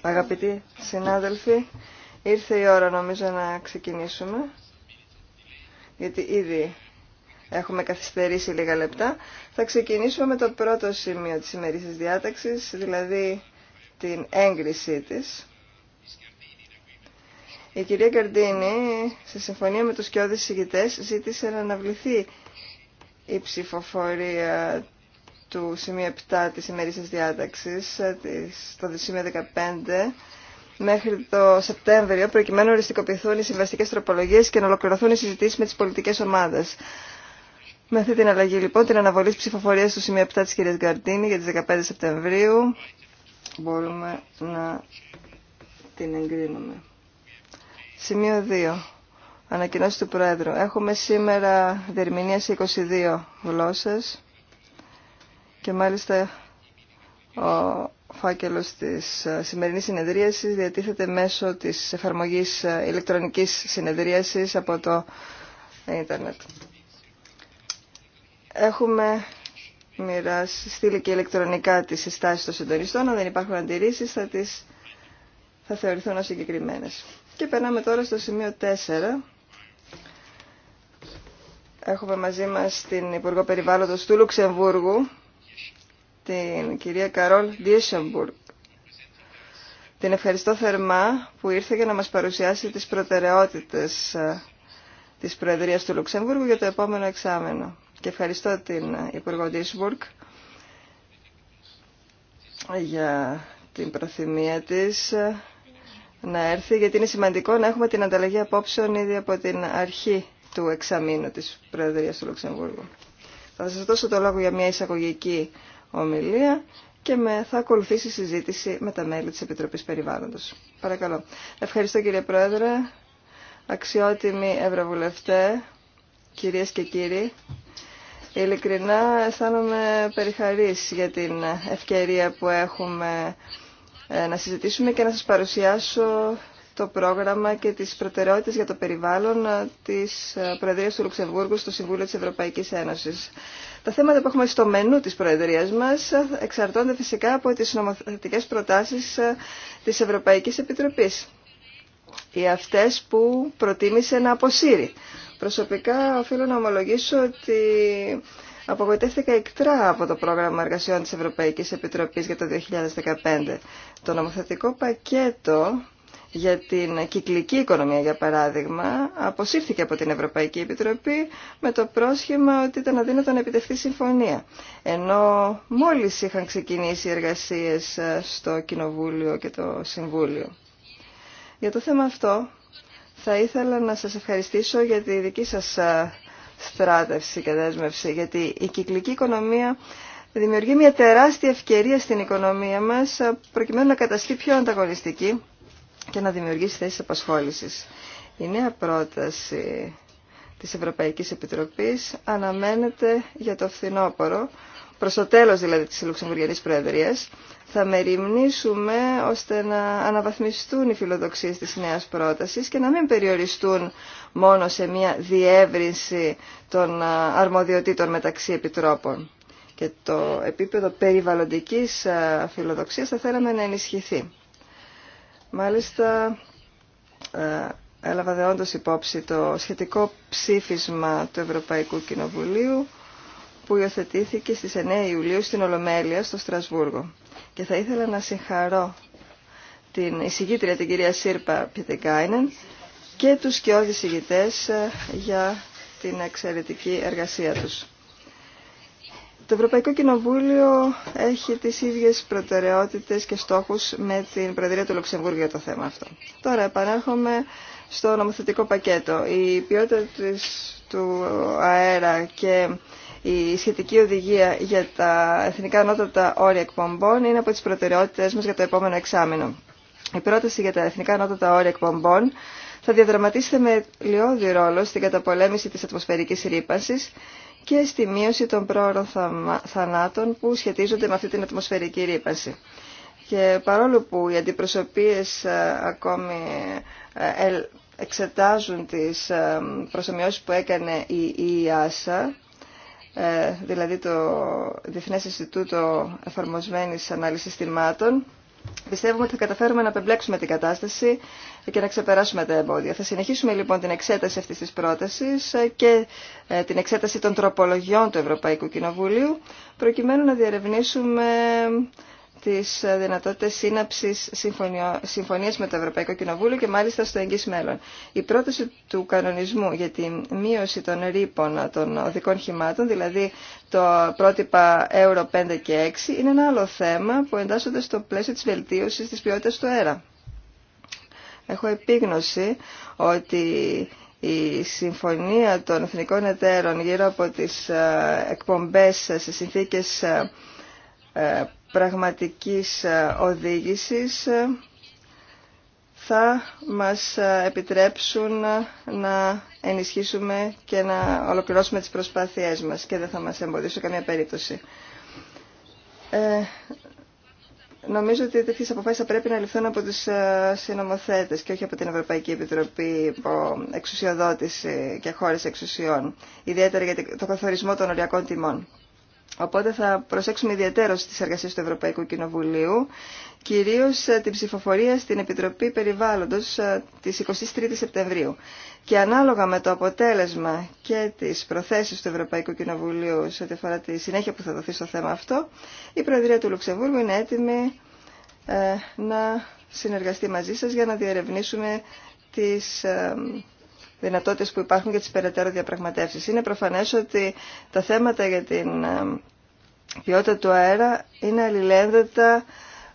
Αγαπητοί συνάδελφοι, ήρθε η ώρα νομίζω να ξεκινήσουμε, γιατί ήδη έχουμε καθυστερήσει λίγα λεπτά. Θα ξεκινήσουμε με το πρώτο σημείο της ημερήσης διάταξης, δηλαδή την έγκρισή της. Η κυρία Καρντίνη, σε συμφωνία με τους κοιόδης συγκητές, ζήτησε να αναβληθεί η ψηφοφορία του σημείου 7 της ημερήσιας διάταξης, ε, το σημείο 15, μέχρι το Σεπτέμβριο, προκειμένου να οριστικοποιηθούν οι συμβαστικές τροπολογίες και να ολοκληρωθούν οι συζητήσεις με τις πολιτικές ομάδες. Με αυτή την αλλαγή λοιπόν, την αναβολή της ψηφοφορίας του σημείου 7 της κυρίας Γκαρτίνη για τις 15 Σεπτεμβρίου, μπορούμε να την εγκρίνουμε. Σημείο 2. Ανακοινώσει του Πρόεδρου. Έχουμε σήμερα διερμηνία σε 22 γλώσσες και μάλιστα ο φάκελος της σημερινής συνεδρίασης διατίθεται μέσω της εφαρμογής ηλεκτρονικής συνεδρίασης από το ίντερνετ. Έχουμε μοιράσει, στείλει και ηλεκτρονικά τις συστάσεις των συντονιστών. Αν δεν υπάρχουν αντιρρήσεις θα τις θα θεωρηθούν ως συγκεκριμένες. Και περνάμε τώρα στο σημείο 4 Έχουμε μαζί μας την Υπουργό Περιβάλλοντος του Λουξεμβούργου, την κυρία Καρόλ Ντίσεμπουργκ. Την ευχαριστώ θερμά που ήρθε για να μας παρουσιάσει τις προτεραιότητες ε, της Προεδρίας του Λουξεμβούργου για το επόμενο εξάμενο. Και ευχαριστώ την Υπουργό Ντίσεμπουργκ για την προθυμία της ε, να έρθει, γιατί είναι σημαντικό να έχουμε την ανταλλαγή απόψεων ήδη από την αρχή του εξαμήνου της Προεδρίας του Λουξεμβούργου. Θα σας δώσω το λόγο για μια εισαγωγική ομιλία και με, θα ακολουθήσει συζήτηση με τα μέλη της Επιτροπής Περιβάλλοντος. Παρακαλώ. Ευχαριστώ κύριε Πρόεδρε, αξιότιμοι ευρωβουλευτέ, κυρίες και κύριοι. Ειλικρινά αισθάνομαι περιχαρής για την ευκαιρία που έχουμε ε, να συζητήσουμε και να σας παρουσιάσω το πρόγραμμα και τις προτεραιότητες για το περιβάλλον ε, της ε, Προεδρίας του Λουξεμβούργου στο Συμβούλιο της Ευρωπαϊκής Ένωσης. Τα θέματα που έχουμε στο μενού της Προεδρίας μας ε, εξαρτώνται φυσικά από τις νομοθετικές προτάσεις της Ευρωπαϊκής Επιτροπής ή αυτές που προτίμησε να αποσύρει. Προσωπικά οφείλω να ομολογήσω ότι απογοητεύτηκα εκτρά από το πρόγραμμα εργασιών της Ευρωπαϊκής Επιτροπής για το 2015. Το νομοθετικό πακέτο για την κυκλική οικονομία, για παράδειγμα, αποσύρθηκε από την Ευρωπαϊκή Επιτροπή με το πρόσχημα ότι ήταν αδύνατο να επιτευχθεί συμφωνία. Ενώ μόλις είχαν ξεκινήσει οι εργασίες ε, στο Κοινοβούλιο και το Συμβούλιο. Για το θέμα αυτό θα ήθελα να σας ευχαριστήσω για τη δική σας ε, στράτευση και δέσμευση, γιατί η κυκλική οικονομία δημιουργεί μια τεράστια ευκαιρία στην οικονομία μας ε, προκειμένου να καταστεί πιο ανταγωνιστική και να δημιουργήσει θέσεις απασχόλησης. Η νέα πρόταση της Ευρωπαϊκής Επιτροπής αναμένεται για το φθινόπωρο, προς το τέλος δηλαδή της Λουξεμβουργιανής Προεδρίας, θα μεριμνήσουμε ώστε να αναβαθμιστούν οι φιλοδοξίες της νέας πρότασης και να μην περιοριστούν μόνο σε μια διεύρυνση των αρμοδιοτήτων μεταξύ επιτρόπων. Και το επίπεδο περιβαλλοντικής φιλοδοξίας θα θέλαμε να ενισχυθεί. Μάλιστα, ε, έλαβα δεόντως υπόψη το σχετικό ψήφισμα του Ευρωπαϊκού Κοινοβουλίου που υιοθετήθηκε στις 9 Ιουλίου στην Ολομέλεια στο Στρασβούργο. Και θα ήθελα να συγχαρώ την εισηγήτρια την κυρία Σύρπα Πιτεκάινεν και τους και εισηγητές ε, για την εξαιρετική εργασία τους. Το Ευρωπαϊκό Κοινοβούλιο έχει τις ίδιες προτεραιότητες και στόχους με την Προεδρία του Λουξεμβούργου για το θέμα αυτό. Τώρα επανέρχομαι στο νομοθετικό πακέτο. Η ποιότητα του αέρα και η σχετική οδηγία για τα εθνικά ανώτατα όρια εκπομπών είναι από τις προτεραιότητες μας για το επόμενο εξάμεινο. Η πρόταση για τα εθνικά ανώτατα όρια εκπομπών θα διαδραματίσετε με λιώδη ρόλο στην καταπολέμηση της ατμοσφαιρικής ρήπανσης και στη μείωση των πρόωρων θανάτων που σχετίζονται με αυτή την ατμοσφαιρική ρήπαση. Και παρόλο που οι αντιπροσωπείες ε, ακόμη ε, εξετάζουν τις ε, προσωμιώσεις που έκανε η ΙΑΣΑ, δηλαδή το Διεθνές Ινστιτούτο Εφαρμοσμένης Ανάλυσης Θυμάτων, Πιστεύουμε ότι θα καταφέρουμε να απεμπλέξουμε την κατάσταση και να ξεπεράσουμε τα εμπόδια. Θα συνεχίσουμε λοιπόν την εξέταση αυτής της πρότασης και ε, την εξέταση των τροπολογιών του Ευρωπαϊκού Κοινοβουλίου προκειμένου να διερευνήσουμε τις δυνατότητες σύναψης συμφωνίας με το Ευρωπαϊκό Κοινοβούλιο και μάλιστα στο εγγύς μέλλον. Η πρόταση του κανονισμού για τη μείωση των ρήπων των οδικών χυμάτων, δηλαδή το πρότυπα Euro 5 και 6, είναι ένα άλλο θέμα που εντάσσονται στο πλαίσιο της βελτίωσης της ποιότητας του αέρα. Έχω επίγνωση ότι η συμφωνία των εθνικών εταίρων γύρω από τις ε, εκπομπές σε συνθήκες ε, ε, πραγματικής ε, οδήγησης ε, θα μας ε, επιτρέψουν να ενισχύσουμε και να ολοκληρώσουμε τις προσπάθειές μας και δεν θα μας εμποδίσουν καμία περίπτωση. Ε, νομίζω ότι τέτοιες αποφάσεις θα πρέπει να ληφθούν από τους συνομοθέτες και όχι από την Ευρωπαϊκή Επιτροπή υπό εξουσιοδότηση και χώρες εξουσιών, ιδιαίτερα για το καθορισμό των οριακών τιμών. Οπότε θα προσέξουμε ιδιαίτερως στις εργασίες του Ευρωπαϊκού Κοινοβουλίου, κυρίως ε, την ψηφοφορία στην Επιτροπή Περιβάλλοντος ε, της 23 Σεπτεμβρίου. Και ανάλογα με το αποτέλεσμα και τις προθέσεις του Ευρωπαϊκού Κοινοβουλίου σε ό,τι αφορά τη συνέχεια που θα δοθεί στο θέμα αυτό, η Προεδρία του Λουξεμβούργου είναι έτοιμη ε, να συνεργαστεί μαζί σας για να διερευνήσουμε τις δυνατότητες που υπάρχουν για τις περαιτέρω διαπραγματεύσεις. Είναι προφανές ότι τα θέματα για την ε, ποιότητα του αέρα είναι αλληλένδετα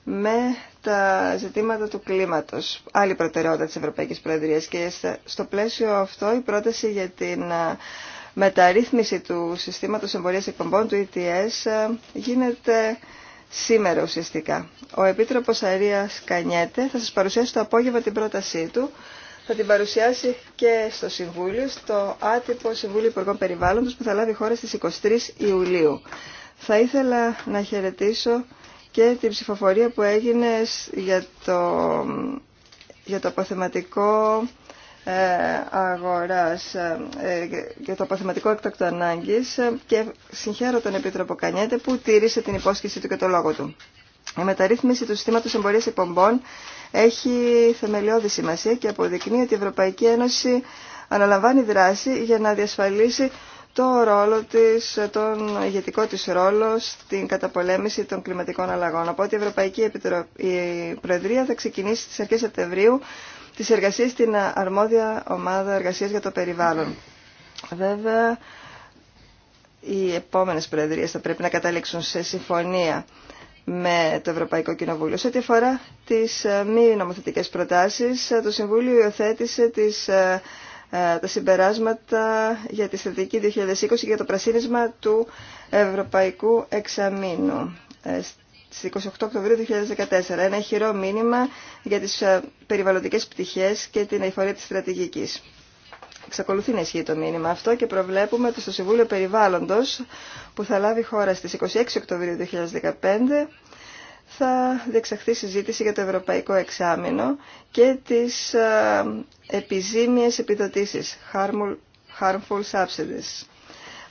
με τα ζητήματα του κλίματος, άλλη προτεραιότητα της Ευρωπαϊκής Προεδρίας και στο πλαίσιο αυτό η πρόταση για την ε, μεταρρύθμιση του συστήματος εμπορίας εκπομπών του ETS ε, γίνεται σήμερα ουσιαστικά. Ο Επίτροπος Αρίας Κανιέτε θα σας παρουσιάσει το απόγευμα την πρότασή του θα την παρουσιάσει και στο Συμβούλιο, στο άτυπο Συμβούλιο Υπουργών Περιβάλλοντος που θα λάβει χώρα στις 23 Ιουλίου. Θα ήθελα να χαιρετήσω και την ψηφοφορία που έγινε για το, για το αποθεματικό ε, αγοράς, ε, ε, για το αποθεματικό έκτακτο ανάγκης ε, και συγχαίρω τον Επίτροπο Κανιέτε που τήρησε την υπόσχεση του και το λόγο του. Η μεταρρύθμιση του συστήματος εμπορίας εκπομπών έχει θεμελιώδη σημασία και αποδεικνύει ότι η Ευρωπαϊκή Ένωση αναλαμβάνει δράση για να διασφαλίσει το ρόλο της, τον ηγετικό της ρόλο στην καταπολέμηση των κλιματικών αλλαγών. Από ότι η Ευρωπαϊκή Προεδρία θα ξεκινήσει στις αρχές Σεπτεμβρίου τις εργασίες στην αρμόδια ομάδα εργασίας για το περιβάλλον. Βέβαια, οι επόμενες προεδρίες θα πρέπει να καταλήξουν σε συμφωνία με το Ευρωπαϊκό Κοινοβούλιο. Σε ό,τι αφορά τις ε, μη νομοθετικές προτάσεις, ε, το Συμβούλιο υιοθέτησε τις, ε, τα συμπεράσματα για τη στρατηγική 2020 και για το πρασίνισμα του Ευρωπαϊκού Εξαμήνου στις 28 Οκτωβρίου 2014. Ένα χειρό μήνυμα για τις περιβαλλοντικές πτυχές και την αηφορία της στρατηγικής. Εξακολουθεί να ισχύει το μήνυμα αυτό και προβλέπουμε ότι στο Συμβούλιο Περιβάλλοντος που θα λάβει χώρα στις 26 Οκτωβρίου 2015 θα διεξαχθεί συζήτηση για το Ευρωπαϊκό Εξάμεινο και τις επιζήμιες επιδοτήσεις, harmful, harmful subsidies.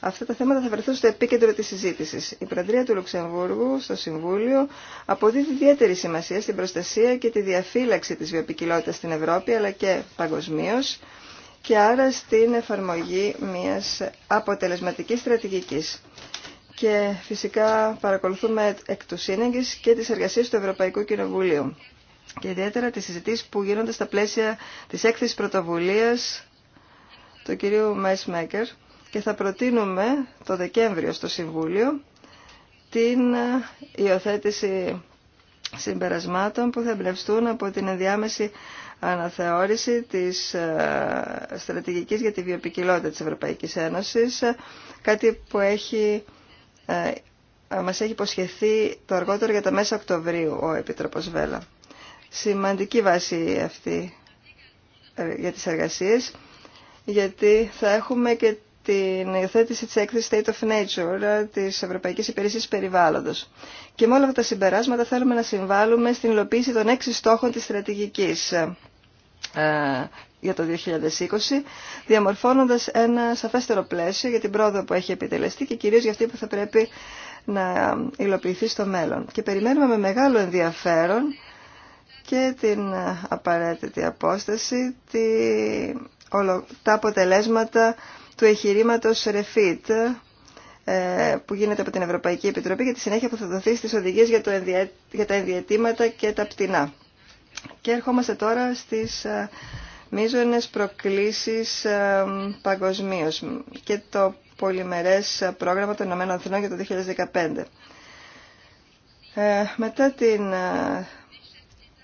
Αυτά τα θέματα θα βρεθούν στο επίκεντρο της συζήτησης. Η Προεδρία του Λουξεμβούργου στο Συμβούλιο αποδίδει ιδιαίτερη σημασία στην προστασία και τη διαφύλαξη της βιοπικιλότητας στην Ευρώπη αλλά και παγκοσμίω και άρα στην εφαρμογή μιας αποτελεσματικής στρατηγικής. Και φυσικά παρακολουθούμε εκ του σύνεγγυς και τις εργασίες του Ευρωπαϊκού Κοινοβουλίου και ιδιαίτερα τις συζητήσεις που γίνονται στα πλαίσια της έκθεσης πρωτοβουλίας του κυρίου Μέκερ και θα προτείνουμε το Δεκέμβριο στο Συμβούλιο την υιοθέτηση συμπερασμάτων που θα εμπνευστούν από την ενδιάμεση αναθεώρηση της ε, στρατηγικής για τη βιοπικιλότητα της Ευρωπαϊκής Ένωσης, ε, κάτι που έχει, ε, μας έχει υποσχεθεί το αργότερο για τα μέσα Οκτωβρίου ο Επίτροπος Βέλα. Σημαντική βάση αυτή για τις εργασίες, γιατί θα έχουμε και την υιοθέτηση της έκθεσης State of Nature της Ευρωπαϊκής Υπηρεσίας Περιβάλλοντος. Και με όλα αυτά τα συμπεράσματα θέλουμε να συμβάλλουμε στην υλοποίηση των έξι στόχων της στρατηγικής ε, για το 2020, διαμορφώνοντας ένα σαφέστερο πλαίσιο για την πρόοδο που έχει επιτελεστεί και κυρίως για αυτή που θα πρέπει να υλοποιηθεί στο μέλλον. Και περιμένουμε με μεγάλο ενδιαφέρον και την απαραίτητη απόσταση, τη, τα αποτελέσματα του εγχειρήματο REFIT ε, που γίνεται από την Ευρωπαϊκή Επιτροπή και τη συνέχεια που θα δοθεί στις οδηγίες για, το, για τα ενδιατήματα και τα πτηνά. Και ερχόμαστε τώρα στις ε, μείζονες προκλήσεις ε, παγκοσμίω και το πολυμερές ε, πρόγραμμα των Ηνωμένων Αθηνών για το 2015. Ε, μετά την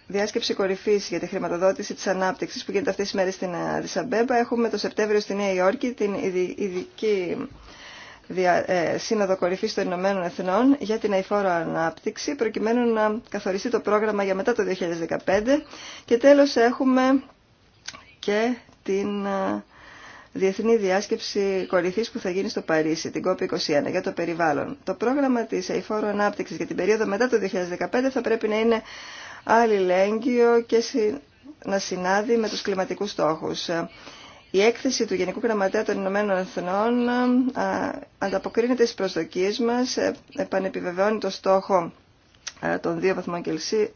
διάσκεψη κορυφής για τη χρηματοδότηση της ανάπτυξης που γίνεται αυτή τη μέρε στην Αδισαμπέμπα, Έχουμε το Σεπτέμβριο στη Νέα Υόρκη την ειδική ε, σύνοδο Κορυφής των Ηνωμένων Εθνών για την αηφόρο ανάπτυξη προκειμένου να καθοριστεί το πρόγραμμα για μετά το 2015 και τέλος έχουμε και την ε, διεθνή διάσκεψη κορυφή που θα γίνει στο Παρίσι, την COP21, για το περιβάλλον. Το πρόγραμμα τη αιφόρο ανάπτυξη για την περίοδο μετά το 2015 θα πρέπει να είναι αλληλέγγυο και να συνάδει με τους κλιματικούς στόχους. Η έκθεση του Γενικού Γραμματέα των Ηνωμένων Εθνών ανταποκρίνεται στις προσδοκίες μας, ε, επανεπιβεβαιώνει το στόχο ε, των δύο βαθμών Κελσίου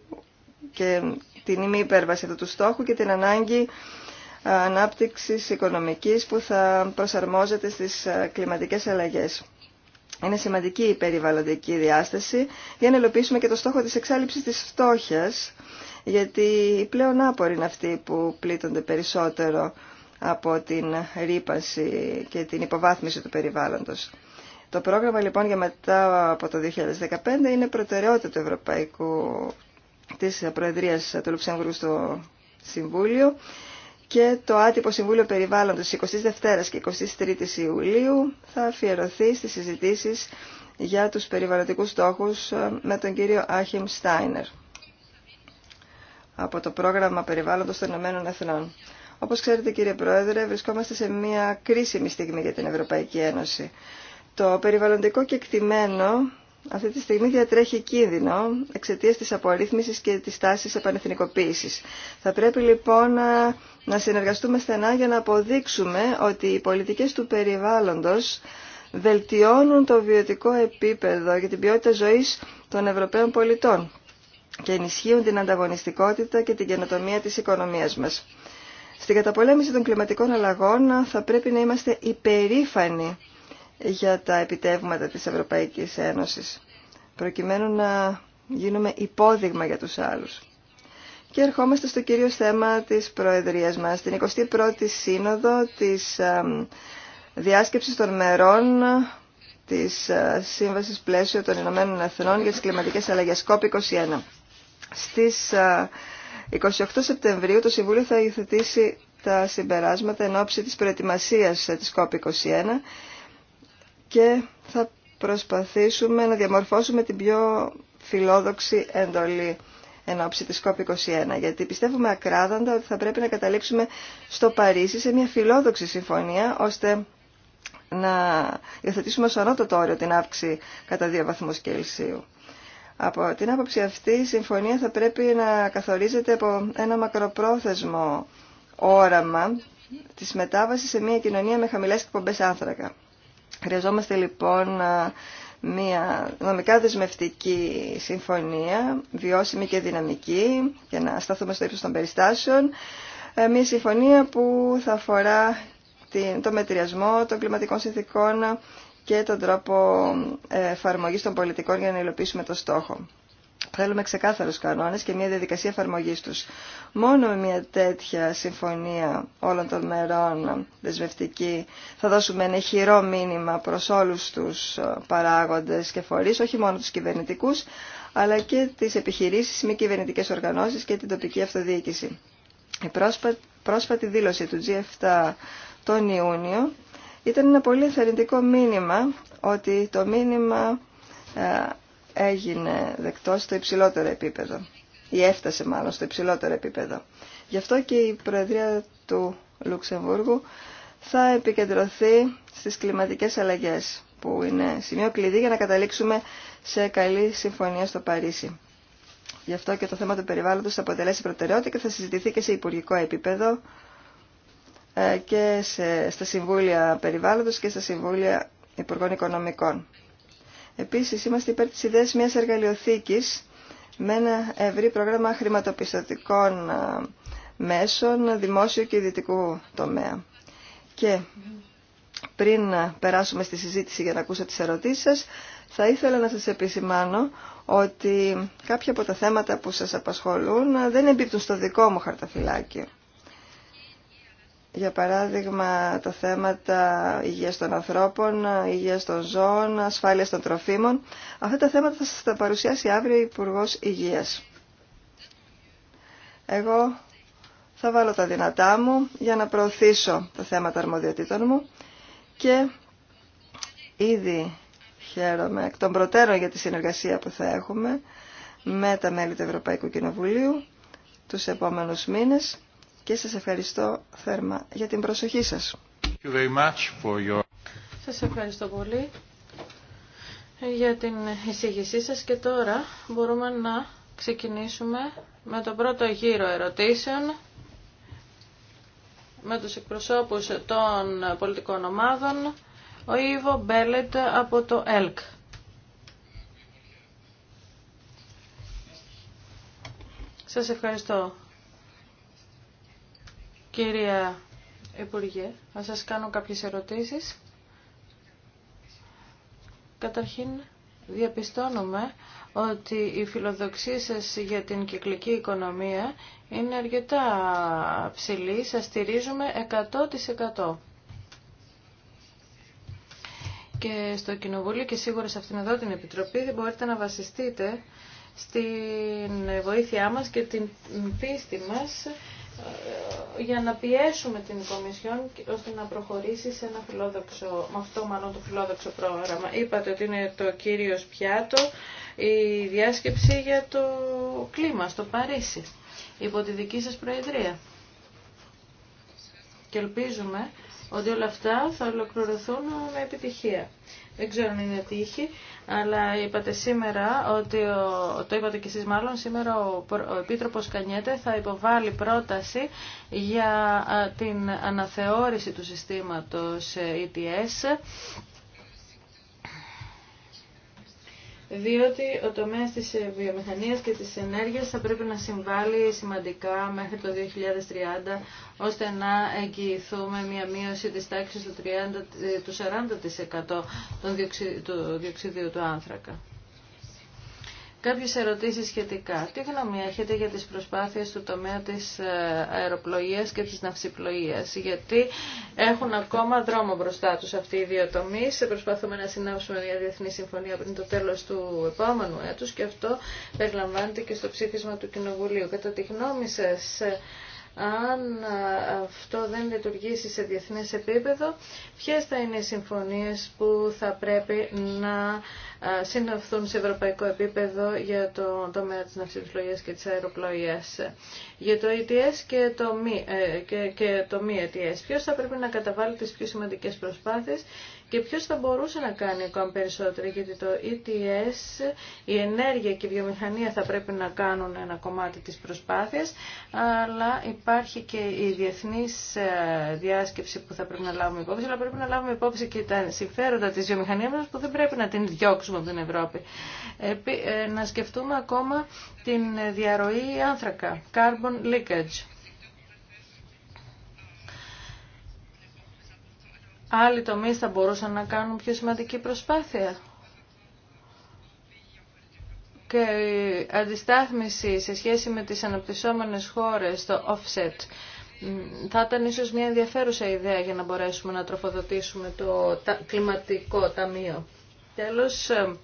και την ημί υπέρβαση αυτού του στόχου και την ανάγκη ε, ανάπτυξης οικονομικής που θα προσαρμόζεται στις κλιματικές αλλαγές. Είναι σημαντική η περιβαλλοντική διάσταση για να ελοπίσουμε και το στόχο της εξάλληψης της φτώχειας, γιατί οι πλέον άποροι είναι αυτοί που πλήττονται περισσότερο από την ρήπανση και την υποβάθμιση του περιβάλλοντος. Το πρόγραμμα λοιπόν για μετά από το 2015 είναι προτεραιότητα του Ευρωπαϊκού της Προεδρίας του Λουξεμβούργου στο Συμβούλιο και το άτυπο Συμβούλιο Περιβάλλοντος 22 και 23 Ιουλίου θα αφιερωθεί στις συζητήσεις για τους περιβαλλοντικούς στόχους ε, με τον κύριο Άχιμ Στάινερ από το πρόγραμμα περιβάλλοντος των Ηνωμένων Εθνών. Όπω ξέρετε κύριε Πρόεδρε, βρισκόμαστε σε μια κρίσιμη στιγμή για την Ευρωπαϊκή Ένωση. Το περιβαλλοντικό κεκτημένο αυτή τη στιγμή διατρέχει κίνδυνο εξαιτία τη απορρίθμιση και τη τάση επανεθνικοποίηση. Θα πρέπει λοιπόν να, συνεργαστούμε στενά για να αποδείξουμε ότι οι πολιτικέ του περιβάλλοντο βελτιώνουν το βιωτικό επίπεδο και την ποιότητα ζωή των Ευρωπαίων πολιτών και ενισχύουν την ανταγωνιστικότητα και την καινοτομία της οικονομίας μας. Στην καταπολέμηση των κλιματικών αλλαγών θα πρέπει να είμαστε υπερήφανοι για τα επιτεύγματα της Ευρωπαϊκής Ένωσης, προκειμένου να γίνουμε υπόδειγμα για τους άλλους. Και ερχόμαστε στο κύριο θέμα της Προεδρίας μας, την 21η Σύνοδο της Διάσκεψης των Μερών της ε, Σύμβασης Πλαίσιο των Ηνωμένων Εθνών για τις Κλιματικές Αλλαγές, COP21. Στις ε, 28 Σεπτεμβρίου το Συμβούλιο θα υιοθετήσει τα συμπεράσματα εν ώψη της προετοιμασίας της COP21 και θα προσπαθήσουμε να διαμορφώσουμε την πιο φιλόδοξη εντολή εν ώψη της COP21, γιατί πιστεύουμε ακράδαντα ότι θα πρέπει να καταλήξουμε στο Παρίσι σε μια φιλόδοξη συμφωνία, ώστε να υιοθετήσουμε σωρό το όριο την αύξηση κατά δύο βαθμούς Κελσίου. Από την άποψη αυτή η συμφωνία θα πρέπει να καθορίζεται από ένα μακροπρόθεσμο όραμα της μετάβασης σε μια κοινωνία με χαμηλές εκπομπές άνθρακα. Χρειαζόμαστε λοιπόν μια νομικά δεσμευτική συμφωνία, βιώσιμη και δυναμική, για να σταθούμε στο ύψος των περιστάσεων, ε, μια συμφωνία που θα αφορά το μετριασμό των κλιματικών συνθήκων και τον τρόπο ε, εφαρμογή των πολιτικών για να υλοποιήσουμε το στόχο. Θέλουμε ξεκάθαρου κανόνε και μια διαδικασία εφαρμογή του. Μόνο μια τέτοια συμφωνία όλων των μερών δεσμευτική θα δώσουμε ένα χειρό μήνυμα προ όλου του ε, παράγοντε και φορεί, όχι μόνο του κυβερνητικού, αλλά και τι επιχειρήσει, μη κυβερνητικέ οργανώσει και την τοπική αυτοδιοίκηση. Η πρόσφατη δήλωση του G7 τον Ιούνιο ήταν ένα πολύ ενθαρρυντικό μήνυμα ότι το μήνυμα ε, έγινε δεκτό στο υψηλότερο επίπεδο ή έφτασε μάλλον στο υψηλότερο επίπεδο. Γι' αυτό και η Προεδρία του Λουξεμβούργου θα επικεντρωθεί στις κλιματικές αλλαγές που είναι σημείο κλειδί για να καταλήξουμε σε καλή συμφωνία στο Παρίσι. Γι' αυτό και το θέμα του περιβάλλοντος θα αποτελέσει προτεραιότητα και θα συζητηθεί και σε υπουργικό επίπεδο ε, και στα Συμβούλια Περιβάλλοντος και στα Συμβούλια Υπουργών Οικονομικών. Επίσης, είμαστε υπέρ της ιδέας μιας εργαλειοθήκης με ένα ευρύ πρόγραμμα χρηματοπιστωτικών ε, μέσων δημόσιο και ιδιωτικού τομέα. Και πριν περάσουμε στη συζήτηση για να ακούσω τις ερωτήσεις σας, θα ήθελα να σας επισημάνω ότι κάποια από τα θέματα που σας απασχολούν δεν εμπίπτουν στο δικό μου χαρταφυλάκιο για παράδειγμα τα θέματα υγείας των ανθρώπων, υγείας των ζώων, ασφάλειας των τροφίμων. Αυτά τα θέματα θα σας τα παρουσιάσει αύριο ο υπουργό Υγείας. Εγώ θα βάλω τα δυνατά μου για να προωθήσω τα θέματα αρμοδιοτήτων μου και ήδη χαίρομαι εκ των προτέρων για τη συνεργασία που θα έχουμε με τα μέλη του Ευρωπαϊκού Κοινοβουλίου τους επόμενους μήνες και σας ευχαριστώ θέρμα για την προσοχή σας. Σας ευχαριστώ πολύ για την εισήγησή σας και τώρα μπορούμε να ξεκινήσουμε με τον πρώτο γύρο ερωτήσεων με τους εκπροσώπους των πολιτικών ομάδων ο Ιβο Μπέλετ από το ΕΛΚ. Σας ευχαριστώ Κυρία Υπουργέ, θα σας κάνω κάποιες ερωτήσεις. Καταρχήν, διαπιστώνουμε ότι η φιλοδοξία σας για την κυκλική οικονομία είναι αρκετά ψηλή. Σας στηρίζουμε 100%. Και στο Κοινοβούλιο και σίγουρα σε αυτήν εδώ την Επιτροπή δεν μπορείτε να βασιστείτε στην βοήθειά μας και την πίστη μας για να πιέσουμε την Κομισιόν ώστε να προχωρήσει σε ένα φιλόδοξο, με αυτό μάλλον το φιλόδοξο πρόγραμμα. Είπατε ότι είναι το κύριο πιάτο η διάσκεψη για το κλίμα στο Παρίσι, υπό τη δική σας Προεδρία. Και ελπίζουμε ότι όλα αυτά θα ολοκληρωθούν με επιτυχία. Δεν ξέρω αν είναι τύχη, αλλά είπατε σήμερα ότι, το είπατε κι εσείς μάλλον, σήμερα ο, ο Επίτροπος Κανιέτε θα υποβάλει πρόταση για την αναθεώρηση του συστήματος ETS ε, διότι ο τομέας της ε, βιομηχανίας και της ενέργειας θα πρέπει να συμβάλλει σημαντικά μέχρι το 2030, ώστε να εγγυηθούμε μια μείωση της τάξης του, 40% ε, του διοξιδίου του άνθρακα. Κάποιες ερωτήσεις σχετικά. Τι γνώμη έχετε για τις προσπάθειες του τομέα της ε, αεροπλοείας και της ναυσιπλοείας, γιατί έχουν ακόμα δρόμο μπροστά τους αυτοί οι δύο τομείς. Προσπαθούμε να συνάψουμε μια διεθνή συμφωνία πριν το τέλος του επόμενου έτους και αυτό περιλαμβάνεται και στο ψήφισμα του Κοινοβουλίου. Κατά τη γνώμη σας, αν ε, αυτό δεν λειτουργήσει σε διεθνές επίπεδο, ποιες θα είναι οι συμφωνίες που θα πρέπει να ε, συναυθούν σε ευρωπαϊκό επίπεδο για το τομέα της ναυσιπλοείας και της αεροπλογίας. Για το ETS και το μη, ε, και, και το μη ETS, ποιος θα πρέπει να καταβάλει τις πιο σημαντικές προσπάθειες και ποιος θα μπορούσε να κάνει ακόμα περισσότερο, γιατί το ETS, η ενέργεια και η βιομηχανία θα πρέπει να κάνουν ένα κομμάτι της προσπάθειας, αλλά υπάρχει και η διεθνής ε, διάσκεψη που θα πρέπει να λάβουμε υπόψη, αλλά πρέπει να λάβουμε υπόψη και τα συμφέροντα της βιομηχανίας μας που δεν πρέπει να την διώξουμε από την Ευρώπη. Ε, να σκεφτούμε ακόμα την διαρροή άνθρακα, carbon leakage. άλλοι τομείς θα μπορούσαν να κάνουν πιο σημαντική προσπάθεια. Και η αντιστάθμιση σε σχέση με τις αναπτυσσόμενες χώρες, το offset, θα ήταν ίσως μια ενδιαφέρουσα ιδέα για να μπορέσουμε να τροφοδοτήσουμε το κλιματικό ταμείο. Τέλος, ε,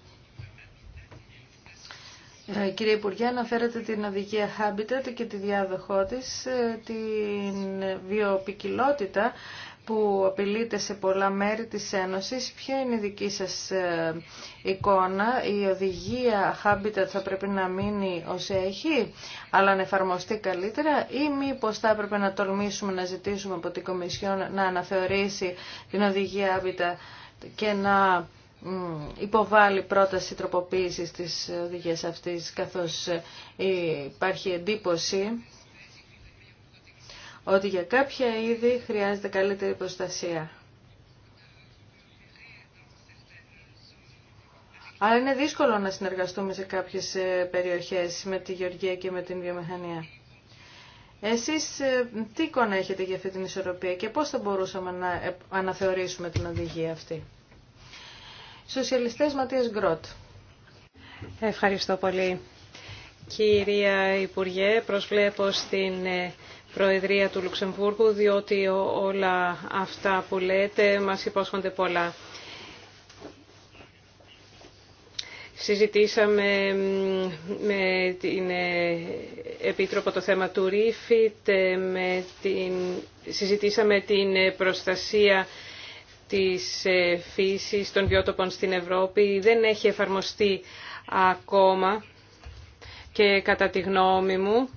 ε, Κύριε Υπουργέ, αναφέρατε την οδηγία Habitat και τη διάδοχό της, ε, την βιοπικιλότητα που απειλείται σε πολλά μέρη της Ένωσης. Ποια είναι η δική σας ε, εικόνα, η οδηγία Habitat θα πρέπει να μείνει ως έχει, αλλά να εφαρμοστεί καλύτερα ή μήπως θα έπρεπε να τολμήσουμε να ζητήσουμε από την Κομισιόν να αναθεωρήσει την οδηγία Habitat και να υποβάλει πρόταση τροποποίησης της οδηγίας αυτής καθώς ε, υπάρχει εντύπωση ότι για κάποια είδη χρειάζεται καλύτερη προστασία. Αλλά είναι δύσκολο να συνεργαστούμε σε κάποιες ε, περιοχές με τη γεωργία και με την βιομηχανία. Εσείς ε, τι εικόνα έχετε για αυτή την ισορροπία και πώς θα μπορούσαμε να ε, αναθεωρήσουμε την οδηγία αυτή. Σοσιαλιστές Ματίας Γκρότ. Ευχαριστώ πολύ. Κυρία Υπουργέ, προσβλέπω στην Προεδρία του Λουξεμβούργου, διότι όλα αυτά που λέτε μας υπόσχονται πολλά. Συζητήσαμε με την ε, Επίτροπο το θέμα του Ρίφιτ, ε, με την... συζητήσαμε την προστασία της ε, φύσης των βιότοπων στην Ευρώπη. Δεν έχει εφαρμοστεί ακόμα και κατά τη γνώμη μου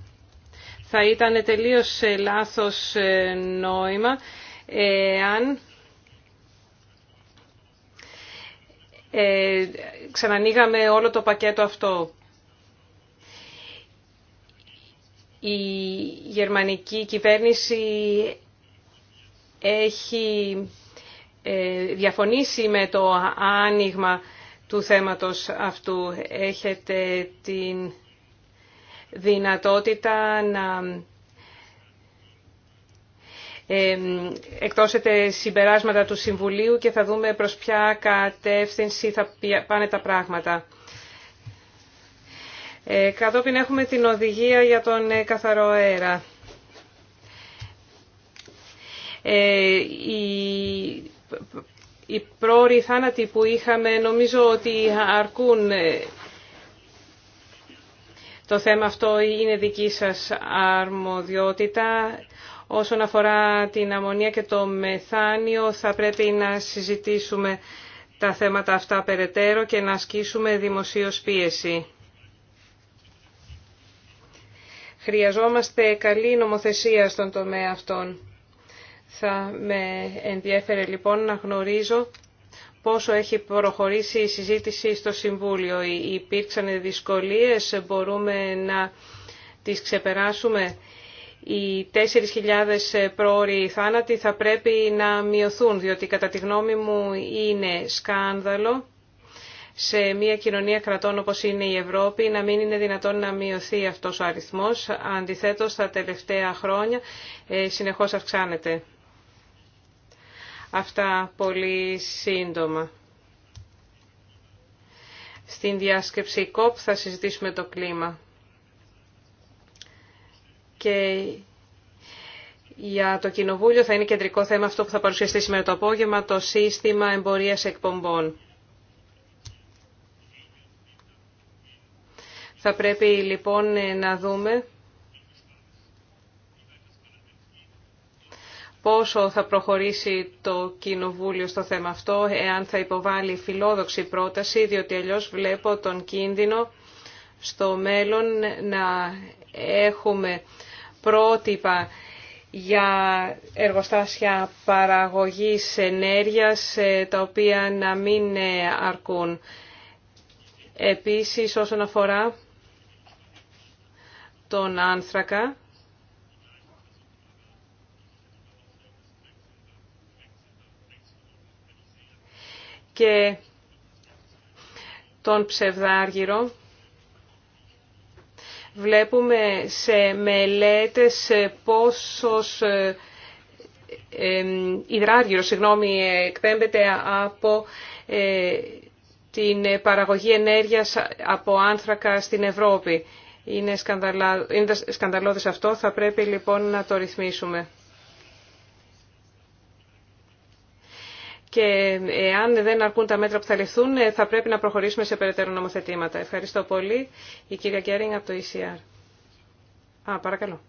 θα ήταν τελείως ε, λάθος ε, νόημα αν ε, ξανανοίγαμε όλο το πακέτο αυτό. Η γερμανική κυβέρνηση έχει διαφωνήσει με το άνοιγμα του θέματος αυτού. Έχετε την δυνατότητα να εκτόσετε συμπεράσματα του Συμβουλίου και θα δούμε προς ποια κατεύθυνση θα πάνε τα πράγματα. Ε, κατόπιν έχουμε την οδηγία για τον ε, καθαρό αέρα. Οι ε, πρόοροι θάνατοι που είχαμε νομίζω ότι αρκούν το θέμα αυτό είναι δική σας αρμοδιότητα. Όσον αφορά την αμμονία και το μεθάνιο θα πρέπει να συζητήσουμε τα θέματα αυτά περαιτέρω και να ασκήσουμε δημοσίως πίεση. Χρειαζόμαστε καλή νομοθεσία στον τομέα αυτών. Θα με ενδιέφερε λοιπόν να γνωρίζω πόσο έχει προχωρήσει η συζήτηση στο Συμβούλιο. Υπήρξαν δυσκολίες, μπορούμε να τις ξεπεράσουμε. Οι 4.000 πρόοροι θάνατοι θα πρέπει να μειωθούν, διότι κατά τη γνώμη μου είναι σκάνδαλο σε μια κοινωνία κρατών όπως είναι η Ευρώπη να μην είναι δυνατόν να μειωθεί αυτός ο αριθμός. Αντιθέτως, τα τελευταία χρόνια ε, συνεχώς αυξάνεται αυτά πολύ σύντομα. Στην διάσκεψη COP θα συζητήσουμε το κλίμα. Και για το Κοινοβούλιο θα είναι κεντρικό θέμα αυτό που θα παρουσιαστεί σήμερα το απόγευμα, το σύστημα εμπορίας εκπομπών. Θα πρέπει λοιπόν να δούμε πόσο θα προχωρήσει το Κοινοβούλιο στο θέμα αυτό, εάν θα υποβάλει φιλόδοξη πρόταση, διότι αλλιώς βλέπω τον κίνδυνο στο μέλλον να έχουμε πρότυπα για εργοστάσια παραγωγής ενέργειας ε, τα οποία να μην ε, αρκούν. Επίσης όσον αφορά τον άνθρακα, και τον ψευδάργυρο βλέπουμε σε μελέτες πόσος ε, ε, υδράργυρο συγγνώμη, εκπέμπεται από ε, την παραγωγή ενέργειας από άνθρακα στην Ευρώπη. Είναι σκανδαλώδες αυτό, θα πρέπει λοιπόν να το ρυθμίσουμε. και αν δεν αρκούν τα μέτρα που θα ληφθούν ε, θα πρέπει να προχωρήσουμε σε περαιτέρω νομοθετήματα. Ευχαριστώ πολύ. Η κυρία Κέρινγκ από το ECR. Α, παρακαλώ.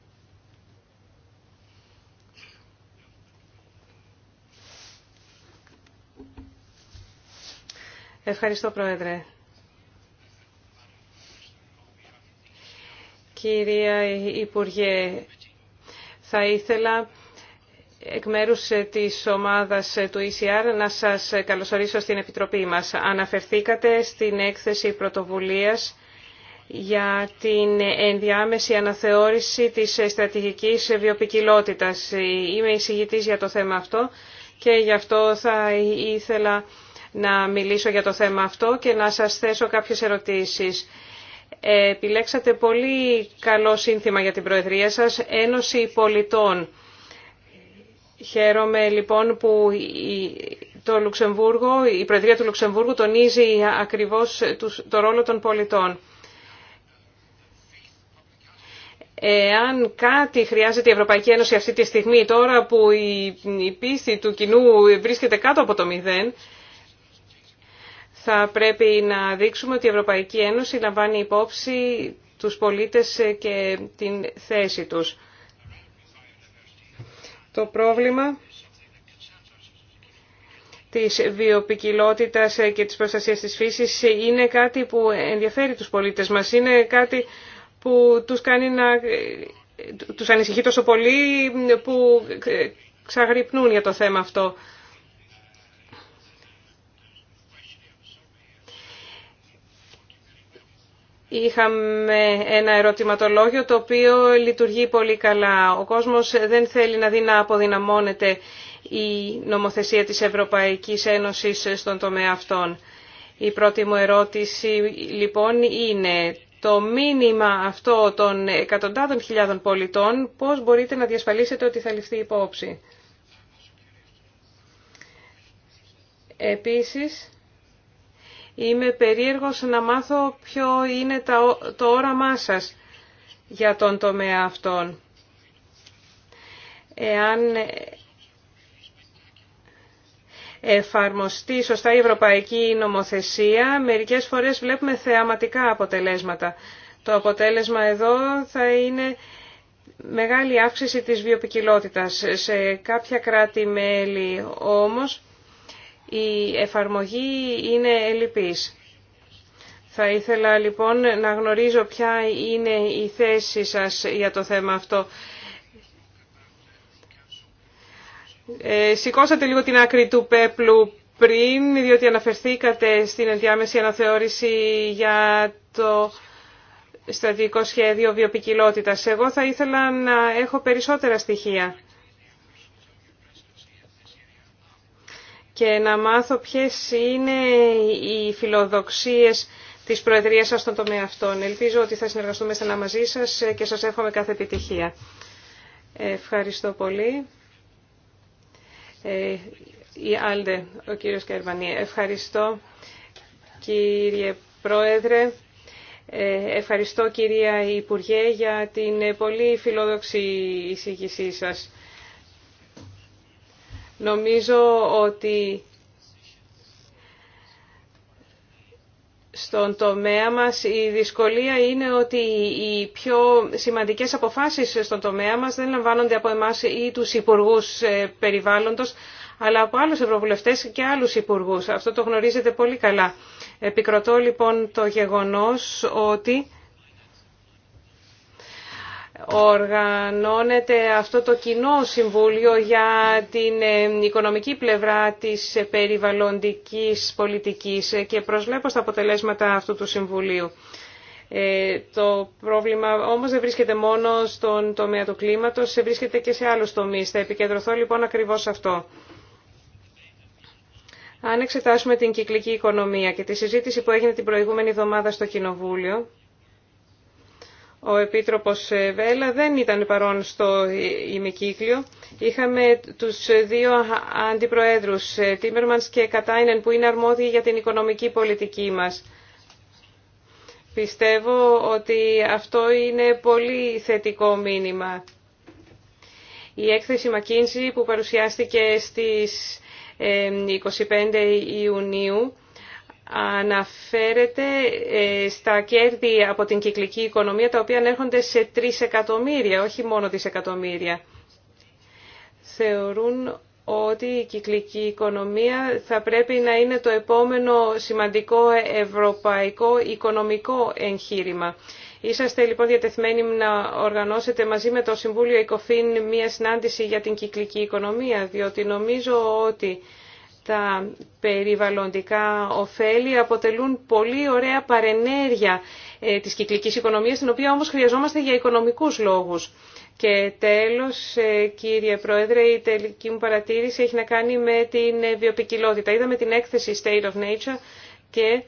Ευχαριστώ, Πρόεδρε. Κυρία Υπουργέ, θα ήθελα εκ μέρους ε, της ομάδας ε, του ECR να σας ε, καλωσορίσω στην Επιτροπή μας. Αναφερθήκατε στην έκθεση πρωτοβουλίας για την ενδιάμεση αναθεώρηση της στρατηγικής βιοπικιλότητας. Είμαι εισηγητής για το θέμα αυτό και γι' αυτό θα ήθελα να μιλήσω για το θέμα αυτό και να σας θέσω κάποιες ερωτήσεις. Επιλέξατε πολύ καλό σύνθημα για την Προεδρία σας, Ένωση Πολιτών. Χαίρομαι λοιπόν που το Λουξεμβούργο, η Προεδρία του Λουξεμβούργου τονίζει ακριβώς το ρόλο των πολιτών. Εάν κάτι χρειάζεται η Ευρωπαϊκή Ένωση αυτή τη στιγμή, τώρα που η πίστη του κοινού βρίσκεται κάτω από το μηδέν, θα πρέπει να δείξουμε ότι η Ευρωπαϊκή Ένωση λαμβάνει υπόψη τους πολίτες και την θέση τους το πρόβλημα της βιοπικιλότητας και της προστασίας της φύσης είναι κάτι που ενδιαφέρει τους πολίτες μας. Είναι κάτι που τους, κάνει να... τους ανησυχεί τόσο πολύ που ξαγρυπνούν για το θέμα αυτό. Είχαμε ένα ερωτηματολόγιο το οποίο λειτουργεί πολύ καλά. Ο κόσμος δεν θέλει να δει να αποδυναμώνεται η νομοθεσία της Ευρωπαϊκής Ένωσης στον τομέα αυτών. Η πρώτη μου ερώτηση λοιπόν είναι το μήνυμα αυτό των εκατοντάδων χιλιάδων πολιτών πώς μπορείτε να διασφαλίσετε ότι θα ληφθεί υπόψη. Επίσης, Είμαι περίεργος να μάθω ποιο είναι το όραμά σας για τον τομέα αυτόν. Εάν εφαρμοστεί σωστά η ευρωπαϊκή νομοθεσία, μερικές φορές βλέπουμε θεαματικά αποτελέσματα. Το αποτέλεσμα εδώ θα είναι μεγάλη αύξηση της βιοπικιλότητας. Σε κάποια κράτη-μέλη όμως η εφαρμογή είναι ελλειπής. Θα ήθελα λοιπόν να γνωρίζω ποια είναι η θέση σας για το θέμα αυτό. Ε, σηκώσατε λίγο την άκρη του πέπλου πριν, διότι αναφερθήκατε στην ενδιάμεση αναθεώρηση για το στρατηγικό σχέδιο βιοπικιλότητας. Εγώ θα ήθελα να έχω περισσότερα στοιχεία. και να μάθω ποιες είναι οι φιλοδοξίες της Προεδρίας σας στον τομέα αυτών. Ελπίζω ότι θα συνεργαστούμε στενά μαζί σας και σας εύχομαι κάθε επιτυχία. Ευχαριστώ πολύ. Ε, η ο κύριος Ευχαριστώ κύριε Πρόεδρε. Ε, ευχαριστώ κυρία Υπουργέ για την πολύ φιλόδοξη εισήγησή σας. Νομίζω ότι στον τομέα μας η δυσκολία είναι ότι οι πιο σημαντικές αποφάσεις στον τομέα μας δεν λαμβάνονται από εμάς ή τους υπουργούς ε, περιβάλλοντος, αλλά από άλλους ευρωβουλευτές και άλλους υπουργούς. Αυτό το γνωρίζετε πολύ καλά. Επικροτώ λοιπόν το γεγονός ότι οργανώνεται αυτό το κοινό συμβούλιο για την ε, οικονομική πλευρά της περιβαλλοντικής πολιτικής και προσβλέπω στα αποτελέσματα αυτού του συμβουλίου. Ε, το πρόβλημα όμως δεν βρίσκεται μόνο στον τομέα του κλίματος, ε, βρίσκεται και σε άλλους τομείς. Θα επικεντρωθώ λοιπόν ακριβώς σε αυτό. Αν εξετάσουμε την κυκλική οικονομία και τη συζήτηση που έγινε την προηγούμενη εβδομάδα στο Κοινοβούλιο, ο Επίτροπος Βέλα δεν ήταν παρόν στο ημικύκλιο. Είχαμε τους δύο αντιπροέδρους, Τίμερμανς και Κατάινεν, που είναι αρμόδιοι για την οικονομική πολιτική μας. Πιστεύω ότι αυτό είναι πολύ θετικό μήνυμα. Η έκθεση McKinsey που παρουσιάστηκε στις ε, 25 Ιουνίου αναφέρεται ε, στα κέρδη από την κυκλική οικονομία, τα οποία ανέρχονται σε εκατομμύρια, όχι μόνο δισεκατομμύρια. Θεωρούν ότι η κυκλική οικονομία θα πρέπει να είναι το επόμενο σημαντικό ευρωπαϊκό οικονομικό εγχείρημα. Είσαστε λοιπόν διατεθμένοι να οργανώσετε μαζί με το Συμβούλιο ΕΚΟΦΗΝ μία συνάντηση για την κυκλική οικονομία, διότι νομίζω ότι τα περιβαλλοντικά ωφέλη αποτελούν πολύ ωραία παρενέργεια ε, της κυκλικής οικονομίας, την οποία όμως χρειαζόμαστε για οικονομικούς λόγους. Και τέλος, ε, κύριε Πρόεδρε, η τελική μου παρατήρηση έχει να κάνει με την ε, βιοπικιλότητα. Είδαμε την έκθεση State of Nature και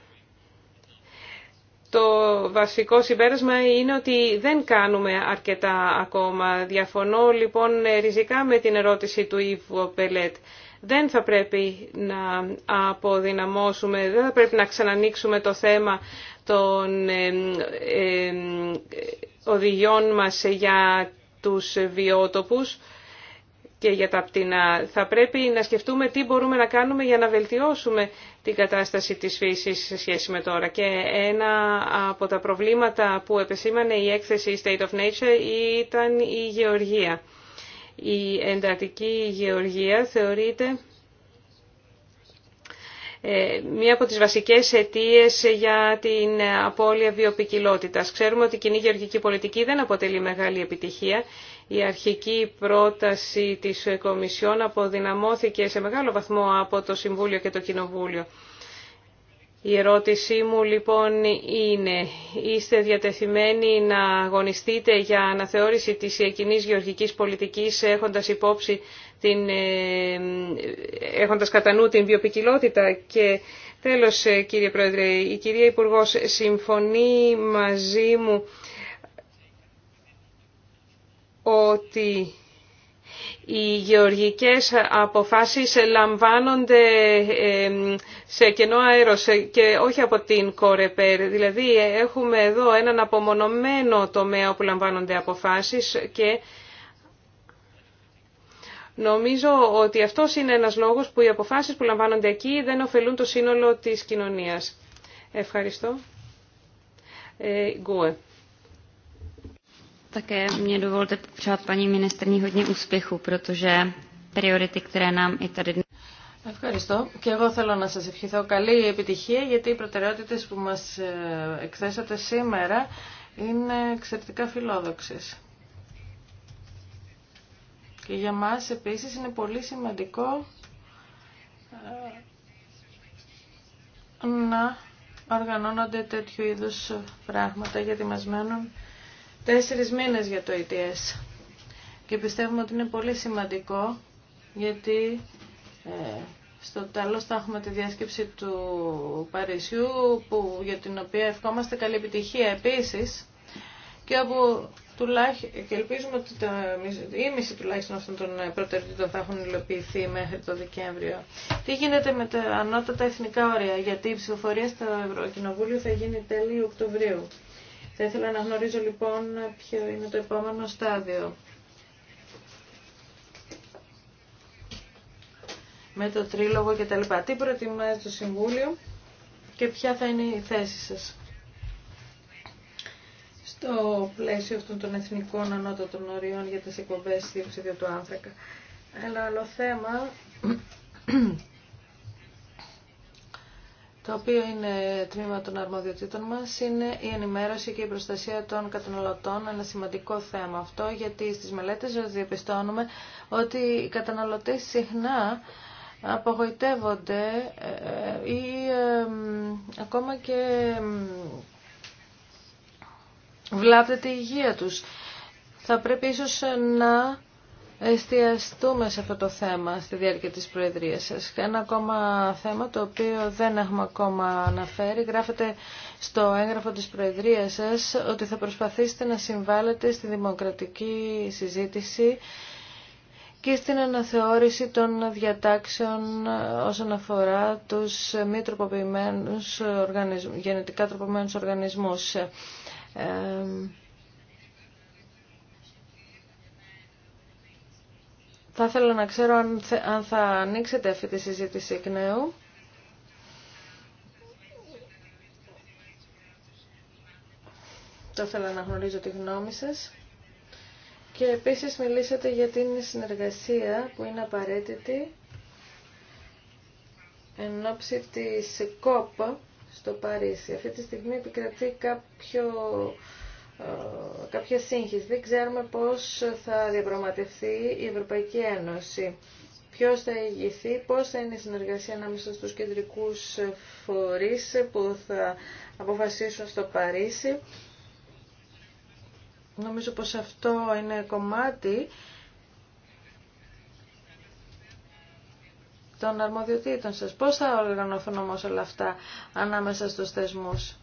το βασικό συμπέρασμα είναι ότι δεν κάνουμε αρκετά ακόμα. Διαφωνώ λοιπόν ριζικά με την ερώτηση του Ιβου Πελέτ. Δεν θα πρέπει να αποδυναμώσουμε, δεν θα πρέπει να ξανανοίξουμε το θέμα των ε, ε, οδηγιών μας για τους βιότοπους και για τα πτηνά. Θα πρέπει να σκεφτούμε τι μπορούμε να κάνουμε για να βελτιώσουμε την κατάσταση της φύσης σε σχέση με τώρα. Και ένα από τα προβλήματα που επεσήμανε η έκθεση State of Nature ήταν η γεωργία. Η εντατική γεωργία θεωρείται ε, μία από τις βασικές αιτίες για την απώλεια βιοπικιλότητας. Ξέρουμε ότι η κοινή γεωργική πολιτική δεν αποτελεί μεγάλη επιτυχία. Η αρχική πρόταση της Κομισιόν αποδυναμώθηκε σε μεγάλο βαθμό από το Συμβούλιο και το Κοινοβούλιο. Η ερώτησή μου λοιπόν είναι, είστε διατεθειμένοι να αγωνιστείτε για αναθεώρηση της κοινή γεωργικής πολιτικής έχοντας υπόψη την, ε, έχοντας κατά νου την βιοπικιλότητα και τέλος ε, κύριε Πρόεδρε, η κυρία Υπουργός συμφωνεί μαζί μου ότι οι γεωργικές αποφάσεις λαμβάνονται σε κενό αέρος και όχι από την Κορεπέρ. Δηλαδή έχουμε εδώ έναν απομονωμένο τομέα όπου λαμβάνονται αποφάσεις και νομίζω ότι αυτό είναι ένας λόγος που οι αποφάσεις που λαμβάνονται εκεί δεν ωφελούν το σύνολο της κοινωνίας. Ευχαριστώ. Ε, Také mě dovolte paní ministrní hodně úspěchu, protože priority, které nám i tady dnes... Ευχαριστώ. Και εγώ θέλω να σας ευχηθώ καλή επιτυχία γιατί οι προτεραιότητες που μας ε, εκθέσατε σήμερα είναι εξαιρετικά φιλόδοξες. Και για μας επίσης είναι πολύ σημαντικό ε, να οργανώνονται τέτοιου είδους πράγματα γιατί μας μένουν τέσσερις μήνες για το ETS. Και πιστεύουμε ότι είναι πολύ σημαντικό γιατί ε, στο τέλος θα έχουμε τη διάσκεψη του Παρισιού που, για την οποία ευχόμαστε καλή επιτυχία επίσης και όπου και ελπίζουμε ότι τα μισή τουλάχιστον αυτών των προτεραιοτήτων θα έχουν υλοποιηθεί μέχρι το Δεκέμβριο. Τι γίνεται με τα ανώτατα εθνικά όρια, γιατί η ψηφοφορία στο Ευρωκοινοβούλιο θα γίνει τέλη Οκτωβρίου. Θα ήθελα να γνωρίζω λοιπόν ποιο είναι το επόμενο στάδιο. Με το τρίλογο και τα λοιπά. Τι προετοιμάζει το Συμβούλιο και ποια θα είναι η θέση σας στο πλαίσιο αυτών των εθνικών ανώτατων οριών για τις εκπομπές ψηφία του άνθρακα. Ένα άλλο θέμα το οποίο είναι τμήμα των αρμοδιοτήτων μας, είναι η ενημέρωση και η προστασία των καταναλωτών, ένα σημαντικό θέμα αυτό, γιατί στις μελέτες διαπιστώνουμε ότι οι καταναλωτές συχνά απογοητεύονται ε, ε, ή ακόμα και βλάπτεται η υγεία τους. Θα πρέπει ίσως να εστιαστούμε σε αυτό το θέμα στη διάρκεια της Προεδρίας σας. Ένα ακόμα θέμα το οποίο δεν έχουμε ακόμα αναφέρει. Γράφετε στο έγγραφο της Προεδρίας σας ότι θα προσπαθήσετε να συμβάλλετε στη δημοκρατική συζήτηση και στην αναθεώρηση των διατάξεων όσον αφορά τους μη τροποποιημένους οργανισμούς, γενετικά τροποποιημένους οργανισμούς. Ε, Θα ήθελα να ξέρω αν, θα ανοίξετε αυτή τη συζήτηση εκ νέου. Θα ήθελα να γνωρίζω τη γνώμη σας. Και επίσης μιλήσατε για την συνεργασία που είναι απαραίτητη εν ώψη της ΚΟΠ στο Παρίσι. Αυτή τη στιγμή επικρατεί κάποιο ε, κάποια σύγχυση. Δεν ξέρουμε πώς θα διαπραγματευτεί η Ευρωπαϊκή Ένωση. Ποιος θα ηγηθεί, πώς θα είναι η συνεργασία ανάμεσα στους κεντρικούς φορείς που θα αποφασίσουν στο Παρίσι. Νομίζω πως αυτό είναι κομμάτι των αρμοδιοτήτων σας. Πώς θα οργανωθούν όμως όλα αυτά ανάμεσα στους θεσμούς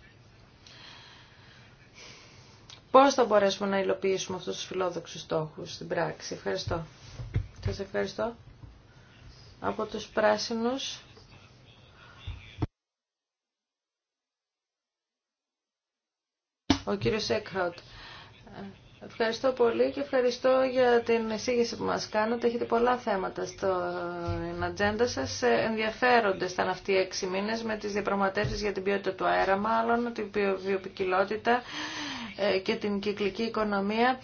πώς θα μπορέσουμε να υλοποιήσουμε αυτούς τους φιλόδοξους στόχους στην πράξη. Ευχαριστώ. Σας ευχαριστώ. Από τους πράσινους. Ο κύριος Έκχαουτ. Ευχαριστώ πολύ και ευχαριστώ για την εισήγηση που μας κάνατε. Έχετε πολλά θέματα στην ατζέντα σας. Ενδιαφέρονται ήταν αυτοί οι έξι μήνες με τις διαπραγματεύσεις για την ποιότητα του αέρα, μάλλον την βιοπικιλότητα, ε, και την κυκλική οικονομία.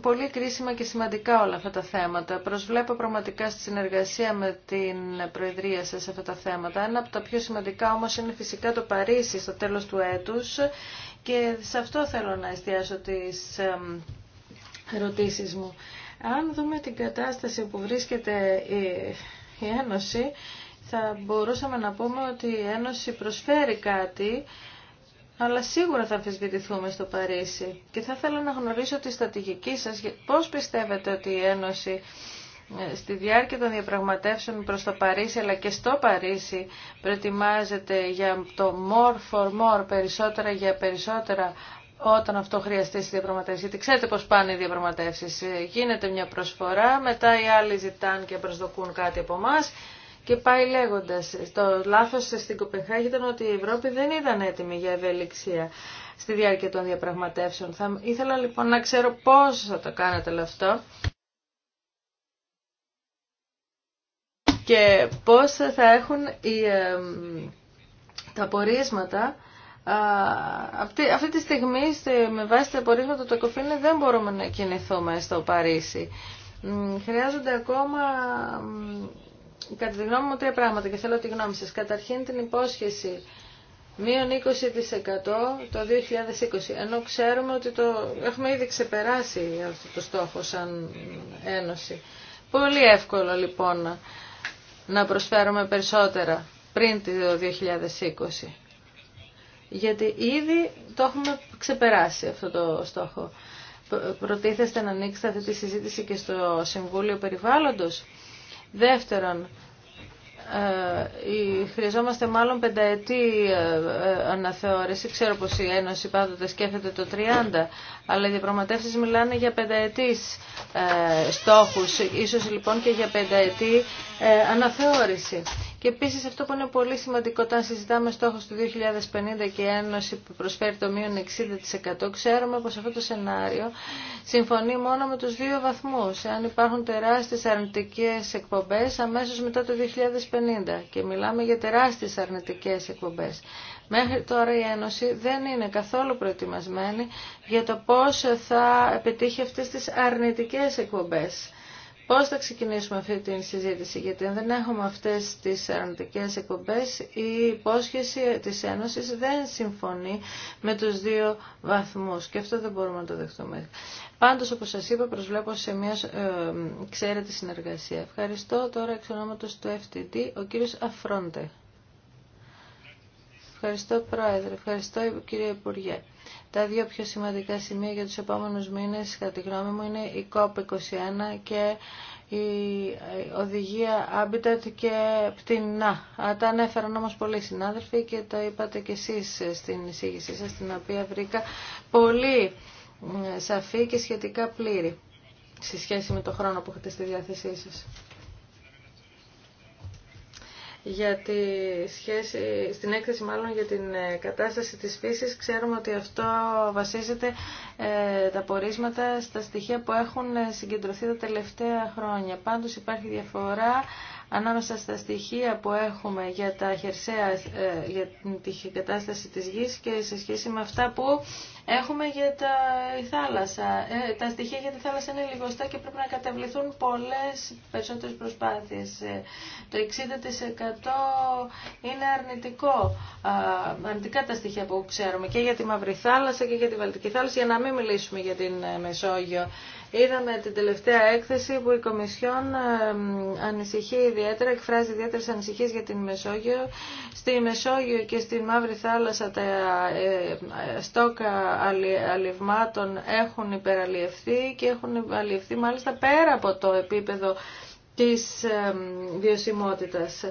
Πολύ κρίσιμα και σημαντικά όλα αυτά τα θέματα. Προσβλέπω πραγματικά στη συνεργασία με την Προεδρία σας σε αυτά τα θέματα. Ένα από τα πιο σημαντικά όμως είναι φυσικά το Παρίσι στο τέλος του έτους και σε αυτό θέλω να εστιάσω τις ερωτήσεις μου. Αν δούμε την κατάσταση που βρίσκεται η Ένωση, θα μπορούσαμε να πούμε ότι η Ένωση προσφέρει κάτι αλλά σίγουρα θα αμφισβητηθούμε στο Παρίσι. Και θα ήθελα να γνωρίσω τη στρατηγική σας, πώς πιστεύετε ότι η Ένωση ε, στη διάρκεια των διαπραγματεύσεων προς το Παρίσι αλλά και στο Παρίσι προετοιμάζεται για το more for more, περισσότερα για περισσότερα όταν αυτό χρειαστεί στη διαπραγματεύση. Γιατί ξέρετε πώς πάνε οι διαπραγματεύσεις. Ε, γίνεται μια προσφορά, μετά οι άλλοι ζητάνε και προσδοκούν κάτι από εμά και πάει λέγοντα το λάθος στην Κοπεχάγη ήταν ότι η Ευρώπη δεν ήταν έτοιμη για ευελιξία στη διάρκεια των διαπραγματεύσεων. Θα ήθελα λοιπόν να ξέρω πώ θα το κάνετε όλο αυτό. και πώς θα έχουν οι, τα πορίσματα. Αυτή, τη στιγμή με βάση τα πορίσματα του δεν μπορούμε να κινηθούμε στο Παρίσι. Χρειάζονται ακόμα κατά τη γνώμη μου τρία πράγματα και θέλω τη γνώμη σας. Καταρχήν την υπόσχεση μείον 20% το 2020, ενώ ξέρουμε ότι το έχουμε ήδη ξεπεράσει αυτό το στόχο σαν Ένωση. Πολύ εύκολο λοιπόν να προσφέρουμε περισσότερα πριν το 2020. Γιατί ήδη το έχουμε ξεπεράσει αυτό το στόχο. Προτίθεστε να ανοίξετε αυτή τη συζήτηση και στο Συμβούλιο Περιβάλλοντος. Δεύτερον, ε, χρειαζόμαστε μάλλον πενταετή ε, ε, αναθεώρηση. Ξέρω πως η Ένωση πάντοτε σκέφτεται το 30, αλλά οι διαπραγματεύσεις μιλάνε για πενταετής στόχους, ίσως λοιπόν και για πενταετή αναθεώρηση. Και επίση αυτό που είναι πολύ σημαντικό όταν συζητάμε στόχο του 2050 και η Ένωση που προσφέρει το μείον 60%, ξέρουμε πω αυτό το σενάριο συμφωνεί μόνο με του δύο βαθμού. Αν υπάρχουν τεράστιε αρνητικέ εκπομπέ αμέσω μετά το 2050. Και μιλάμε για τεράστιε αρνητικέ εκπομπέ. Μέχρι τώρα η Ένωση δεν είναι καθόλου προετοιμασμένη για το πώς θα επιτύχει αυτές τις αρνητικές εκπομπές. Πώς θα ξεκινήσουμε αυτή τη συζήτηση, γιατί αν δεν έχουμε αυτές τις αρνητικές εκπομπές, η υπόσχεση της Ένωσης δεν συμφωνεί με τους δύο βαθμούς και αυτό δεν μπορούμε να το δεχτούμε. Πάντως, όπως σας είπα, προσβλέπω σε μια ε, ξέρετη συνεργασία. Ευχαριστώ τώρα εξ ονόματος του FTD, ο κύριος Αφρόντε. Ευχαριστώ Πρόεδρε, ευχαριστώ κύριε Υπουργέ. Τα δύο πιο σημαντικά σημεία για τους επόμενους μήνες, κατά τη γνώμη μου, είναι η COP21 και η οδηγία Habitat και πτηνά. Τα ανέφεραν όμως πολλοί συνάδελφοι και τα είπατε και εσείς στην εισήγησή σας, την οποία βρήκα πολύ ε, σαφή και σχετικά πλήρη σε σχέση με το χρόνο που έχετε στη διάθεσή σας για τη σχέση, στην έκθεση μάλλον για την ε, κατάσταση της φύσης. Ξέρουμε ότι αυτό βασίζεται ε, τα πορίσματα στα στοιχεία που έχουν ε, συγκεντρωθεί τα τελευταία χρόνια. Πάντως υπάρχει διαφορά ανάμεσα στα στοιχεία που έχουμε για, τα χερσαία, ε, για την κατάσταση της γης και σε σχέση με αυτά που έχουμε για τα, θάλασσα. Ε, τα στοιχεία για τη θάλασσα είναι λιγοστά και πρέπει να καταβληθούν πολλές περισσότερες προσπάθειες. Ε, το 60% είναι αρνητικό, αρνητικά τα στοιχεία που ξέρουμε και για τη Μαύρη Θάλασσα και για τη Βαλτική Θάλασσα, για να μην μιλήσουμε για την Μεσόγειο. Είδαμε την τελευταία έκθεση που η Κομισιόν ε, ανησυχεί ιδιαίτερα, εκφράζει ιδιαίτερε ανησυχίε για την Μεσόγειο. Στη Μεσόγειο και στη Μαύρη Θάλασσα τα ε, ε, στόκα αλευμάτων έχουν υπεραλλιευθεί και έχουν αλλιευθεί μάλιστα πέρα από το επίπεδο της βιωσιμότητας.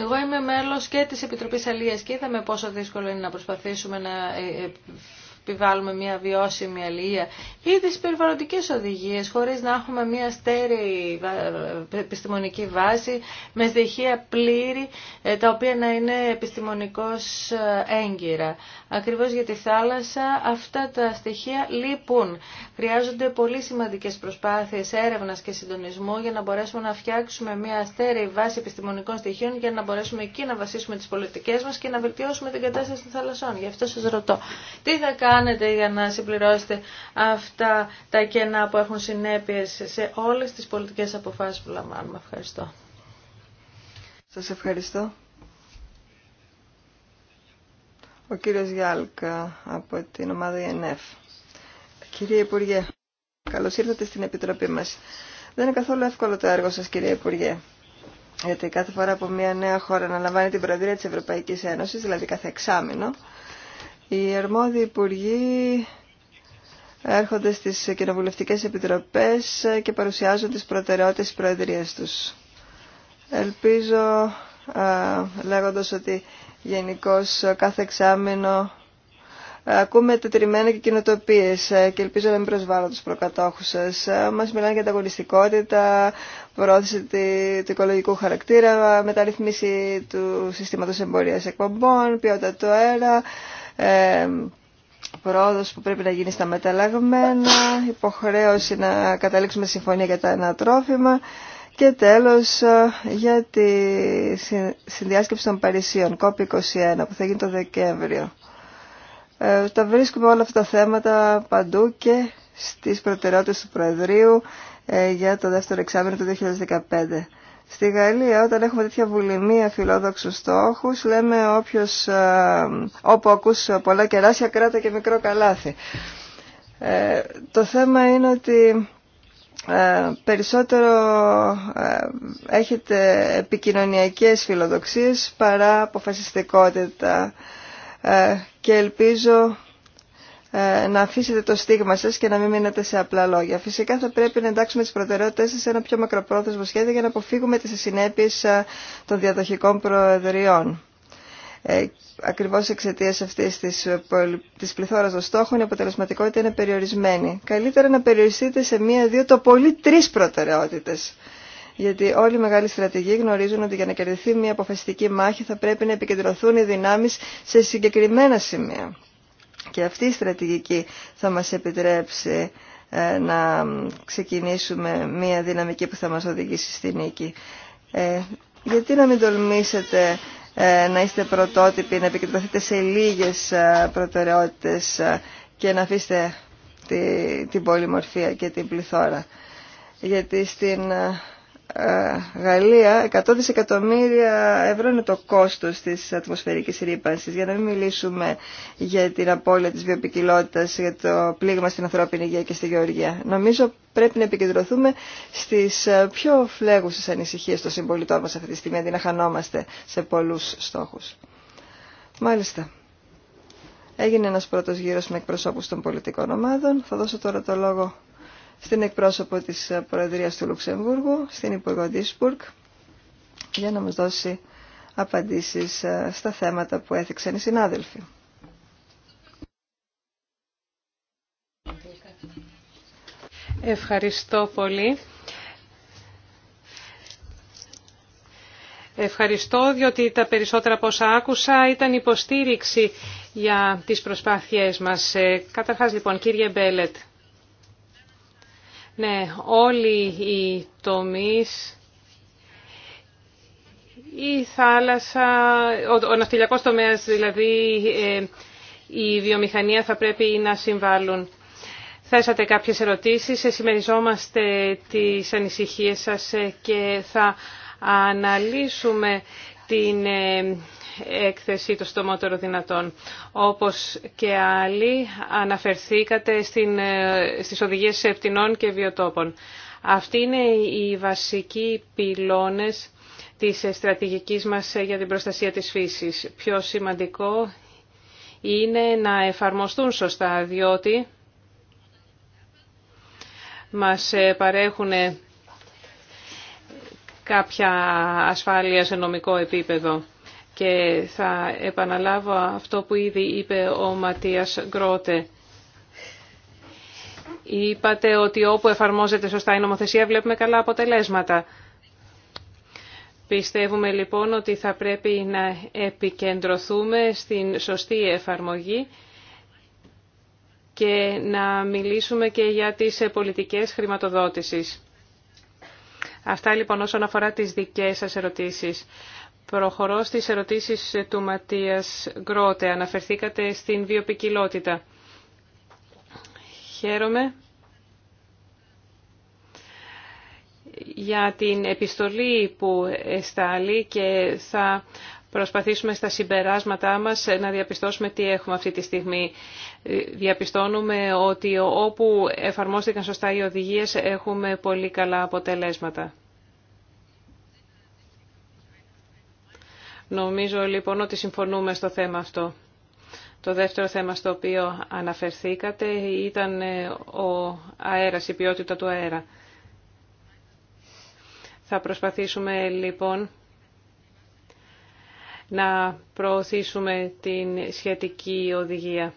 Εγώ είμαι μέλος και της Επιτροπής Αλίας και είδαμε πόσο δύσκολο είναι να προσπαθήσουμε να επιβάλλουμε μια βιώσιμη αλληλεία ή τις περιβαλλοντικές οδηγίες χωρίς να έχουμε μια στέρεη ε, επιστημονική βάση με στοιχεία πλήρη ε, τα οποία να είναι επιστημονικώς ε, έγκυρα. Ακριβώς για τη θάλασσα αυτά τα στοιχεία λείπουν. Χρειάζονται πολύ σημαντικέ προσπάθειες έρευνας και συντονισμού για να μπορέσουμε να φτιάξουμε μια στέρεη βάση επιστημονικών στοιχείων για να μπορέσουμε εκεί να βασίσουμε τις πολιτικές μας και να βελτιώσουμε την κατάσταση των θαλασσών. Γι' αυτό σας ρωτώ. Τι θα κάνετε για να συμπληρώσετε αυτά τα κενά που έχουν συνέπειες σε όλες τις πολιτικές αποφάσεις που λαμβάνουμε. Ευχαριστώ. Σας ευχαριστώ. Ο κύριος Γιάλκα ε, από την ομάδα ΕΝΕΦ. Κύριε Υπουργέ, καλώς ήρθατε στην Επιτροπή μας. Δεν είναι καθόλου εύκολο το έργο σας, κύριε Υπουργέ. Γιατί κάθε φορά που μια νέα χώρα αναλαμβάνει την Προεδρία της Ευρωπαϊκής Ένωσης, δηλαδή κάθε εξάμεινο, οι αρμόδιοι υπουργοί έρχονται στις κοινοβουλευτικές επιτροπές και παρουσιάζουν τις προτεραιότητες της Προεδρίας τους. Ελπίζω λέγοντας ότι γενικώ κάθε εξάμεινο ακούμε τετριμένα και κοινοτοπίες ε, και ελπίζω να μην προσβάλλω τους προκατόχους σας. Ε, μας μιλάνε για ανταγωνιστικότητα, πρόθεση του οικολογικού χαρακτήρα, μεταρρυθμίση του συστήματος εμπορίας εκπομπών, ποιότητα του αέρα, ε, πρόοδος που πρέπει να γίνει στα μεταλλαγμένα, υποχρέωση να καταλήξουμε συμφωνία για τα ανατρόφιμα και τέλος ε, για τη συνδιάσκεψη των Παρισίων, COP21, που θα γίνει το Δεκέμβριο. Ε, τα βρίσκουμε όλα αυτά τα θέματα παντού και στις προτεραιότητες του Προεδρείου για το δεύτερο εξάμεινο του 2015. Στη Γαλλία όταν έχουμε τέτοια βουλημία φιλόδοξους στόχους λέμε όποιος, ε, όπου ακούς πολλά κεράσια κράτα και μικρό καλάθι. Ε, το θέμα είναι ότι ε, περισσότερο έχετε επικοινωνιακές φιλοδοξίες παρά αποφασιστικότητα και ελπίζω ε, να αφήσετε το στίγμα σας και να μην μείνετε σε απλά λόγια. Φυσικά θα πρέπει να εντάξουμε τις προτεραιότητες σε ένα πιο μακροπρόθεσμο σχέδιο για να αποφύγουμε τις συνέπειες ε, των διαδοχικών προεδριών. Ε, ακριβώς εξαιτία αυτή τη ε, πληθώρα των στόχων η αποτελεσματικότητα είναι περιορισμένη. Καλύτερα να περιοριστείτε σε μία, δύο, το πολύ τρει προτεραιότητε, Γιατί όλοι οι μεγάλοι στρατηγοί γνωρίζουν ότι για να κερδιθεί μια αποφασιστική μάχη θα πρέπει να επικεντρωθούν οι δυνάμει σε συγκεκριμένα σημεία. Και αυτή η στρατηγική θα μας επιτρέψει ε, να ξεκινήσουμε μια δυναμική που θα μας οδηγήσει στη νίκη. Ε, γιατί να μην τολμήσετε ε, να είστε πρωτότυποι, να επικεντρωθείτε σε λίγες προτεραιότητες και να αφήσετε τη, την πολυμορφία και την πληθώρα. Γιατί στην ε, Γαλλία 100 δισεκατομμύρια ευρώ είναι το κόστος της ατμοσφαιρικής ρήπανσης για να μην μιλήσουμε για την απώλεια της βιοπικιλότητας για το πλήγμα στην ανθρώπινη υγεία και στη γεωργία νομίζω πρέπει να επικεντρωθούμε στις ε, πιο φλέγουσες ανησυχίες των συμπολιτών μας αυτή τη στιγμή αντί να χανόμαστε σε πολλούς στόχους Μάλιστα Έγινε ένας πρώτος γύρος με εκπροσώπους των πολιτικών ομάδων θα δώσω τώρα το λόγο στην εκπρόσωπο της Προεδρίας του Λουξεμβούργου, στην Υπουργό Ντίσπουργκ, για να μας δώσει απαντήσεις ε, στα θέματα που έθιξαν οι συνάδελφοι. Ευχαριστώ πολύ. Ευχαριστώ διότι τα περισσότερα από όσα άκουσα ήταν υποστήριξη για τις προσπάθειές μας. Ε, καταρχάς λοιπόν κύριε Μπέλετ, ναι, όλοι οι τομείς, η θάλασσα, ο, ο ναυτιλιακός τομέας δηλαδή, ε, η βιομηχανία θα πρέπει να συμβάλλουν. Θέσατε κάποιες ερωτήσεις, συμμεριζόμαστε τις ανησυχίες σας ε, και θα αναλύσουμε την ε, έκθεση το στομότερο δυνατών. Όπως και άλλοι αναφερθήκατε στην, ε, στις οδηγίες ευθυνών και βιοτόπων. Αυτοί είναι οι βασικοί πυλώνες της στρατηγικής μας για την προστασία της φύσης. Πιο σημαντικό είναι να εφαρμοστούν σωστά, διότι μας ε, παρέχουν ε, κάποια ασφάλεια σε νομικό επίπεδο. Και θα επαναλάβω αυτό που ήδη είπε ο Ματίας Γκρότε. Είπατε ότι όπου εφαρμόζεται σωστά η νομοθεσία βλέπουμε καλά αποτελέσματα. Πιστεύουμε λοιπόν ότι θα πρέπει να επικεντρωθούμε στην σωστή εφαρμογή και να μιλήσουμε και για τις πολιτικές χρηματοδότησης. Αυτά λοιπόν όσον αφορά τις δικές σας ερωτήσεις. Προχωρώ στις ερωτήσεις του Ματίας Γκρότε. Αναφερθήκατε στην βιοπικιλότητα. Χαίρομαι για την επιστολή που εστάλει και θα προσπαθήσουμε στα συμπεράσματά μας να διαπιστώσουμε τι έχουμε αυτή τη στιγμή. Διαπιστώνουμε ότι όπου εφαρμόστηκαν σωστά οι οδηγίες έχουμε πολύ καλά αποτελέσματα. Νομίζω λοιπόν ότι συμφωνούμε στο θέμα αυτό. Το δεύτερο θέμα στο οποίο αναφερθήκατε ήταν ε, ο αέρας, η ποιότητα του αέρα. Θα προσπαθήσουμε λοιπόν να προωθήσουμε την σχετική οδηγία.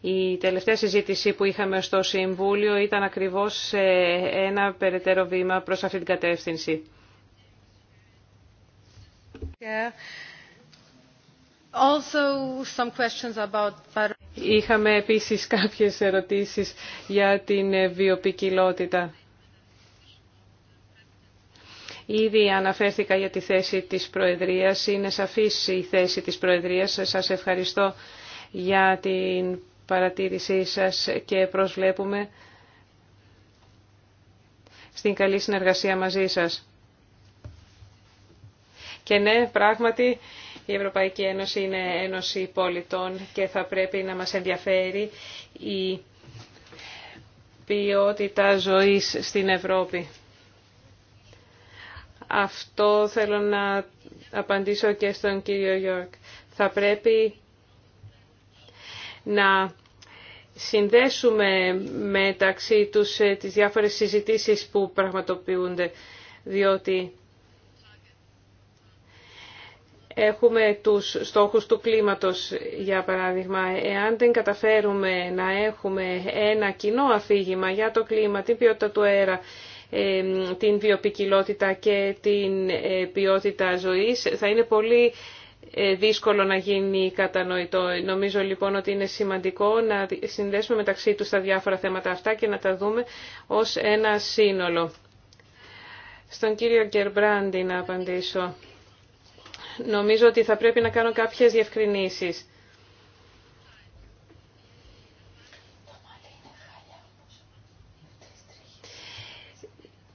Η τελευταία συζήτηση που είχαμε στο Συμβούλιο ήταν ακριβώς ένα περαιτέρω βήμα προς αυτή την κατεύθυνση. Είχαμε επίσης κάποιες ερωτήσεις για την ε, βιοπικιλότητα. Ήδη αναφέρθηκα για τη θέση της Προεδρίας. Είναι σαφής η θέση της Προεδρίας. Σας ευχαριστώ για την παρατήρησή σας και προσβλέπουμε στην καλή συνεργασία μαζί σας. Και ναι, πράγματι η Ευρωπαϊκή Ένωση είναι ένωση πολιτών και θα πρέπει να μας ενδιαφέρει η ποιότητα ζωής στην Ευρώπη. Αυτό θέλω να απαντήσω και στον κύριο Γιώργ. Θα πρέπει να συνδέσουμε μεταξύ τους ε, τις διάφορες συζητήσεις που πραγματοποιούνται, διότι Έχουμε τους στόχους του κλίματος, για παράδειγμα. Εάν δεν καταφέρουμε να έχουμε ένα κοινό αφήγημα για το κλίμα, την ποιότητα του αέρα, την βιοπικιλότητα και την ε, ποιότητα ζωής, θα είναι πολύ ε, δύσκολο να γίνει κατανοητό. Νομίζω λοιπόν ότι είναι σημαντικό να συνδέσουμε μεταξύ τους τα διάφορα θέματα αυτά και να τα δούμε ως ένα σύνολο. Στον κύριο Γκερμπράντι να απαντήσω νομίζω ότι θα πρέπει να κάνω κάποιες διευκρινήσεις.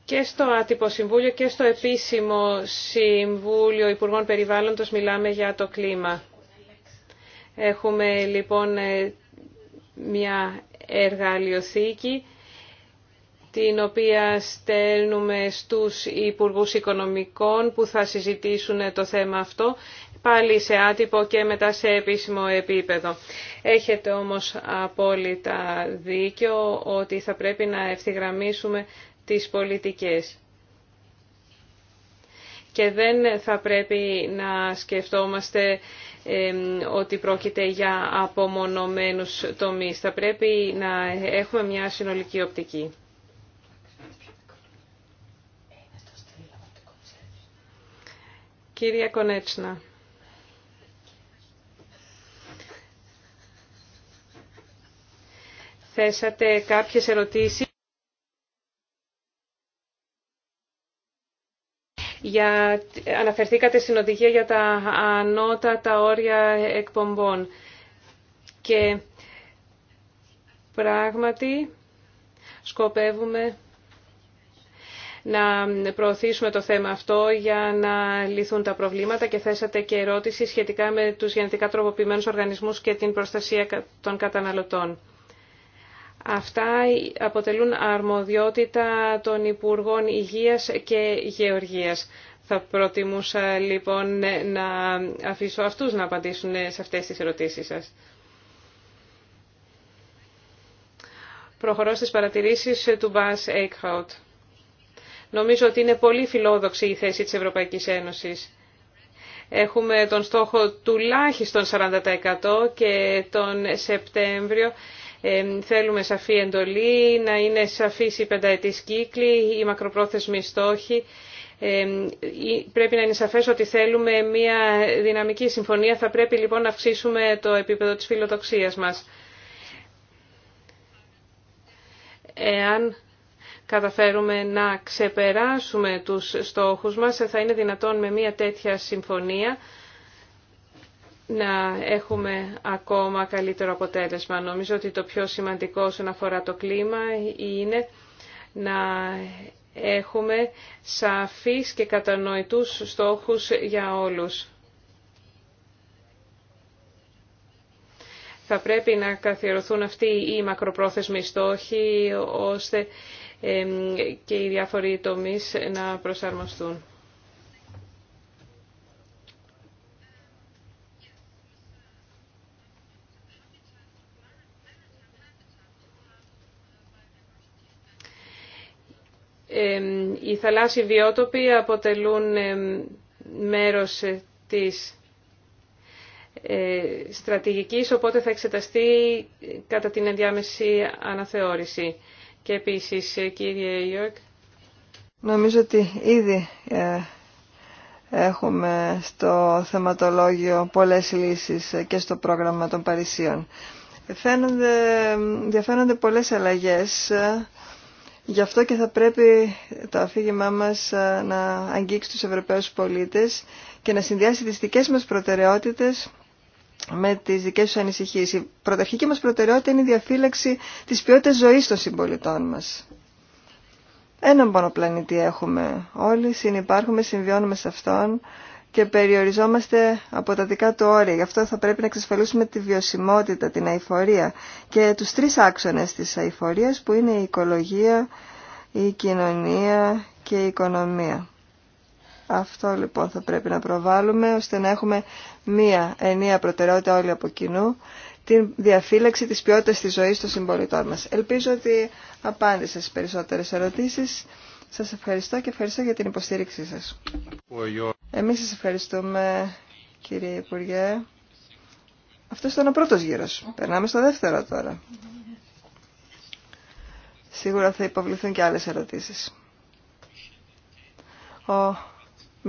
Και στο άτυπο συμβούλιο και στο επίσημο Συμβούλιο Υπουργών Περιβάλλοντος μιλάμε για το κλίμα. Έχουμε λοιπόν ε, μια εργαλειοθήκη την οποία στέλνουμε στους Υπουργούς Οικονομικών που θα συζητήσουν το θέμα αυτό πάλι σε άτυπο και μετά σε επίσημο επίπεδο. Έχετε όμως απόλυτα δίκιο ότι θα πρέπει να ευθυγραμμίσουμε τις πολιτικές. Και δεν θα πρέπει να σκεφτόμαστε ότι πρόκειται για απομονωμένους τομείς. Θα πρέπει να έχουμε μια συνολική οπτική. Κυρία Κονέτσνα. Θέσατε κάποιες ερωτήσεις για... Αναφερθήκατε στην οδηγία για τα ανώτατα όρια εκπομπών. Και πράγματι σκοπεύουμε να προωθήσουμε το θέμα αυτό για να λυθούν τα προβλήματα και θέσατε και ερώτηση σχετικά με τους γενετικά τροποποιημένους οργανισμούς και την προστασία των καταναλωτών. Αυτά αποτελούν αρμοδιότητα των Υπουργών Υγείας και Γεωργίας. Θα προτιμούσα λοιπόν να αφήσω αυτούς να απαντήσουν σε αυτές τις ερωτήσεις σας. Προχωρώ στις παρατηρήσεις του Μπάς Νομίζω ότι είναι πολύ φιλόδοξη η θέση της Ευρωπαϊκής Ένωσης. Έχουμε τον στόχο τουλάχιστον 40% και τον Σεπτέμβριο ε, θέλουμε σαφή εντολή, να είναι σαφής η πενταετής κύκλη, οι μακροπρόθεσμοι στόχοι. Ε, πρέπει να είναι σαφές ότι θέλουμε μια δυναμική συμφωνία. Θα πρέπει λοιπόν να αυξήσουμε το επίπεδο της φιλοδοξίας μας. Εάν καταφέρουμε να ξεπεράσουμε τους στόχους μας, θα είναι δυνατόν με μια τέτοια συμφωνία να έχουμε ακόμα καλύτερο αποτέλεσμα. Νομίζω ότι το πιο σημαντικό όσον αφορά το κλίμα είναι να έχουμε σαφείς και κατανοητούς στόχους για όλους. Θα πρέπει να καθιερωθούν αυτοί οι μακροπρόθεσμοι στόχοι, ώστε και οι διάφοροι τομείς να προσαρμοστούν. Οι θαλάσσιοι βιότοποι αποτελούν μέρος της ε, στρατηγικής, οπότε θα εξεταστεί κατά την ενδιάμεση αναθεώρηση. Και επίσης, κύριε Ιόρκ. Νομίζω ότι ήδη ε, έχουμε στο θεματολόγιο πολλές λύσεις ε, και στο πρόγραμμα των Παρισίων. Φαίνονται, διαφαίνονται πολλές αλλαγές, ε, γι' αυτό και θα πρέπει το αφήγημά μας να αγγίξει τους Ευρωπαίους πολίτες και να συνδυάσει τις δικές μας προτεραιότητες με τις δικές τους ανησυχίες. Η πρωταρχική μας προτεραιότητα είναι η διαφύλαξη της ποιότητας ζωής των συμπολιτών μας. Έναν πονοπλανήτη έχουμε όλοι, συνυπάρχουμε, συμβιώνουμε σε αυτόν και περιοριζόμαστε από τα δικά του όρια. Γι' αυτό θα πρέπει να εξασφαλίσουμε τη βιωσιμότητα, την αηφορία και τους τρεις άξονες της αηφορίας που είναι η οικολογία, η κοινωνία και η οικονομία. Αυτό λοιπόν θα πρέπει να προβάλλουμε ώστε να έχουμε μία ενία προτεραιότητα όλοι από κοινού την διαφύλαξη της ποιότητας της ζωής των συμπολιτών μας. Ελπίζω ότι απάντησα στις περισσότερες ερωτήσεις. Σας ευχαριστώ και ευχαριστώ για την υποστήριξή σας. Εμείς σας ευχαριστούμε κύριε Υπουργέ. Αυτό ήταν ο πρώτος γύρος. Περνάμε στο δεύτερο τώρα. Σίγουρα θα υποβληθούν και άλλες ερωτήσεις. Ο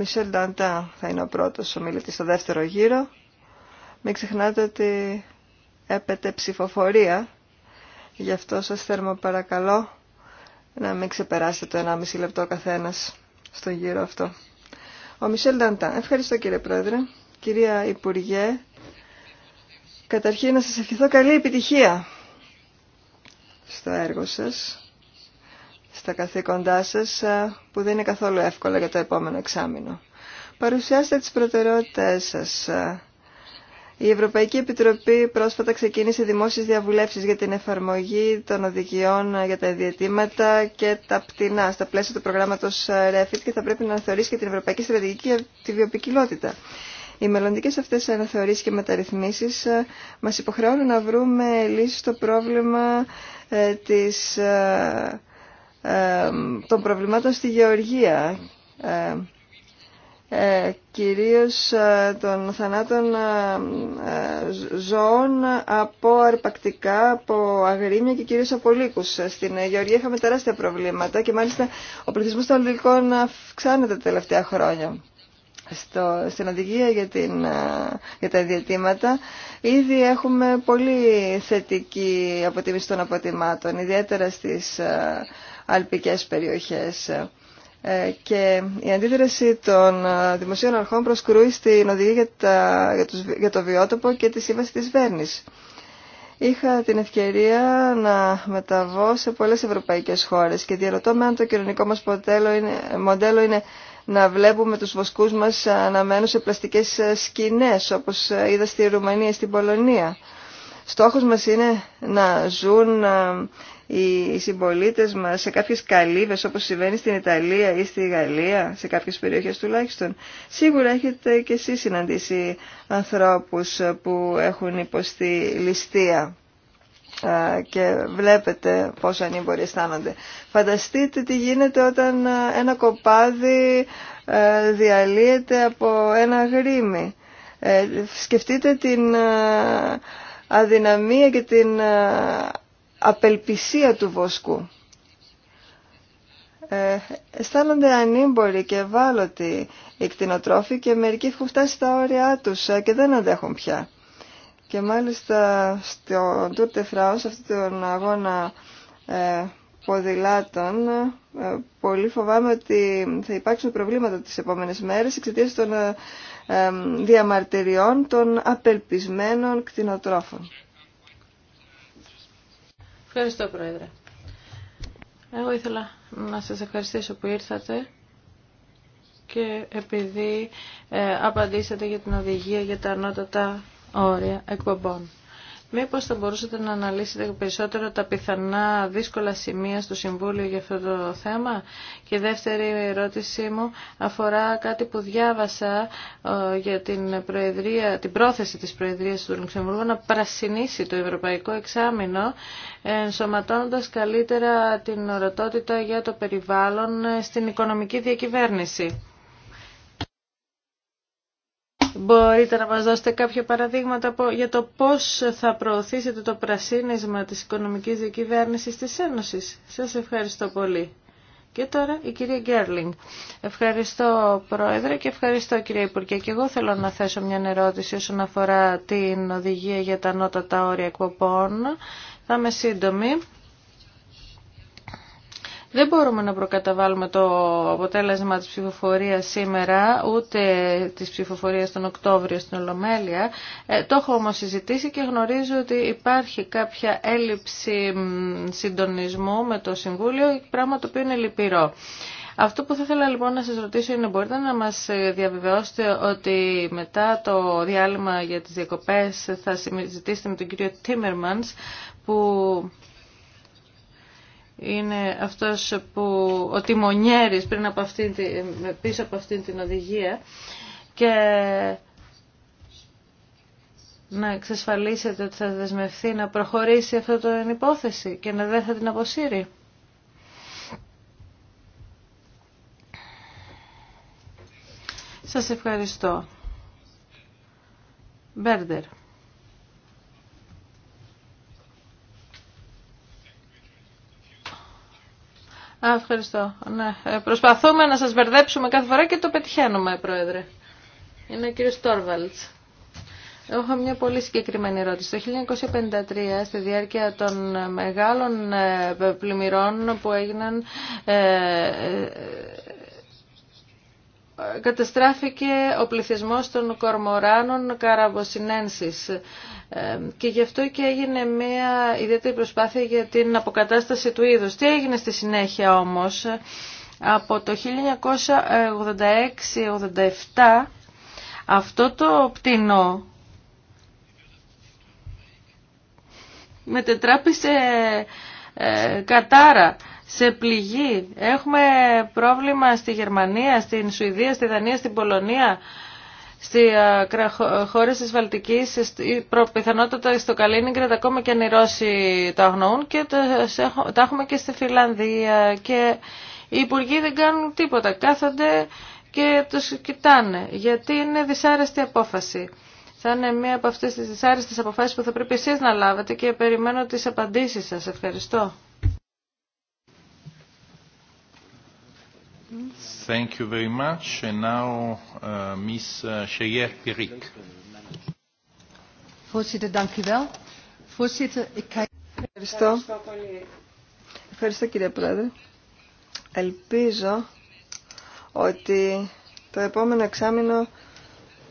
Μισελ Νταντά θα είναι ο πρώτος ομιλητής στο δεύτερο γύρο. Μην ξεχνάτε ότι έπεται ψηφοφορία, γι' αυτό σας θέρμα παρακαλώ να μην ξεπεράσετε το 1,5 λεπτό καθένας στο γύρο αυτό. Ο Μισελ Νταντά. Ευχαριστώ κύριε Πρόεδρε. Κυρία Υπουργέ, καταρχήν να σας ευχηθώ καλή επιτυχία στο έργο σας στα καθήκοντά σας ε, που δεν είναι καθόλου εύκολα για το επόμενο εξάμεινο. Παρουσιάστε τις προτεραιότητες σας. Ε, η Ευρωπαϊκή Επιτροπή πρόσφατα ξεκίνησε δημόσιες διαβουλεύσεις για την εφαρμογή των οδηγιών για τα ιδιαιτήματα και τα πτηνά στα πλαίσια του προγράμματος ε, REFIT και θα πρέπει να αναθεωρήσει και την Ευρωπαϊκή Στρατηγική για τη Βιοπικιλότητα. Οι μελλοντικές αυτές αναθεωρήσεις και μεταρρυθμίσεις μας υποχρεώνουν να βρούμε λύσει στο πρόβλημα της των προβλημάτων στη γεωργία, ε, κυρίως ε, των θανάτων ε, ζώων από αρπακτικά, από αγρίμια και κυρίως από λύκους. Στην γεωργία είχαμε τεράστια προβλήματα και μάλιστα ο πληθυσμός των λύκων αυξάνεται τα τελευταία χρόνια. Στο, στην οδηγία για, την, για τα διατήματα ήδη έχουμε πολύ θετική αποτίμηση των αποτιμάτων, ιδιαίτερα στις αλπικές περιοχές. Ε, και η αντίδραση των ε, δημοσίων αρχών προσκρούει στην οδηγία για, το βιότοπο και τη σύμβαση της Βέρνης. Είχα την ευκαιρία να μεταβώ σε πολλές ευρωπαϊκές χώρες και διαρωτώ με αν το κοινωνικό μας μοντέλο είναι να βλέπουμε τους βοσκούς μας αναμένους σε πλαστικές σκηνές όπως είδα στη Ρουμανία, στην Πολωνία Στόχος μας είναι να ζουν ε, οι συμπολίτε μας σε κάποιες καλύβες όπως συμβαίνει στην Ιταλία ή στη Γαλλία, σε κάποιες περιοχές τουλάχιστον. Σίγουρα έχετε και εσείς συναντήσει ανθρώπους που έχουν υποστεί ληστεία ε, και βλέπετε πόσο ανήμποροι αισθάνονται. Φανταστείτε τι γίνεται όταν ε, ένα κοπάδι διαλύεται από ένα γρήμι. Σκεφτείτε την αδυναμία και την ε, απελπισία του βοσκού. Ε, αισθάνονται ανήμποροι και ευάλωτοι οι κτηνοτρόφοι και μερικοί έχουν φτάσει στα όρια τους ε, και δεν αντέχουν πια. Και μάλιστα στο Tour de France, αυτόν τον αγώνα ε, ποδηλάτων, ε, πολύ φοβάμαι ότι θα υπάρξουν προβλήματα τις επόμενες μέρες εξαιτίας των διαμαρτυριών των απελπισμένων κτηνοτρόφων. Ευχαριστώ Πρόεδρε. Εγώ ήθελα να σας ευχαριστήσω που ήρθατε και επειδή ε, απαντήσατε για την οδηγία για τα ανώτατα όρια εκπομπών. Μήπως θα μπορούσατε να αναλύσετε περισσότερο τα πιθανά δύσκολα σημεία στο Συμβούλιο για αυτό το θέμα. Και δεύτερη ερώτησή μου αφορά κάτι που διάβασα ε, για την, προεδρία, την πρόθεση της Προεδρίας του Λουξεμβούργου να πρασινίσει το Ευρωπαϊκό Εξάμεινο ενσωματώνοντας καλύτερα την ορατότητα για το περιβάλλον ε, στην οικονομική διακυβέρνηση. Μπορείτε να μας δώσετε κάποια παραδείγματα για το πώς θα προωθήσετε το πρασίνισμα της οικονομικής διακυβέρνησης της Ένωσης. Σας ευχαριστώ πολύ. Και τώρα η κυρία Γκέρλινγκ. Ευχαριστώ Πρόεδρε και ευχαριστώ κυρία Υπουργέ. Και εγώ θέλω να θέσω μια ερώτηση όσον αφορά την οδηγία για τα ανώτατα όρια εκπομπών. Θα είμαι σύντομη. Δεν μπορούμε να προκαταβάλουμε το αποτέλεσμα της ψηφοφορίας σήμερα, ούτε της ψηφοφορίας τον Οκτώβριο στην Ολομέλεια. Ε, το έχω όμως συζητήσει και γνωρίζω ότι υπάρχει κάποια έλλειψη συντονισμού με το Συμβούλιο, πράγμα το οποίο είναι λυπηρό. Αυτό που θα ήθελα λοιπόν να σας ρωτήσω είναι μπορείτε να μας διαβεβαιώσετε ότι μετά το διάλειμμα για τις διακοπές θα συζητήσετε με τον κύριο Τίμερμανς που είναι αυτός που ο τιμονιέρης πριν από αυτήν, πίσω από αυτήν την οδηγία και να εξασφαλίσετε ότι θα δεσμευθεί να προχωρήσει αυτό την υπόθεση και να δεν θα την αποσύρει. Σας ευχαριστώ. Μπέρντερ. Α, ευχαριστώ. Ναι. Ε, προσπαθούμε να σας μπερδέψουμε κάθε φορά και το πετυχαίνουμε, Πρόεδρε. Είναι ο κύριος Τόρβαλτς. Έχω μια πολύ συγκεκριμένη ερώτηση. Το 1953, στη διάρκεια των μεγάλων ε, πλημμυρών που έγιναν ε, καταστράφηκε ο πληθυσμός των κορμοράνων καραβοσυνένσης ε, και γι' αυτό και έγινε μια ιδιαίτερη προσπάθεια για την αποκατάσταση του είδους. Τι έγινε στη συνέχεια όμως από το 1986-87 αυτό το πτηνό μετετράπησε ε, κατάρα σε πληγή. Έχουμε πρόβλημα στη Γερμανία, στην Σουηδία, στη Δανία, στην Πολωνία, στι χώρε τη Βαλτική, πιθανότατα στο Καλίνιγκρετ, ακόμα και αν οι Ρώσοι τα αγνοούν και τα έχουμε και στη Φιλανδία. Και οι υπουργοί δεν κάνουν τίποτα. Κάθονται και τους κοιτάνε, γιατί είναι δυσάρεστη απόφαση. Θα είναι μία από αυτές τις δυσάρεστες αποφάσεις που θα πρέπει εσείς να λάβετε και περιμένω τις απαντήσεις σας. Ευχαριστώ. Thank you very much. And Ευχαριστώ. Ευχαριστώ κύριε Πρόεδρε. Ελπίζω ότι το επόμενο εξάμεινο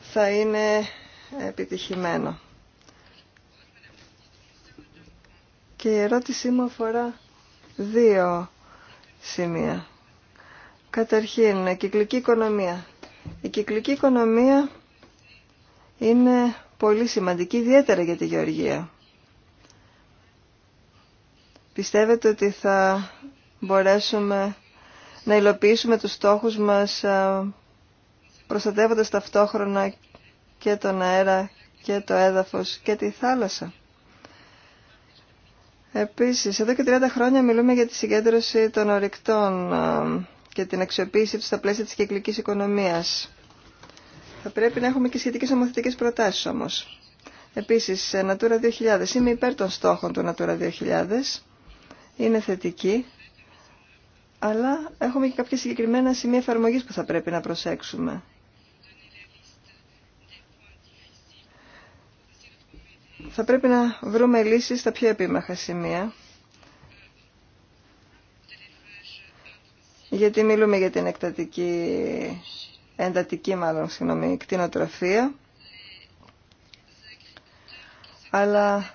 θα είναι επιτυχημένο. Και η ερώτησή μου αφορά δύο σημεία. Καταρχήν, κυκλική οικονομία. Η κυκλική οικονομία είναι πολύ σημαντική, ιδιαίτερα για τη γεωργία. Πιστεύετε ότι θα μπορέσουμε να υλοποιήσουμε τους στόχους μας ε, προστατεύοντας ταυτόχρονα και τον αέρα και το έδαφος και τη θάλασσα. Επίσης, εδώ και 30 χρόνια μιλούμε για τη συγκέντρωση των ορυκτών ε, και την αξιοποίησή του στα πλαίσια τη κυκλική οικονομίας. Θα πρέπει να έχουμε και σχετικέ νομοθετικές προτάσεις όμω. Επίσης, Natura 2000. Είμαι υπέρ των στόχων του Natura 2000. Είναι θετική. Αλλά έχουμε και κάποια συγκεκριμένα σημεία εφαρμογή που θα πρέπει να προσέξουμε. Θα πρέπει να βρούμε λύσεις στα πιο επίμαχα σημεία γιατί μιλούμε για την εκτατική, εντατική μάλλον, συγγνώμη, κτηνοτροφία. Αλλά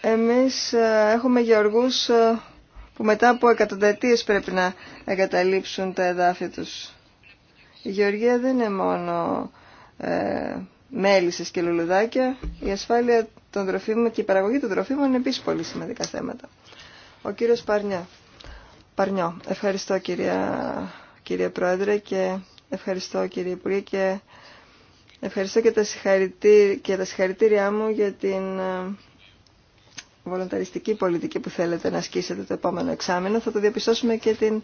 εμείς ε, έχουμε γεωργούς ε, που μετά από εκατονταετίες πρέπει να εγκαταλείψουν τα εδάφη τους. Η γεωργία δεν είναι μόνο ε, μέλισσες και λουλουδάκια. Η ασφάλεια των τροφίμων και η παραγωγή των τροφίμων είναι επίσης πολύ σημαντικά θέματα. Ο κύριος Παρνιά. Παρνιό. Ευχαριστώ κυρία, κύριε Πρόεδρε και ευχαριστώ κύριε Υπουργέ και ευχαριστώ και τα, και συγχαρητήριά μου για την ε, βολονταριστική πολιτική που θέλετε να ασκήσετε το επόμενο εξάμεινο. Θα το διαπιστώσουμε και την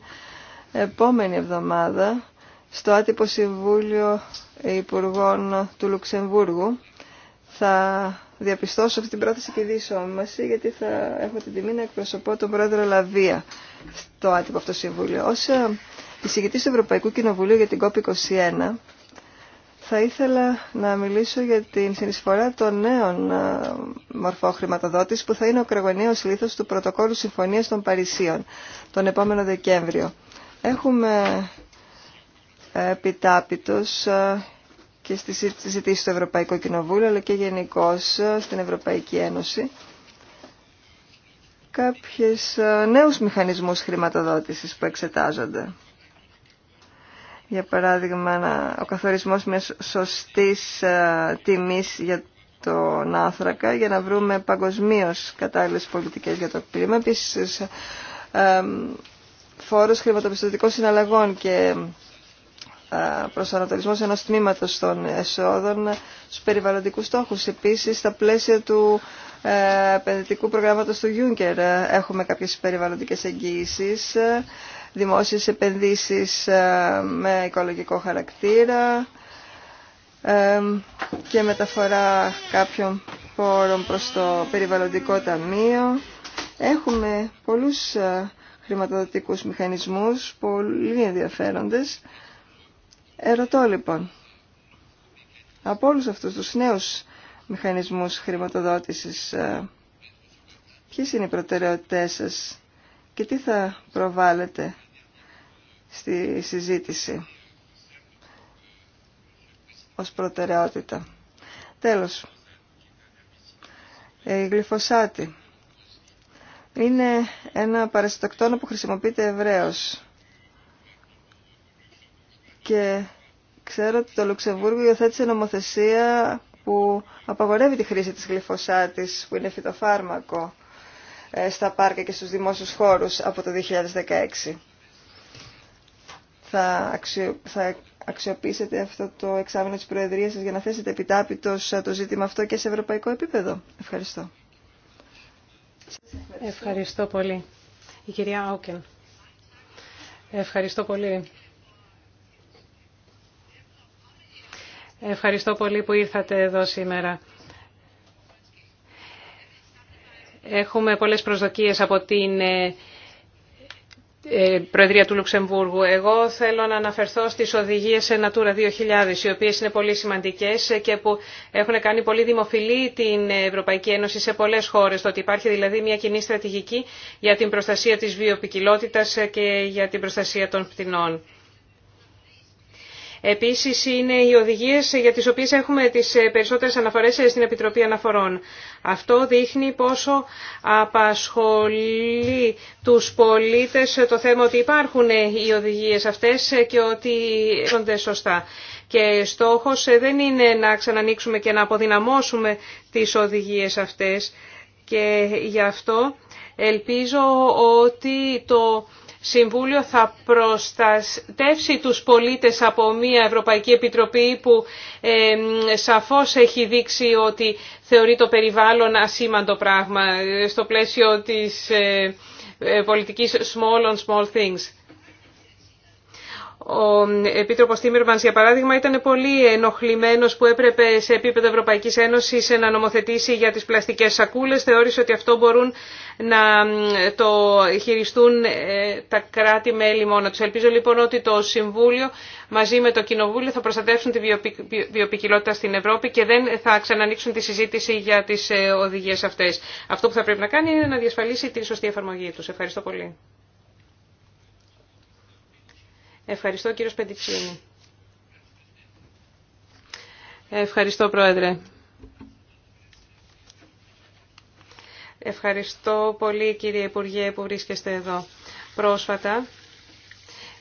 επόμενη εβδομάδα στο άτυπο Συμβούλιο Υπουργών του Λουξεμβούργου. Θα διαπιστώσω αυτή την πρόθεση και μαζί, γιατί θα έχω την τιμή να εκπροσωπώ τον πρόεδρο Λαβία στο άτυπο αυτό συμβούλιο. Ως ε, εισηγητής του Ευρωπαϊκού Κοινοβουλίου για την COP21, θα ήθελα να μιλήσω για την συνεισφορά των νέων ε, μορφών χρηματοδότηση που θα είναι ο κραγωνιαίος λίθος του Πρωτοκόλου Συμφωνίας των Παρισίων τον επόμενο Δεκέμβριο. Έχουμε επιτάπητος ε, και στις συζητήσει στο Ευρωπαϊκό Κοινοβούλιο αλλά και γενικώ στην Ευρωπαϊκή Ένωση κάποιες ε, νέους μηχανισμούς χρηματοδότησης που εξετάζονται. Για παράδειγμα, ο καθορισμός μιας σωστής ε, τιμής για τον άνθρακα για να βρούμε παγκοσμίω κατάλληλες πολιτικές για το κλίμα. Επίσης, ε, φόρος χρηματοπιστωτικών συναλλαγών και ε, προσανατολισμός ενός τμήματος των εσόδων στους περιβαλλοντικούς στόχους. Επίσης, στα πλαίσια του ε, επενδυτικού προγράμματος του Juncker ε, έχουμε κάποιες περιβαλλοντικές εγγύησεις, δημόσιες επενδύσεις με οικολογικό χαρακτήρα και μεταφορά κάποιων πόρων προς το περιβαλλοντικό ταμείο. Έχουμε πολλούς χρηματοδοτικούς μηχανισμούς, πολύ ενδιαφέροντες Ερωτώ λοιπόν, από όλους αυτούς τους νέους μηχανισμούς χρηματοδότησης, ε, ποιες είναι οι προτεραιότητές σας και τι θα προβάλλετε στη συζήτηση ως προτεραιότητα. Τέλος, η γλυφοσάτη είναι ένα παραστακτόνο που χρησιμοποιείται ευρέως και ξέρω ότι το Λουξεμβούργο υιοθέτησε νομοθεσία που απαγορεύει τη χρήση της γλυφοσάτης, που είναι φυτοφάρμακο, ε, στα πάρκα και στους δημόσιους χώρους από το 2016. Θα, θα αξιοποιήσετε αυτό το εξάμεινο της Προεδρίας σας για να θέσετε επιτάπητος ε, το ζήτημα αυτό και σε ευρωπαϊκό επίπεδο. Ευχαριστώ. Ευχαριστώ πολύ. Η κυρία Άουκεν. Ευχαριστώ πολύ. Ευχαριστώ πολύ που ήρθατε εδώ σήμερα. Έχουμε πολλές προσδοκίες από την ε, ε, Προεδρία του Λουξεμβούργου. Εγώ θέλω να αναφερθώ στις οδηγίες Natura 2000, οι οποίες είναι πολύ σημαντικές και που έχουν κάνει πολύ δημοφιλή την Ευρωπαϊκή Ένωση σε πολλές χώρες, το ότι υπάρχει δηλαδή μια κοινή στρατηγική για την προστασία της βιοπικιλότητας και για την προστασία των πτηνών. Επίσης είναι οι οδηγίες για τις οποίες έχουμε τις περισσότερες αναφορές στην Επιτροπή Αναφορών. Αυτό δείχνει πόσο απασχολεί τους πολίτες το θέμα ότι υπάρχουν οι οδηγίες αυτές και ότι έρχονται σωστά. Και στόχος δεν είναι να ξανανοίξουμε και να αποδυναμώσουμε τις οδηγίες αυτές. Και γι' αυτό ελπίζω ότι το Συμβούλιο θα προστατεύσει τους πολίτες από μια Ευρωπαϊκή Επιτροπή που σαφώς έχει δείξει ότι θεωρεί το περιβάλλον ασήμαντο πράγμα ε, στο πλαίσιο της ε, ε, πολιτικής small on small things. Ο Επίτροπος Τίμιρμανς, για παράδειγμα, ήταν πολύ ενοχλημένος που έπρεπε σε επίπεδο Ευρωπαϊκής Ένωσης να νομοθετήσει για τις πλαστικές σακούλες. Θεώρησε ότι αυτό μπορούν να το χειριστούν ε, τα κράτη-μέλη μόνο τους. Ελπίζω λοιπόν ότι το Συμβούλιο μαζί με το Κοινοβούλιο θα προστατεύσουν τη βιοπικιλότητα στην Ευρώπη και δεν θα ξανανοίξουν τη συζήτηση για τις ε, οδηγίες αυτές. Αυτό που θα πρέπει να κάνει είναι να διασφαλίσει τη σωστή εφαρμογή τους. Ευχαριστώ πολύ. Ευχαριστώ κύριο Πεντητσίνη. Ευχαριστώ πρόεδρε. Ευχαριστώ πολύ κύριε Υπουργέ που βρίσκεστε εδώ. Πρόσφατα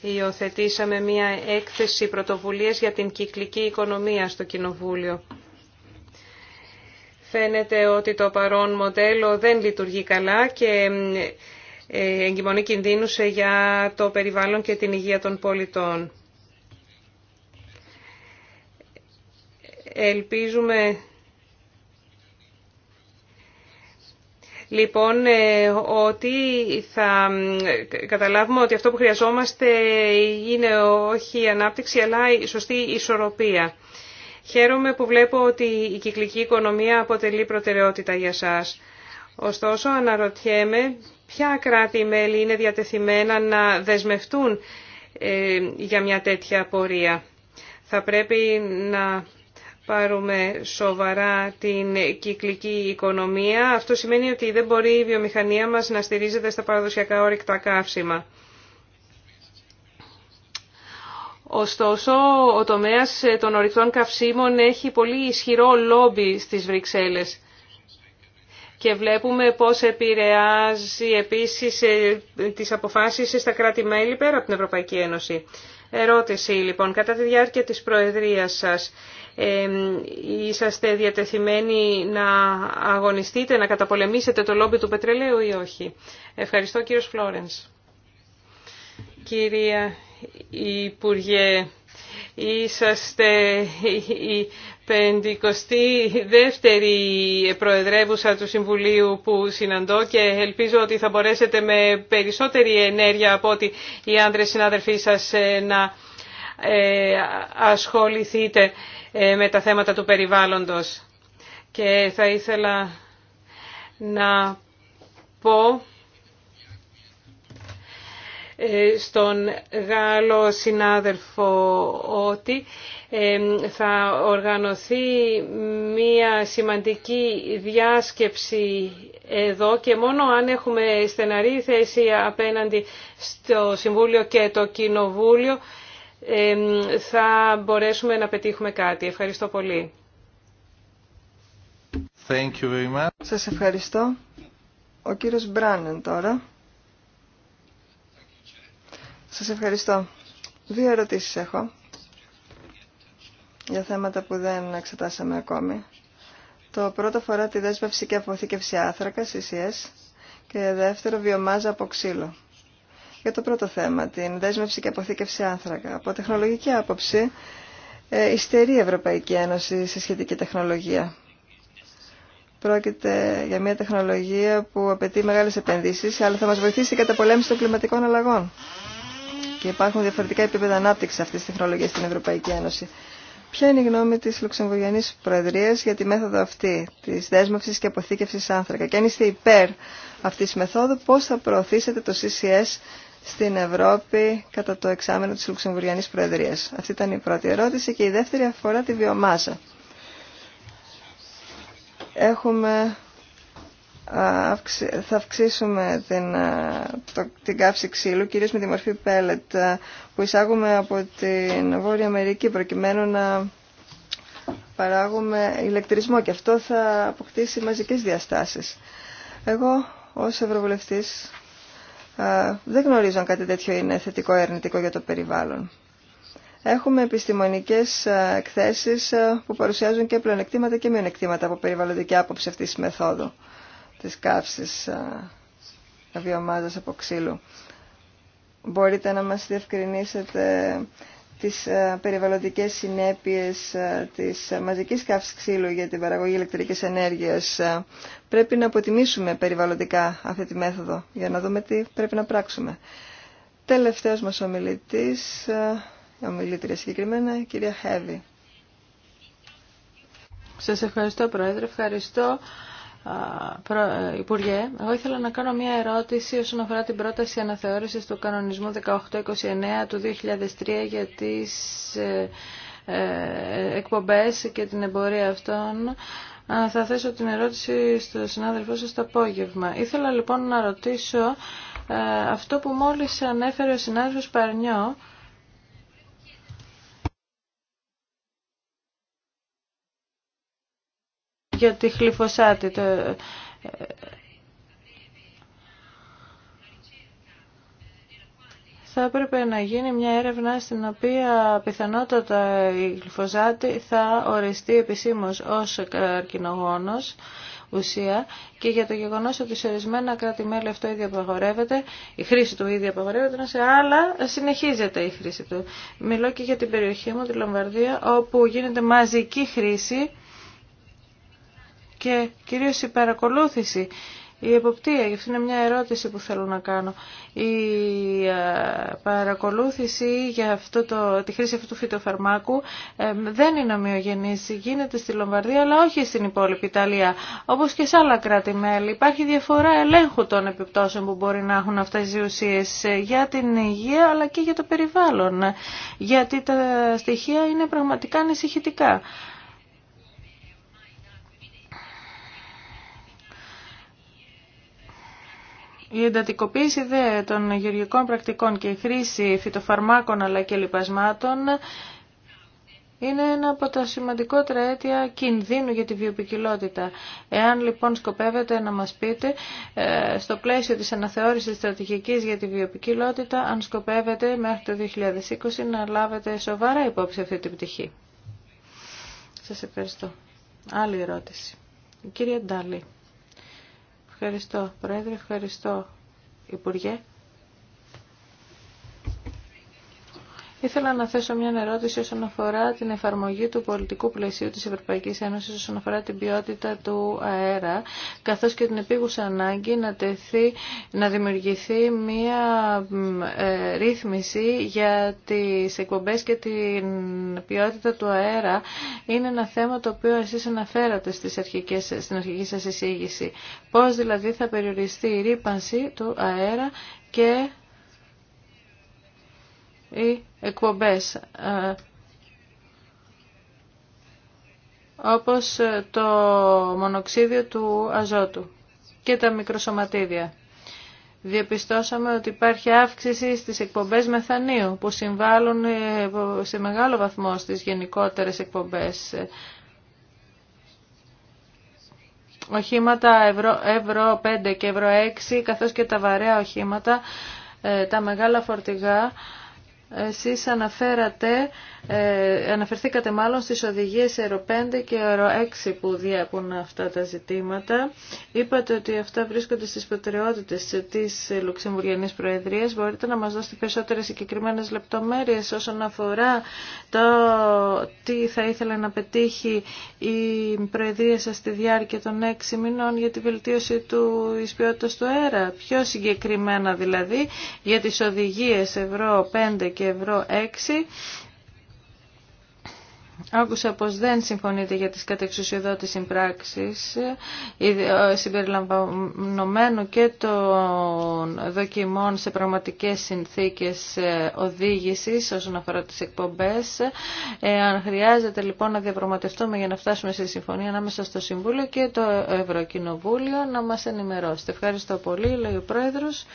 υιοθετήσαμε μία έκθεση πρωτοβουλίας για την κυκλική οικονομία στο Κοινοβούλιο. Φαίνεται ότι το παρόν μοντέλο δεν λειτουργεί καλά και ε, κινδύνου σε για το περιβάλλον και την υγεία των πολιτών. Ελπίζουμε Λοιπόν, ε, ότι θα ε, καταλάβουμε ότι αυτό που χρειαζόμαστε είναι όχι η ανάπτυξη, αλλά η σωστή ισορροπία. Χαίρομαι που βλέπω ότι η κυκλική οικονομία αποτελεί προτεραιότητα για σας. Ωστόσο, αναρωτιέμαι Ποια κράτη-μέλη είναι διατεθειμένα να δεσμευτούν ε, για μια τέτοια πορεία. Θα πρέπει να πάρουμε σοβαρά την κυκλική οικονομία. Αυτό σημαίνει ότι δεν μπορεί η βιομηχανία μας να στηρίζεται στα παραδοσιακά όρυκτα καύσιμα. Ωστόσο, ο τομέας των ορυκτών καυσίμων έχει πολύ ισχυρό λόμπι στις Βρυξέλλες και βλέπουμε πώς επηρεάζει επίσης ε, τις αποφάσεις στα κράτη-μέλη πέρα από την Ευρωπαϊκή Ένωση. Ερώτηση λοιπόν, κατά τη διάρκεια της Προεδρίας σας, ε, είσαστε διατεθειμένοι να αγωνιστείτε, να καταπολεμήσετε το λόμπι του πετρελαίου ή όχι. Ευχαριστώ κύριος Φλόρενς. Κυρία Υπουργέ, Είσαστε η πεντηκοστή δεύτερη προεδρεύουσα του Συμβουλίου που συναντώ και ελπίζω ότι θα μπορέσετε με περισσότερη ενέργεια από ότι οι άντρες συνάδελφοί σας ε, να ε, ασχοληθείτε ε, με τα θέματα του περιβάλλοντος. Και θα ήθελα να πω ε, στον Γάλλο συνάδελφο ότι ε, θα οργανωθεί μία σημαντική διάσκεψη εδώ και μόνο αν έχουμε στεναρή θέση απέναντι στο Συμβούλιο και το Κοινοβούλιο ε, θα μπορέσουμε να πετύχουμε κάτι. Ευχαριστώ πολύ. Thank you very much. Σας ευχαριστώ. Ο κύριος Μπράνεν τώρα. Σας ευχαριστώ. Δύο ερωτήσεις έχω για θέματα που δεν εξετάσαμε ακόμη. Το πρώτο φορά τη δέσμευση και αποθήκευση άθρακα, CCS, και δεύτερο βιομάζα από ξύλο. Για το πρώτο θέμα, την δέσμευση και αποθήκευση άνθρακα. Από τεχνολογική άποψη, ε, η Ευρωπαϊκή Ένωση σε σχετική τεχνολογία. Πρόκειται για μια τεχνολογία που απαιτεί μεγάλες επενδύσεις, αλλά θα μας βοηθήσει κατά πολέμηση των κλιματικών αλλαγών και υπάρχουν διαφορετικά επίπεδα ανάπτυξη αυτή τη τεχνολογία στην Ευρωπαϊκή Ένωση. Ποια είναι η γνώμη τη Λουξεμβουργιανή Προεδρία για τη μέθοδο αυτή, τη δέσμευση και αποθήκευση άνθρακα. Και αν είστε υπέρ αυτή τη μεθόδου, πώ θα προωθήσετε το CCS στην Ευρώπη κατά το εξάμενο τη Λουξεμβουργιανή Προεδρία. Αυτή ήταν η πρώτη ερώτηση. Και η δεύτερη αφορά τη βιομάζα. Έχουμε θα αυξήσουμε την, ε, το, την καύση ξύλου, κυρίως με τη μορφή πέλετ που εισάγουμε από την Βόρεια Αμερική προκειμένου να παράγουμε ηλεκτρισμό και αυτό θα αποκτήσει μαζικές διαστάσεις. Εγώ ως Ευρωβουλευτής ε, δεν γνωρίζω αν κάτι τέτοιο είναι θετικό ή αρνητικό για το περιβάλλον. Έχουμε επιστημονικές ε, εκθέσεις που παρουσιάζουν και πλεονεκτήματα και μειονεκτήματα από περιβαλλοντική άποψη αυτής της μεθόδου της καύσης ε, βιομάζας από ξύλου. Μπορείτε να μας διευκρινίσετε τις ε, περιβαλλοντικές συνέπειες ε, της μαζικής καύσης ξύλου για την παραγωγή ηλεκτρικής ενέργειας. Πρέπει να αποτιμήσουμε περιβαλλοντικά αυτή τη μέθοδο για να δούμε τι πρέπει να πράξουμε. Τελευταίος μας ομιλητής, ομιλήτρια συγκεκριμένα, η κυρία Χέβη. Σας ευχαριστώ Πρόεδρε, ευχαριστώ ε, Υπουργέ, εγώ ήθελα να κάνω μια ερώτηση όσον αφορά την πρόταση αναθεώρησης του κανονισμού 1829 του 2003 για τις ε, ε, εκπομπές και την εμπορία αυτών. Θα θέσω την ερώτηση στο συνάδελφό σας το απόγευμα. Ήθελα λοιπόν να ρωτήσω αυτό που μόλις ανέφερε ο συνάδελφος Παρνιό για τη χλυφοσάτη. θα έπρεπε να γίνει μια έρευνα στην οποία πιθανότατα η γλυφοζάτη θα οριστεί επισήμως ως καρκινογόνος ουσία και για το γεγονός ότι σε ορισμένα κράτη-μέλη αυτό ήδη απαγορεύεται, η χρήση του ήδη απαγορεύεται, άλλα συνεχίζεται η χρήση του. Μιλώ και για την περιοχή μου, τη Λομβαρδία, όπου γίνεται μαζική χρήση και κυρίως η παρακολούθηση, η εποπτεία, γι' αυτό είναι μια ερώτηση που θέλω να κάνω. Η ε, παρακολούθηση για αυτό το, τη χρήση αυτού του φυτοφαρμάκου ε, δεν είναι ομοιογενής. Γίνεται στη Λομβαρδία αλλά όχι στην υπόλοιπη Ιταλία. Όπως και σε άλλα κράτη-μέλη υπάρχει διαφορά ελέγχου των επιπτώσεων που μπορεί να έχουν αυτές οι ουσίες ε, για την υγεία αλλά και για το περιβάλλον. Γιατί τα στοιχεία είναι πραγματικά ανησυχητικά. Η εντατικοποίηση δε των γεωργικών πρακτικών και η χρήση φυτοφαρμάκων αλλά και λοιπασμάτων είναι ένα από τα σημαντικότερα αίτια κινδύνου για τη βιοπικιλότητα. Εάν λοιπόν σκοπεύετε να μας πείτε, ε, στο πλαίσιο της αναθεώρησης στρατηγικής για τη βιοπικιλότητα, αν σκοπεύετε μέχρι το 2020 να λάβετε σοβαρά υπόψη αυτή την πτυχή. Σας ευχαριστώ. Άλλη ερώτηση. Η κυρία Ντάλη. Ευχαριστώ, Πρόεδρε. Ευχαριστώ, Υπουργέ. Ήθελα να θέσω μια ερώτηση όσον αφορά την εφαρμογή του πολιτικού πλαισίου της Ευρωπαϊκής Ένωσης όσον αφορά την ποιότητα του αέρα, καθώς και την επίγουσα ανάγκη να, τεθεί, να δημιουργηθεί μια ε, ρύθμιση για τις εκπομπές και την ποιότητα του αέρα. Είναι ένα θέμα το οποίο εσείς αναφέρατε στις αρχικές, στην αρχική σας εισήγηση. Πώς δηλαδή θα περιοριστεί η ρήπανση του αέρα και οι εκπομπές ε, όπως ε, το μονοξίδιο του αζότου και τα μικροσωματίδια. Διαπιστώσαμε ότι υπάρχει αύξηση στις εκπομπές μεθανίου που συμβάλλουν ε, σε μεγάλο βαθμό στις γενικότερες εκπομπές. Οχήματα ευρώ, 5 και ευρώ 6 καθώς και τα βαρέα οχήματα, τα μεγάλα φορτηγά εσείς αναφέρατε, ε, αναφερθήκατε μάλλον στις οδηγίες ΕΡΟ 5 και ΕΡΟ 6 που διέπουν αυτά τα ζητήματα. Είπατε ότι αυτά βρίσκονται στις προτεραιότητες της Λουξεμβουργιανής Προεδρίας. Μπορείτε να μας δώσετε περισσότερες συγκεκριμένες λεπτομέρειες όσον αφορά το τι θα ήθελε να πετύχει η Προεδρία σας στη διάρκεια των 6 μηνών για τη βελτίωση του ποιότητας του αέρα. Πιο συγκεκριμένα δηλαδή για τις οδηγίες Ευρώ 5 και και ευρώ 6. Άκουσα πως δεν συμφωνείτε για τις κατεξουσιοδότηση πράξεις ε, συμπεριλαμβανομένου και των δοκιμών σε πραγματικές συνθήκες ε, οδήγησης όσον αφορά τις εκπομπές. αν χρειάζεται λοιπόν να διαπραγματευτούμε για να φτάσουμε σε συμφωνία ανάμεσα στο Συμβούλιο και το Ευρωκοινοβούλιο να μας ενημερώσετε. Ευχαριστώ πολύ, λέει ο Πρόεδρος.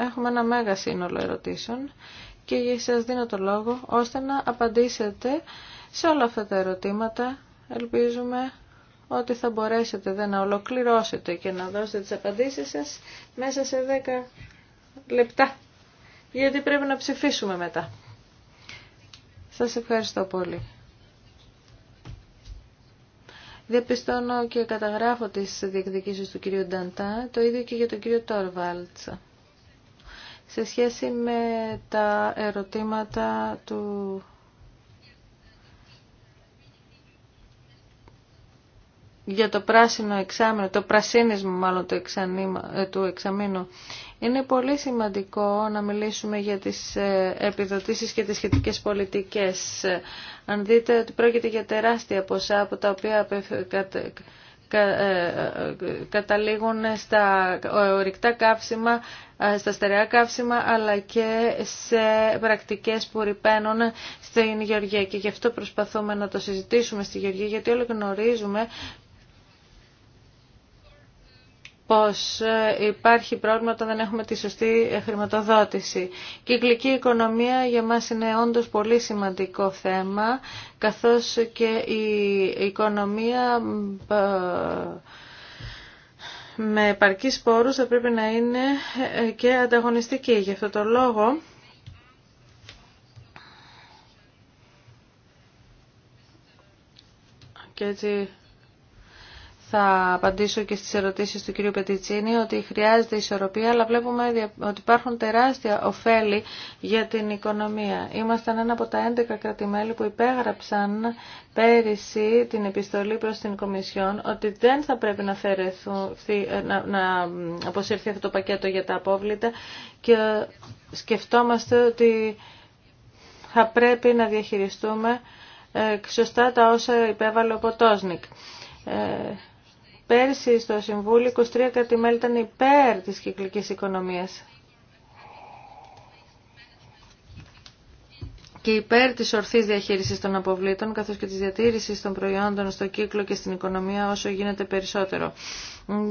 Έχουμε ένα μέγα σύνολο ερωτήσεων και σας δίνω το λόγο ώστε να απαντήσετε σε όλα αυτά τα ερωτήματα. Ελπίζουμε ότι θα μπορέσετε δε, να ολοκληρώσετε και να δώσετε τις απαντήσεις σας μέσα σε 10 λεπτά, γιατί πρέπει να ψηφίσουμε μετά. Σας ευχαριστώ πολύ. Διαπιστώνω και καταγράφω τις διεκδικήσεις του κυρίου Νταντά, το ίδιο και για τον κύριο Τόρβαλτσα σε σχέση με τα ερωτήματα του για το πράσινο εξάμεινο, το πρασίνισμα μάλλον το ε, του εξαμήνου. Είναι πολύ σημαντικό να μιλήσουμε για τις ε, επιδοτήσεις και τις σχετικές πολιτικές. Αν δείτε ότι πρόκειται για τεράστια ποσά από τα οποία ε, ε, καταλήγουν στα ορυκτά καύσιμα, ε, στα στερεά καύσιμα, αλλά και σε πρακτικές που ρηπαίνουν στην Γεωργία. Και γι' αυτό προσπαθούμε να το συζητήσουμε στη Γεωργία, γιατί όλοι γνωρίζουμε πως ε, υπάρχει πρόβλημα όταν δεν έχουμε τη σωστή ε, χρηματοδότηση. Η κυκλική οικονομία για μας είναι όντως πολύ σημαντικό θέμα, καθώς και η οικονομία ε, με επαρκή πόρους θα πρέπει να είναι και ανταγωνιστική. Γι' αυτό το λόγο και έτσι θα απαντήσω και στις ερωτήσεις του κυρίου Πετιτσίνη ότι χρειάζεται ισορροπία, αλλά βλέπουμε ότι υπάρχουν τεράστια ωφέλη για την οικονομία. Ήμασταν ένα από τα 11 κρατημέλη που υπέγραψαν πέρυσι την επιστολή προς την Κομισιόν ότι δεν θα πρέπει να, να, να αποσυρθεί αυτό το πακέτο για τα απόβλητα και σκεφτόμαστε ότι θα πρέπει να διαχειριστούμε ε, σωστά τα όσα υπέβαλε ο Ποτόσνικ. Ε, Πέρσι στο Συμβούλιο 23 κατημέλη ήταν υπέρ της κυκλικής οικονομίας και υπέρ της ορθής διαχείρισης των αποβλήτων καθώς και της διατήρησης των προϊόντων στο κύκλο και στην οικονομία όσο γίνεται περισσότερο.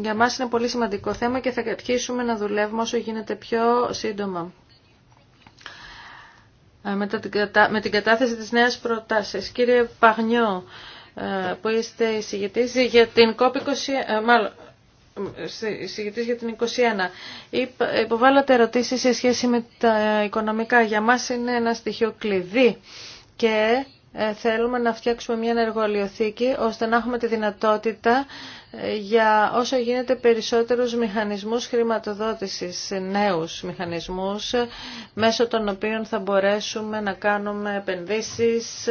Για μας είναι πολύ σημαντικό θέμα και θα αρχίσουμε να δουλεύουμε όσο γίνεται πιο σύντομα ε, με την κατάθεση της νέας προτάσης. Κύριε Παγνιό, ε, που είστε εισηγητής για την COP21, ε, μάλλον, για την 21. Υποβάλλατε ερωτήσεις σε σχέση με τα οικονομικά. Για μας είναι ένα στοιχείο κλειδί και ε, θέλουμε να φτιάξουμε μια εργολιοθήκη ώστε να έχουμε τη δυνατότητα ε, για όσο γίνεται περισσότερους μηχανισμούς χρηματοδότησης, νέους μηχανισμούς, ε, μέσω των οποίων θα μπορέσουμε να κάνουμε επενδύσεις,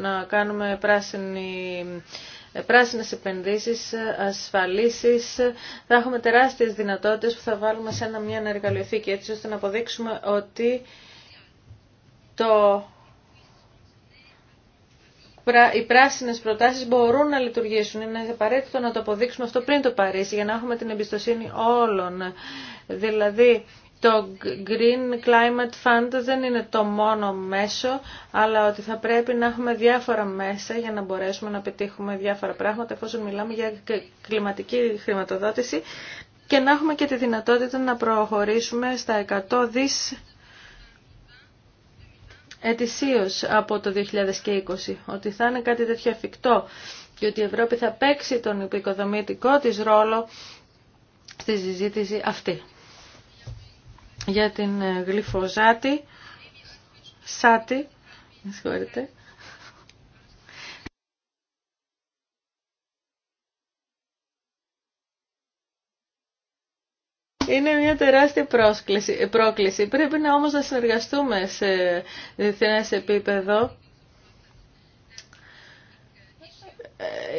να κάνουμε πράσινη πράσινες επενδύσεις, ασφαλίσεις. Θα έχουμε τεράστιες δυνατότητες που θα βάλουμε σε ένα μια εργαλειοθήκη έτσι ώστε να αποδείξουμε ότι το οι πράσινες προτάσεις μπορούν να λειτουργήσουν. Είναι απαραίτητο να το αποδείξουμε αυτό πριν το Παρίσι για να έχουμε την εμπιστοσύνη όλων. Δηλαδή το Green Climate Fund δεν είναι το μόνο μέσο, αλλά ότι θα πρέπει να έχουμε διάφορα μέσα για να μπορέσουμε να πετύχουμε διάφορα πράγματα, εφόσον μιλάμε για κλιματική χρηματοδότηση και να έχουμε και τη δυνατότητα να προχωρήσουμε στα 100 δις ετησίως από το 2020, ότι θα είναι κάτι τέτοιο εφικτό και ότι η Ευρώπη θα παίξει τον υπηκοδομητικό της ρόλο στη συζήτηση αυτή. Για την ε, γλυφοζάτη, σάτη, με συγχωρείτε, Είναι μια τεράστια πρόσκληση, πρόκληση. Πρέπει να όμως να συνεργαστούμε σε διεθνές επίπεδο.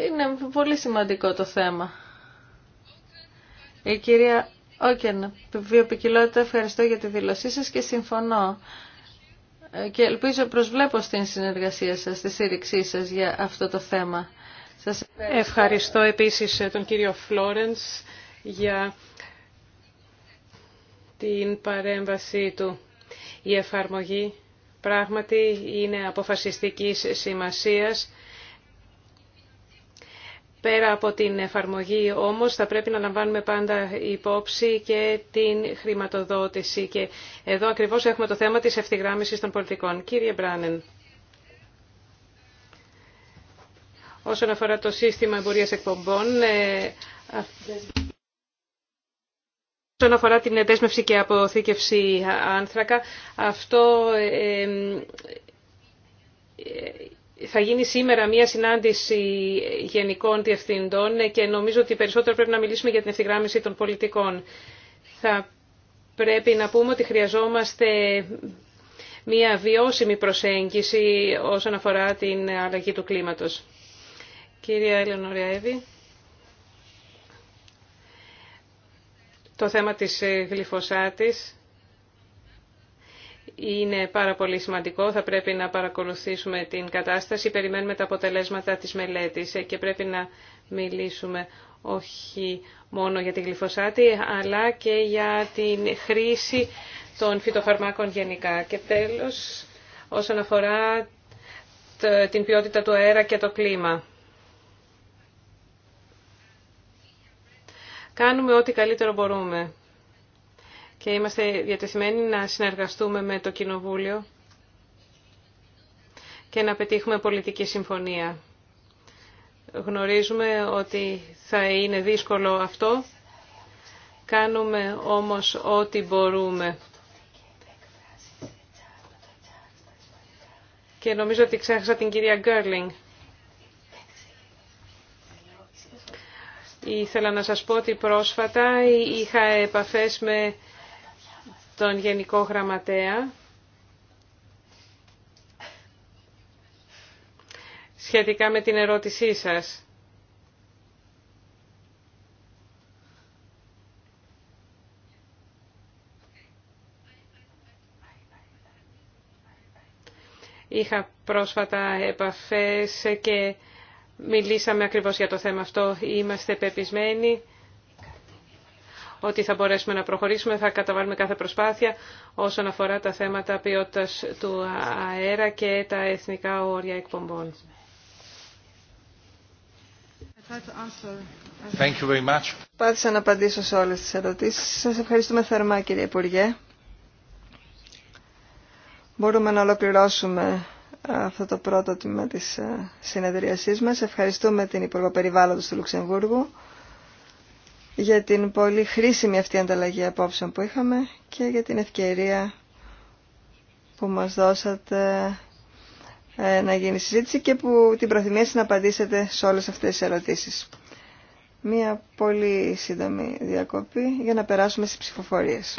Είναι πολύ σημαντικό το θέμα. Η κυρία Όκεν, βιοπικιλότητα, ευχαριστώ για τη δήλωσή σας και συμφωνώ. Και ελπίζω προσβλέπω στην συνεργασία σας, στη σύρρηξή σας για αυτό το θέμα. Σας ευχαριστώ. ευχαριστώ επίσης τον κύριο Φλόρενς για την παρέμβασή του. Η εφαρμογή πράγματι είναι αποφασιστικής σημασίας. Πέρα από την εφαρμογή όμως θα πρέπει να λαμβάνουμε πάντα υπόψη και την χρηματοδότηση. Και εδώ ακριβώς έχουμε το θέμα της ευθυγράμμισης των πολιτικών. Κύριε Μπράνεν. Όσον αφορά το σύστημα εμπορίας εκπομπών, ε, Όσον αφορά την δέσμευση και αποθήκευση άνθρακα, αυτό ε, θα γίνει σήμερα μία συνάντηση γενικών διευθυντών και νομίζω ότι περισσότερο πρέπει να μιλήσουμε για την ευθυγράμμιση των πολιτικών. Θα πρέπει να πούμε ότι χρειαζόμαστε μία βιώσιμη προσέγγιση όσον αφορά την αλλαγή του κλίματος. Κυρία Ελενοριαίδη. Το θέμα της ε, γλυφοσάτης είναι πάρα πολύ σημαντικό. Θα πρέπει να παρακολουθήσουμε την κατάσταση. Περιμένουμε τα αποτελέσματα της μελέτης ε, και πρέπει να μιλήσουμε όχι μόνο για τη γλυφοσάτη, αλλά και για την χρήση των φυτοφαρμάκων γενικά. Και τέλος, όσον αφορά την ποιότητα του αέρα και το κλίμα. Κάνουμε ό,τι καλύτερο μπορούμε και είμαστε διατεθειμένοι να συνεργαστούμε με το Κοινοβούλιο και να πετύχουμε πολιτική συμφωνία. Γνωρίζουμε ότι θα είναι δύσκολο αυτό, κάνουμε όμως ό,τι μπορούμε. Και νομίζω ότι ξέχασα την κυρία Γκέρλινγκ. Ήθελα να σας πω ότι πρόσφατα είχα επαφές με τον Γενικό Γραμματέα σχετικά με την ερώτησή σας. Είχα πρόσφατα επαφές και Μιλήσαμε ακριβώς για το θέμα αυτό. Είμαστε πεπισμένοι ότι θα μπορέσουμε να προχωρήσουμε, θα καταβάλουμε κάθε προσπάθεια όσον αφορά τα θέματα ποιότητας του αέρα και τα εθνικά όρια εκπομπών. Thank Πάθησα να απαντήσω σε όλες τις ερωτήσεις. Σας ευχαριστούμε θερμά κύριε Υπουργέ. Μπορούμε να ολοκληρώσουμε αυτό το πρώτο τμήμα της ε, συνεδρίασής μας. Ευχαριστούμε την Υπουργό Περιβάλλοντος του Λουξεμβούργου για την πολύ χρήσιμη αυτή ανταλλαγή απόψεων που είχαμε και για την ευκαιρία που μας δώσατε ε, να γίνει συζήτηση και που την προθυμία να απαντήσετε σε όλες αυτές τις ερωτήσεις. Μία πολύ σύντομη διακοπή για να περάσουμε στις ψηφοφορίες.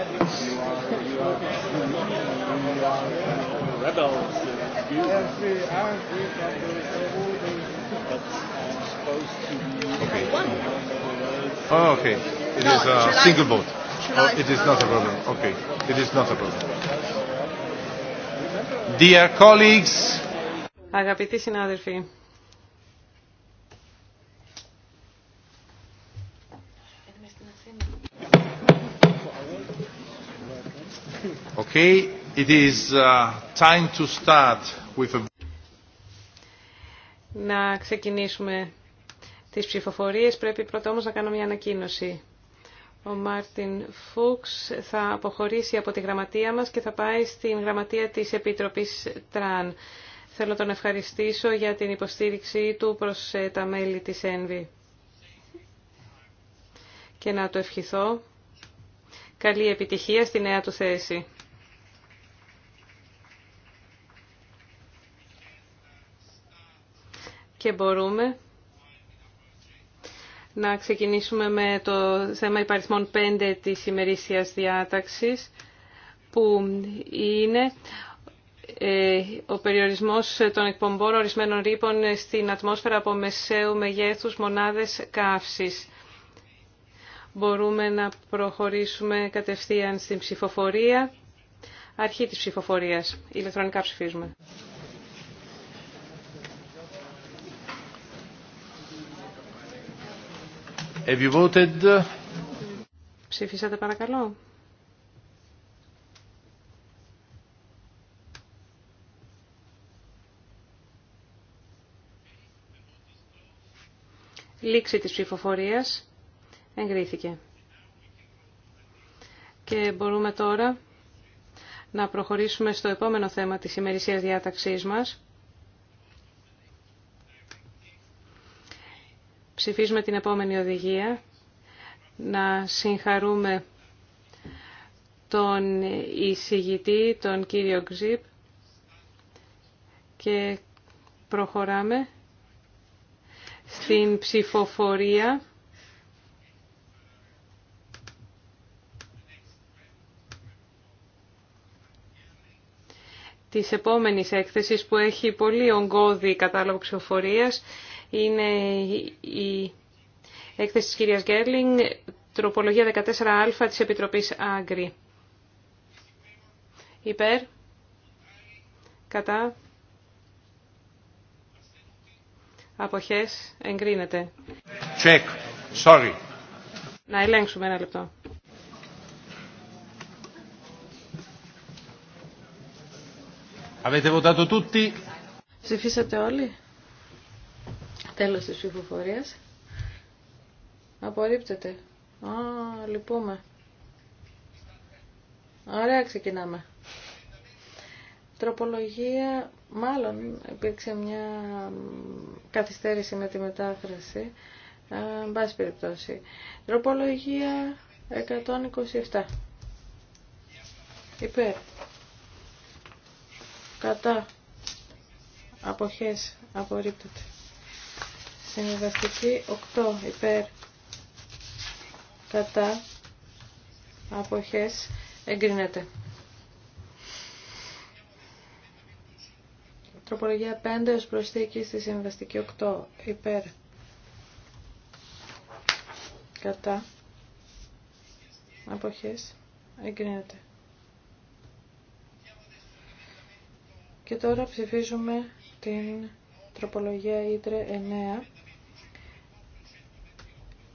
rebels. I'm supposed to be. Okay. Oh, okay. It is a single boat. Oh, it is not a problem. Okay. It is not a problem. Dear colleagues. Αγαπητοί συνάδελφοι. Okay, it uh, time to start Να ξεκινήσουμε τις ψηφοφορίες. Πρέπει πρώτα όμως να κάνω μια ανακοίνωση. Ο Μάρτιν Φούξ θα αποχωρήσει από τη γραμματεία μας και θα πάει στην γραμματεία της Επιτροπής Τραν. Θέλω τον ευχαριστήσω για την υποστήριξή του προς ε, τα μέλη της ΕΝΒΗ. Και να του ευχηθώ καλή επιτυχία στη νέα του θέση. και μπορούμε να ξεκινήσουμε με το θέμα υπαριθμών 5 της ημερήσιας διάταξης που είναι ε, ο περιορισμός των εκπομπών ορισμένων ρήπων στην ατμόσφαιρα από μεσαίου μεγέθους μονάδες καύσης. Μπορούμε να προχωρήσουμε κατευθείαν στην ψηφοφορία. Αρχή της ψηφοφορίας. Ηλεκτρονικά ψηφίζουμε. Have you voted? Ψήφισατε παρακαλώ. Λήξη της ψηφοφορίας εγκρίθηκε. Και μπορούμε τώρα να προχωρήσουμε στο επόμενο θέμα της ημερησίας διάταξής μας. ψηφίζουμε την επόμενη οδηγία. Να συγχαρούμε τον εισηγητή, τον κύριο Γκζιπ και προχωράμε στην ψηφοφορία. της επόμενης έκθεσης που έχει πολύ ογκώδη κατάλογο ψηφοφορίας είναι η έκθεση της κυρίας Γκέρλινγκ, τροπολογία 14α της Επιτροπής Άγκρη. Υπέρ, κατά, αποχές, εγκρίνεται. Check. Sorry. Να ελέγξουμε ένα λεπτό. Avete Ψηφίσατε όλοι. Τέλος της ψηφοφορίας. Απορρίπτεται. Α, λυπούμε. Ωραία, ξεκινάμε. Τροπολογία, μάλλον υπήρξε μια καθυστέρηση με τη μετάφραση. Ε, περιπτώσει. Τροπολογία 127. Υπέρ. Κατά. Αποχές. Απορρίπτεται. Συμβαστική 8 υπέρ κατά αποχές εγκρίνεται. Τροπολογία 5 ως προσθήκη στη συμβαστική 8 υπέρ κατά αποχές εγκρίνεται. Και τώρα ψηφίζουμε την τροπολογία ΙΤΡΕ 9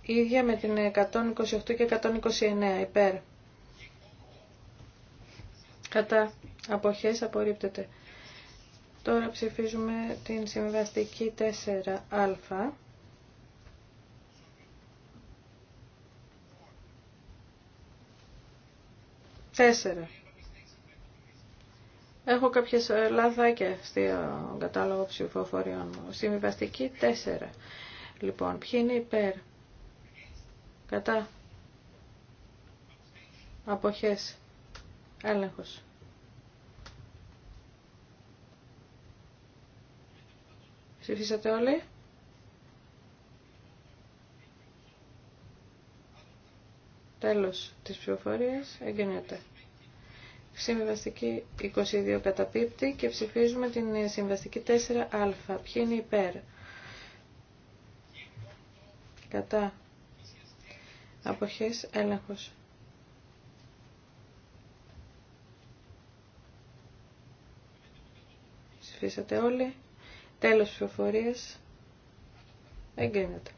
ίδια με την 128 και 129 υπέρ. Κατά αποχές απορρίπτεται. Τώρα ψηφίζουμε την συμβαστική 4α. Τέσσερα. Έχω κάποιες λαθάκια στο κατάλογο ψηφοφοριών μου. Συμβιβαστική 4. α τεσσερα εχω καποιες και στο καταλογο ψηφοφοριων μου συμβιβαστικη 4 λοιπον ποιοι είναι υπέρ. Κατά. Αποχές. Έλεγχος. Ψηφίσατε όλοι. Τέλος της ψηφοφορίας. Εγκαινέται. Συμβαστική 22 καταπίπτει και ψηφίζουμε την συμβαστική 4α. Ποιοι είναι υπέρ. Κατά αποχές έλεγχος. Ψηφίσατε όλοι. Τέλος ψηφοφορίας. Εγκρίνεται.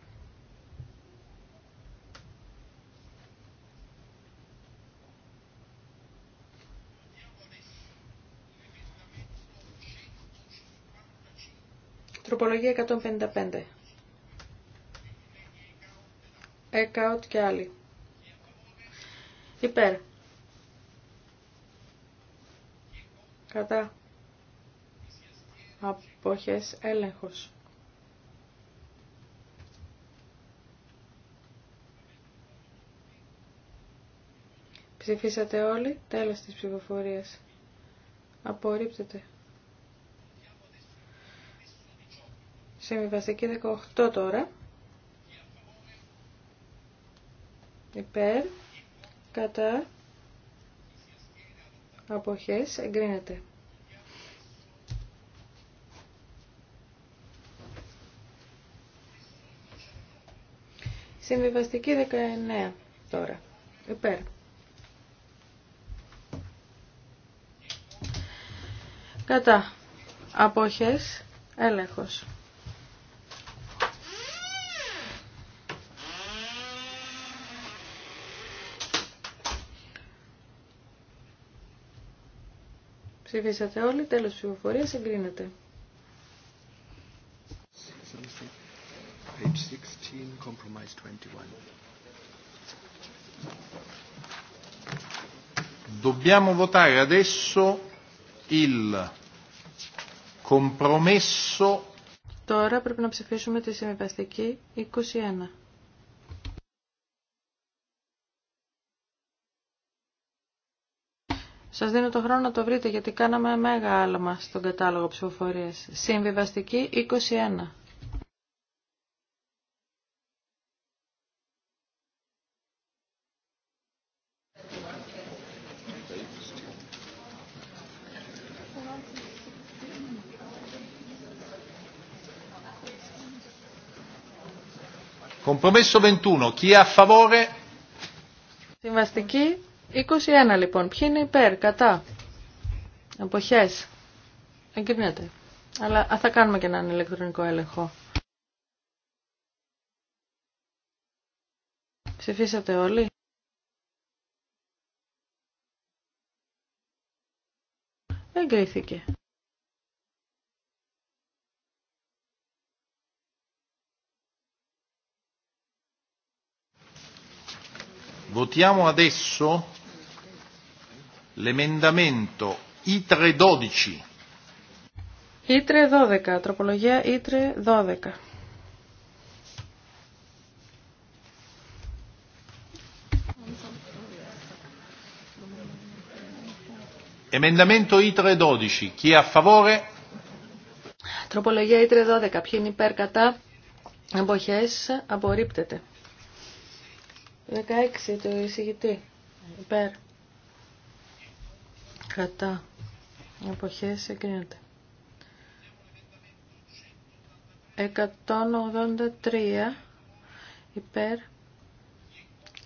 Τροπολογία 155. Έκαουτ και άλλοι. Υπέρ. Κατά. Αποχές έλεγχος. Ψηφίσατε όλοι, τέλος της ψηφοφορίας. Απορρίπτεται. Συμβιβαστική 18 τώρα. υπέρ, κατά, αποχές, εγκρίνεται. Συμβιβαστική 19 τώρα, υπέρ. Κατά, αποχές, έλεγχος. Ψηφίσατε όλοι, τέλος ψηφοφορίας, εγκρίνεται. Page 16, compromise 21. Dobbiamo votare adesso il compromesso. Τώρα πρέπει να ψηφίσουμε τη συμβιβαστική 21. Σας δίνω το χρόνο να το βρείτε γιατί κάναμε μέγα άλμα στον κατάλογο ψηφοφορίας. Συμβιβαστική 21. Compromesso 21. Chi è a Συμβαστική 21 λοιπόν. Ποιοι είναι υπέρ, κατά. εποχέ. Εγκρίνεται. Αλλά α, θα κάνουμε και έναν ηλεκτρονικό έλεγχο. Ψηφίσατε όλοι. Εγκρίθηκε. Votiamo adesso L'emendamento ITRE 312 i 12, τροπολογία e i Η312. E e Emendamento ITRE Η312. Chi è a favore? Τροπολογία Ήτρε 12. Ποιοι είναι υπέρ κατά εμποχές, απορρίπτεται. 16 το εισηγητή. Υπέρ κατά εποχές εγκρίνεται. 183 υπέρ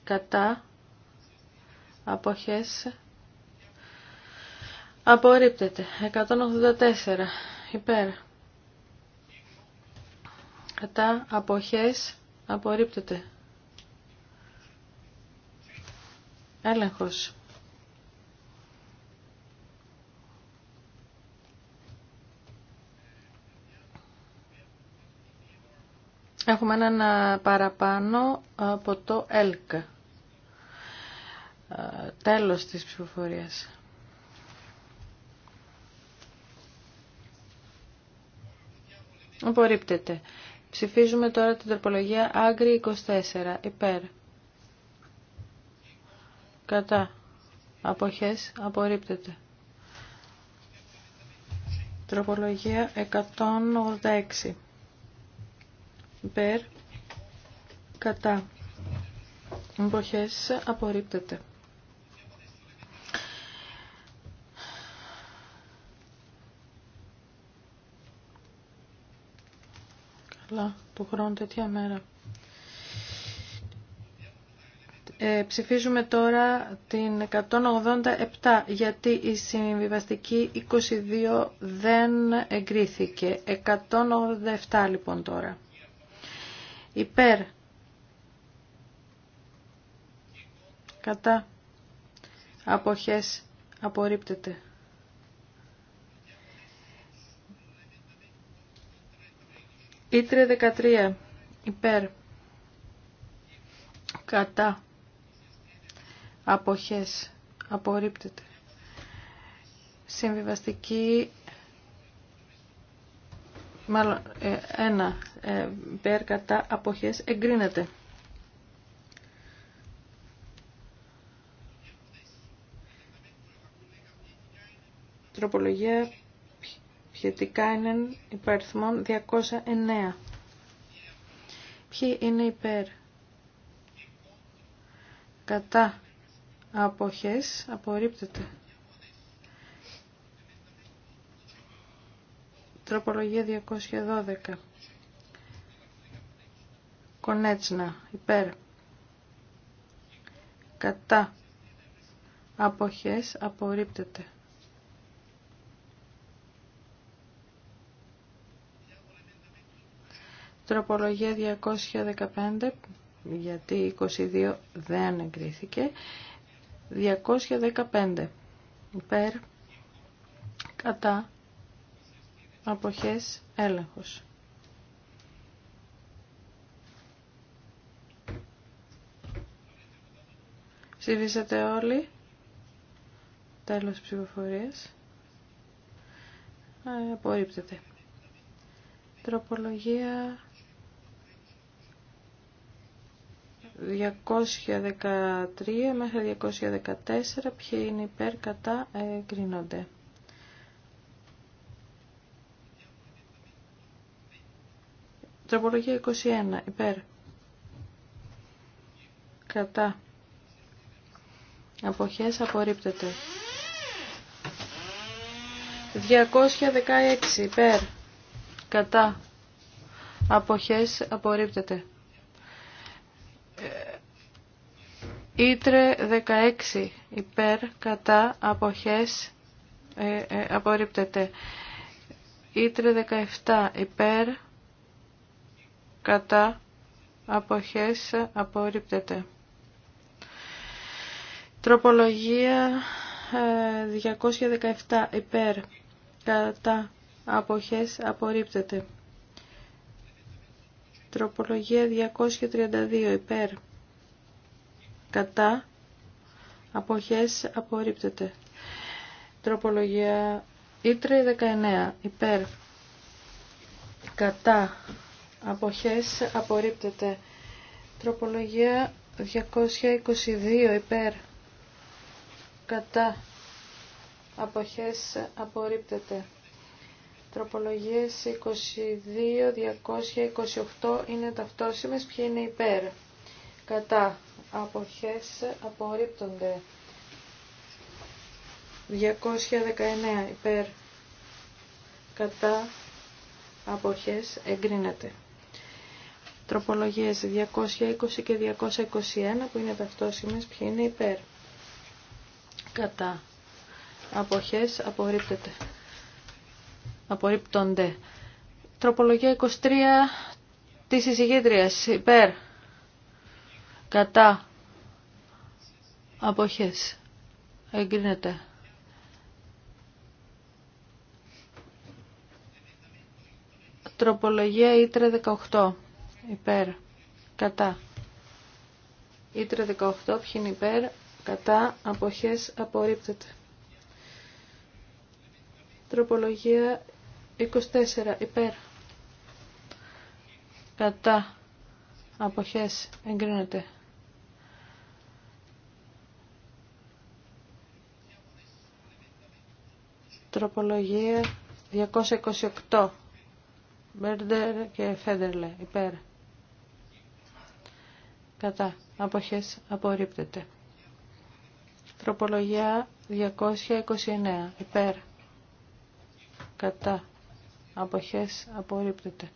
κατά αποχές απορρίπτεται. 184 υπέρ κατά αποχές απορρίπτεται. Έλεγχος. Έχουμε έναν παραπάνω από το ΕΛΚ. Τέλος της ψηφοφορίας. Απορρίπτεται. Ψηφίζουμε τώρα την τροπολογία Άγκρη 24. Υπέρ. Κατά. Αποχές. Απορρίπτεται. Τροπολογία 186 υπέρ, κατά, εποχές απορρίπτεται. Καλά, του χρόνου τέτοια μέρα. Ε, ψηφίζουμε τώρα την 187 γιατί η συμβιβαστική 22 δεν εγκρίθηκε. 187 λοιπόν τώρα υπέρ κατά αποχές απορρίπτεται. Ήτρε 13 υπέρ κατά αποχές απορρίπτεται. Συμβιβαστική μάλλον ε, ένα ε, υπέρ κατά αποχές εγκρίνεται. Τροπολογία ποιετικά είναι υπαριθμών 209. Ποιοι είναι υπέρ κατά αποχές απορρίπτεται. Τροπολογία 212. Κονέτσνα, υπέρ. Κατά. Αποχές απορρίπτεται. Τροπολογία 215, γιατί 22 δεν εγκρίθηκε. 215, υπέρ, κατά, αποχές έλεγχος. Ψηφίσατε όλοι. Τέλος ψηφοφορίας. Ε, απορρίπτεται. Τροπολογία 213 μέχρι 214. Ποιοι είναι υπέρ, κατά, εγκρίνονται. Τροπολογία 21. Υπέρ. Κατά. Αποχές απορρίπτεται. 216. Υπέρ. Κατά. Αποχές απορρίπτεται. Ήτρε 16. Υπέρ. Κατά. Αποχές ε, ε, απορρίπτεται. Ήτρε 17. Υπέρ κατά αποχές απορρίπτεται. Τροπολογία 217 ε, υπέρ κατά αποχές απορρίπτεται. Τροπολογία 232 υπέρ κατά αποχές απορρίπτεται. Τροπολογία Ήτρε 19 υπέρ κατά αποχές απορρίπτεται. Τροπολογία 222 υπέρ κατά αποχές απορρίπτεται. Τροπολογίες 22, 228 είναι ταυτόσιμες, ποιοι είναι υπέρ. Κατά αποχές απορρίπτονται. 219 υπέρ. Κατά αποχές εγκρίνεται. Τροπολογίες 220 και 221 που είναι ταυτόσιμες, ποιοι είναι υπέρ. Κατά. Αποχές απορρίπτεται. Απορρίπτονται. Τροπολογία 23 της εισηγήτριας, υπέρ. Κατά. Αποχές. Εγκρίνεται. Τροπολογία Ήτρε 18 υπέρ, κατά. Ήτρα 18, ποιοι είναι υπέρ, κατά, αποχές, απορρίπτεται. Τροπολογία 24, υπέρ, κατά, αποχές, εγκρίνεται. Τροπολογία 228, Μπέρντερ και Φέντερλε, υπέρ κατά αποχές απορρίπτεται. Τροπολογία 229 υπέρ κατά αποχές απορρίπτεται.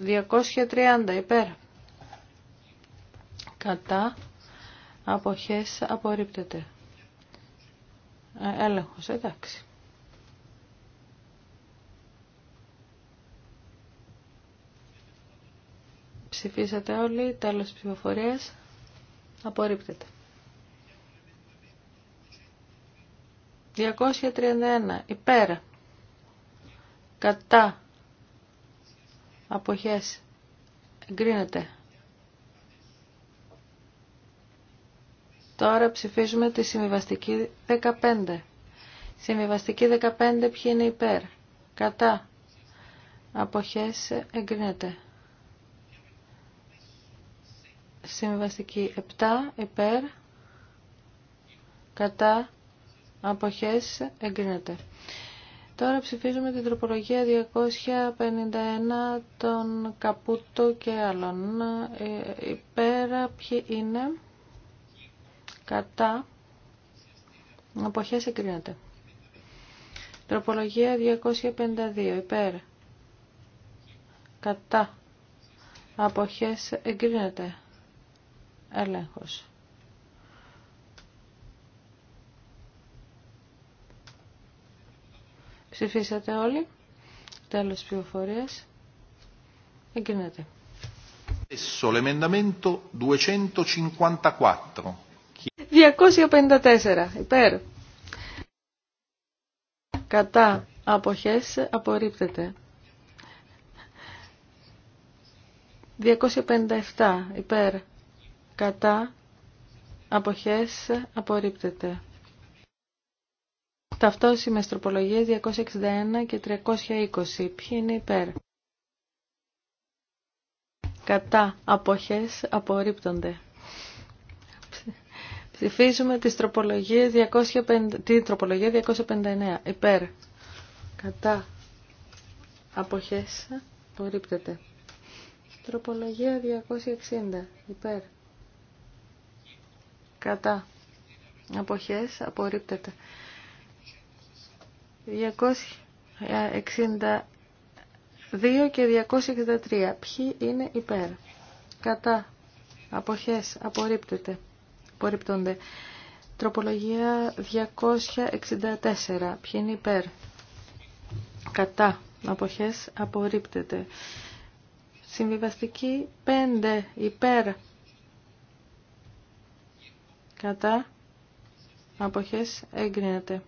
230 υπέρ κατά αποχές απορρίπτεται. Ε, έλεγχος, εντάξει. Ψηφίσατε όλοι. Τέλος ψηφοφορίας. Απορρίπτεται. 231. Υπέρ. Κατά. Αποχές. Εγκρίνεται. Τώρα ψηφίζουμε τη συμβιβαστική 15. Συμβιβαστική 15 ποιοι είναι υπέρ. Κατά. Αποχές εγκρίνεται. Συμβαστική 7 υπέρ κατά αποχές εγκρίνεται. Τώρα ψηφίζουμε την τροπολογία 251 των Καπούτο και άλλων. Ε, Υπέρα ποιοι είναι κατά αποχές εγκρίνεται. Τροπολογία 252 υπέρ κατά αποχές εγκρίνεται. Έλεγχος. Ψηφίσατε όλοι. Τέλος πληροφορία Εγκρίνεται. 254. 254. Υπέρ. Κατά αποχές απορρίπτεται. 257. Υπέρ κατά αποχές απορρίπτεται. Ταυτόσιμες τροπολογίες 261 και 320. Ποιοι είναι υπέρ. Κατά αποχές απορρίπτονται. Ψηφίζουμε τις τροπολογίες την τροπολογία 259. Υπέρ. Κατά αποχές απορρίπτεται. Τροπολογία 260. Υπέρ κατά αποχές απορρίπτεται 262 και 263 ποιοι είναι υπέρ κατά αποχές απορρίπτεται απορρίπτονται τροπολογία 264 ποιοι είναι υπέρ κατά αποχές απορρίπτεται συμβιβαστική 5 υπέρ Κατά. Αποχές εγκρίνεται.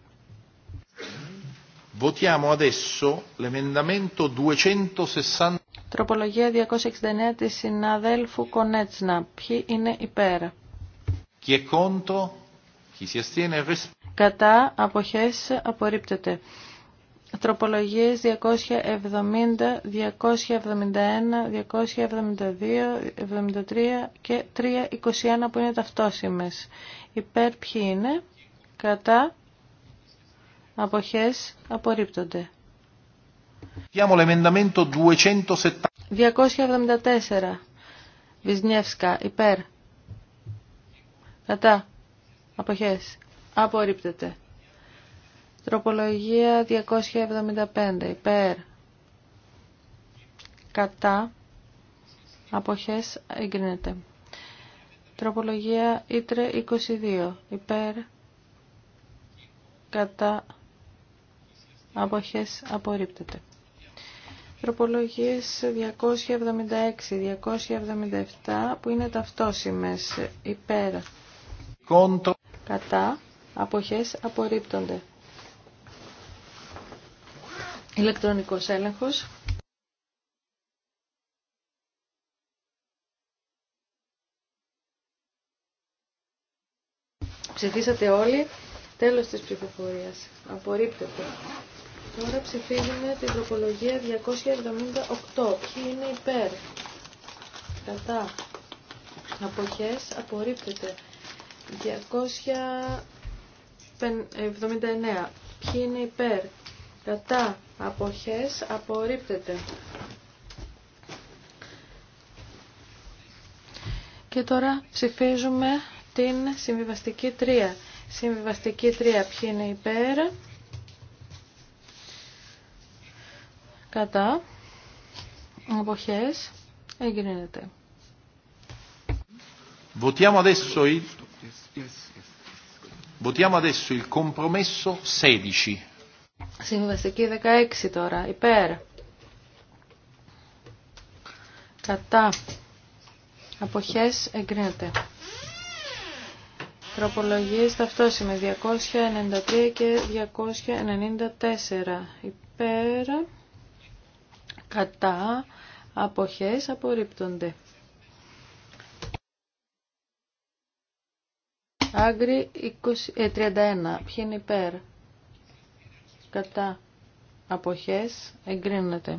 Votiamo adesso l'emendamento 260. Τροπολογία 269 της συναδέλφου Κονέτσνα. Ποιοι είναι υπέρ. Chi è contro? Chi si astiene? Κατά αποχές απορρίπτεται τροπολογίες 270, 271, 272, 73 και 321 που είναι ταυτόσιμες. Υπέρ ποιοι είναι, κατά, αποχές, απορρίπτονται. 274. Βυσνιεύσκα, υπέρ. Κατά. Αποχές. Απορρίπτεται. Τροπολογία 275 υπέρ κατά αποχές εγκρίνεται. Τροπολογία Ήτρε 22 υπέρ κατά αποχές απορρίπτεται. Τροπολογίες 276-277 που είναι ταυτόσιμες υπέρ κατά αποχές απορρίπτονται. Ηλεκτρονικός έλεγχος. Ψηφίσατε όλοι. Τέλος της ψηφοφορίας. Απορρίπτεται. Τώρα ψηφίζουμε την τροπολογία 278. Ποιοι είναι υπέρ. Κατά. Αποχές. Απορρίπτεται. 279. Ποιοι είναι υπέρ κατά αποχές απορρίπτεται. Και τώρα ψηφίζουμε την συμβιβαστική 3. Συμβιβαστική 3 ποιοι είναι υπέρ, κατά, αποχές, εγκρίνεται. Votiamo adesso il... Votiamo adesso il compromesso 16. Συμβαστική 16 τώρα. Υπέρ. Κατά. Αποχές εγκρίνεται. Τροπολογίες ταυτόσημε. 293 και 294. Υπέρ. Κατά. Αποχές απορρίπτονται. Άγκρι 31. Ε, Ποιοι είναι υπέρ κατά αποχές εγκρίνεται.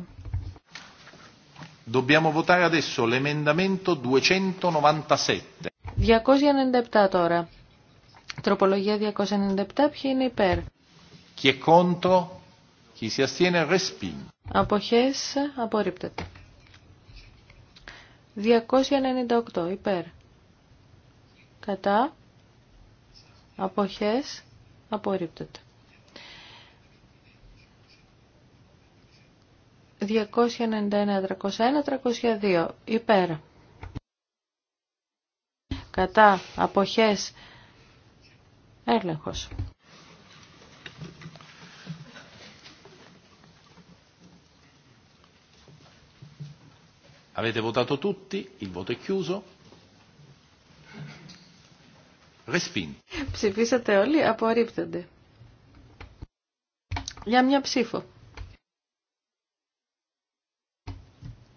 Dobbiamo votare adesso l'emendamento 297. 297 τώρα. Τροπολογία 297, ποιοι είναι υπέρ. Chi è contro, chi si astiene, respinge. Αποχές απορρίπτεται. 298 υπέρ. Κατά. Αποχές απορρίπτεται. 291-301-302 υπέρ. Κατά αποχές έλεγχος. Avete votato tutti, il voto è Ψηφίσατε όλοι, απορρίπτονται. Για μια ψήφο.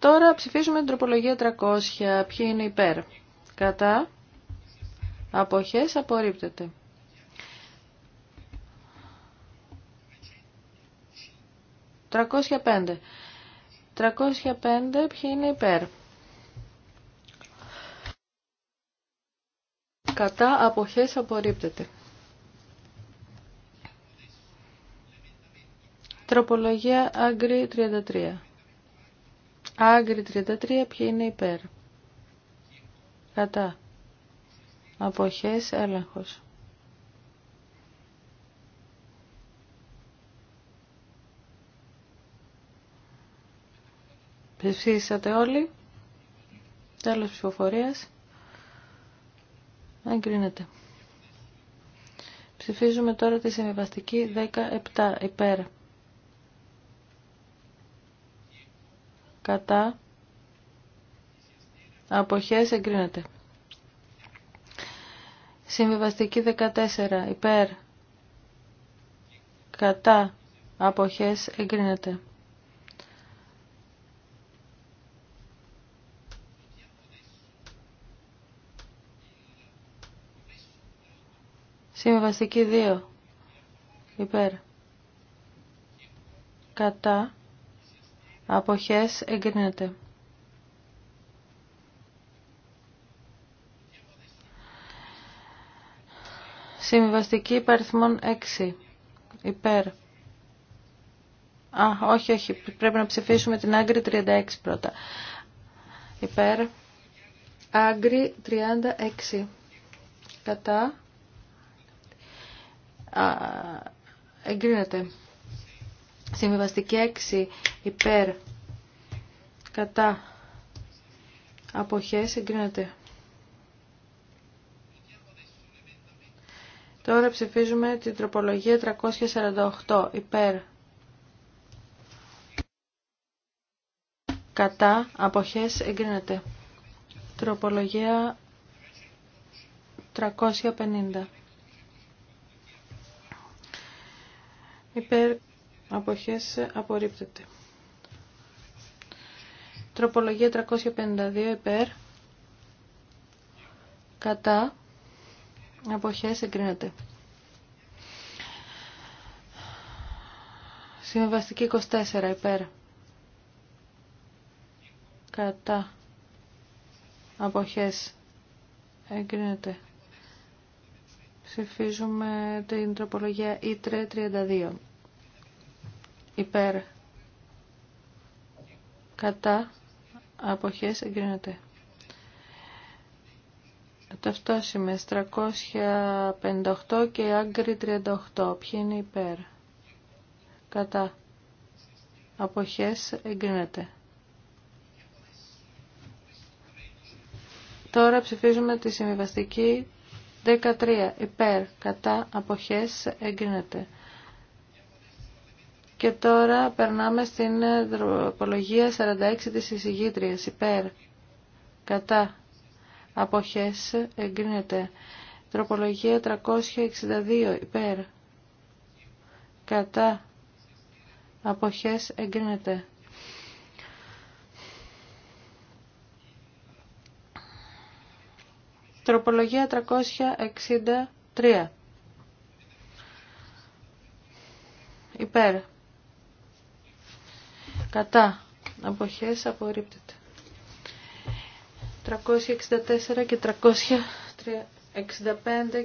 Τώρα ψηφίζουμε την τροπολογία 300. Ποιοι είναι υπέρ. Κατά. Αποχές απορρίπτεται. 305. 305. Τρακόσια ποιοι είναι υπέρ. Κατά αποχές απορρίπτεται. Τροπολογία άγκρι 33. Άγκρι 33, ποιοι είναι υπέρ. Κατά. Αποχές, έλεγχος. Ψηφίσατε όλοι. Τέλος ψηφοφορίας. Αγκρίνεται. Ψηφίζουμε τώρα τη συμβιβαστική 17 υπέρ. κατά αποχές εγκρίνεται. Συμβιβαστική 14 υπέρ κατά αποχές εγκρίνεται. Συμβιβαστική 2 υπέρ κατά Αποχές εγκρίνεται. Συμβαστική υπαριθμών 6. Υπέρ. Α, όχι, όχι. Πρέπει να ψηφίσουμε την άγκρη 36 πρώτα. Υπέρ. Άγκρη 36. Κατά. Α, εγκρίνεται. Συμβιβαστική 6 υπέρ κατά αποχές εγκρίνεται. Τώρα ψηφίζουμε την τροπολογία 348 υπέρ κατά αποχές εγκρίνεται. Τροπολογία 350 υπέρ αποχές απορρίπτεται. Τροπολογία 352 υπέρ, κατά, αποχές εγκρίνεται. Συμβαστική 24 υπέρ, κατά, αποχές εγκρίνεται. Ψηφίζουμε την τροπολογία ΙΤΡΕ 32 υπέρ κατά αποχές εγκρίνεται. Ταυτόσημες 358 και άγκρι 38. Ποιοι είναι υπέρ. Κατά. Αποχές εγκρίνεται. Τώρα ψηφίζουμε τη συμβιβαστική 13. Υπέρ. Κατά. Αποχές εγκρίνεται. Και τώρα περνάμε στην τροπολογία 46 της εισηγήτριας, υπέρ, κατά, αποχές, εγκρίνεται. Τροπολογία 362, υπέρ, κατά, αποχές, εγκρίνεται. Τροπολογία 363. Υπέρ. Κατά. Αποχές απορρίπτεται. 364 και 365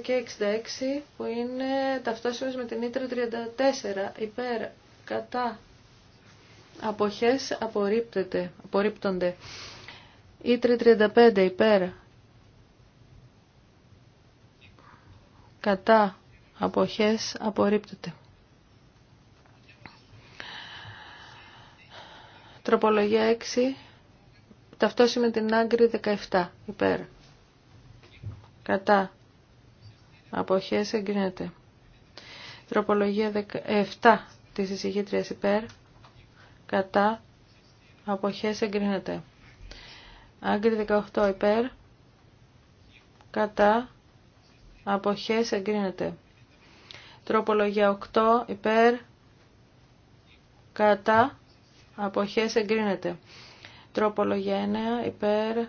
και 66 που είναι ταυτόσιμες με την Ήτρα 34. Υπέρ. Κατά. Αποχές απορρίπτεται. Απορρίπτονται. Ήτρα 35. Υπέρ. Κατά. Αποχές απορρίπτεται. Τροπολογία 6. Ταυτόση με την άγκρη 17. Υπέρ. Κατά. Αποχές εγκρίνεται. Τροπολογία 7 της εισηγήτριας υπέρ. Κατά. Αποχές εγκρίνεται. Άγκρη 18 υπέρ. Κατά. Αποχές εγκρίνεται. Τροπολογία 8 υπέρ. Κατά. Αποχές εγκρίνεται. Τροπολογία 9 υπέρ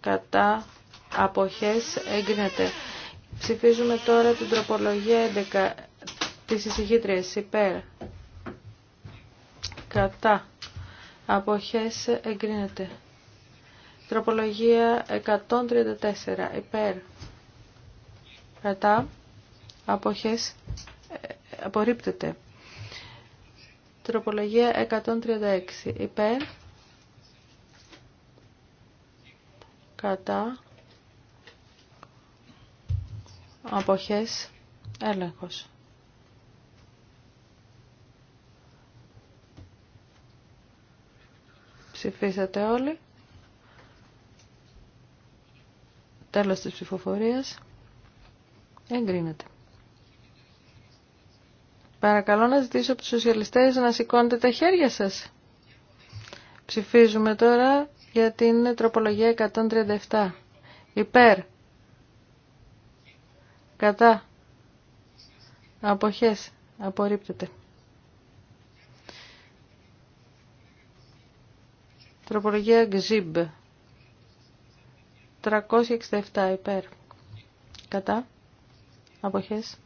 κατά αποχές εγκρίνεται. Ψηφίζουμε τώρα την τροπολογία 11 της εισηγήτριας υπέρ κατά αποχές εγκρίνεται. Τροπολογία 134 υπέρ κατά αποχές ε, απορρίπτεται. Τροπολογία 136. Υπέρ. Κατά. Αποχές. Έλεγχος. Ψηφίσατε όλοι. Τέλος της ψηφοφορίας. Εγκρίνεται. Παρακαλώ να ζητήσω από τους σοσιαλιστές να σηκώνετε τα χέρια σας. Ψηφίζουμε τώρα για την τροπολογία 137. Υπέρ. Κατά. Αποχές. Απορρίπτεται. Τροπολογία Gzib. 367 υπέρ. Κατά. Αποχές.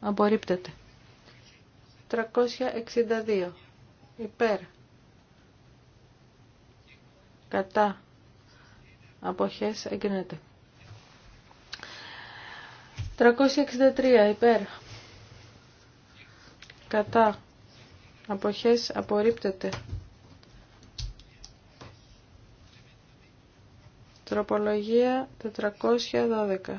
Απορρίπτεται. 362 υπέρ κατά αποχές εγκρίνεται 363 υπέρ κατά αποχές απορρίπτεται τροπολογία 412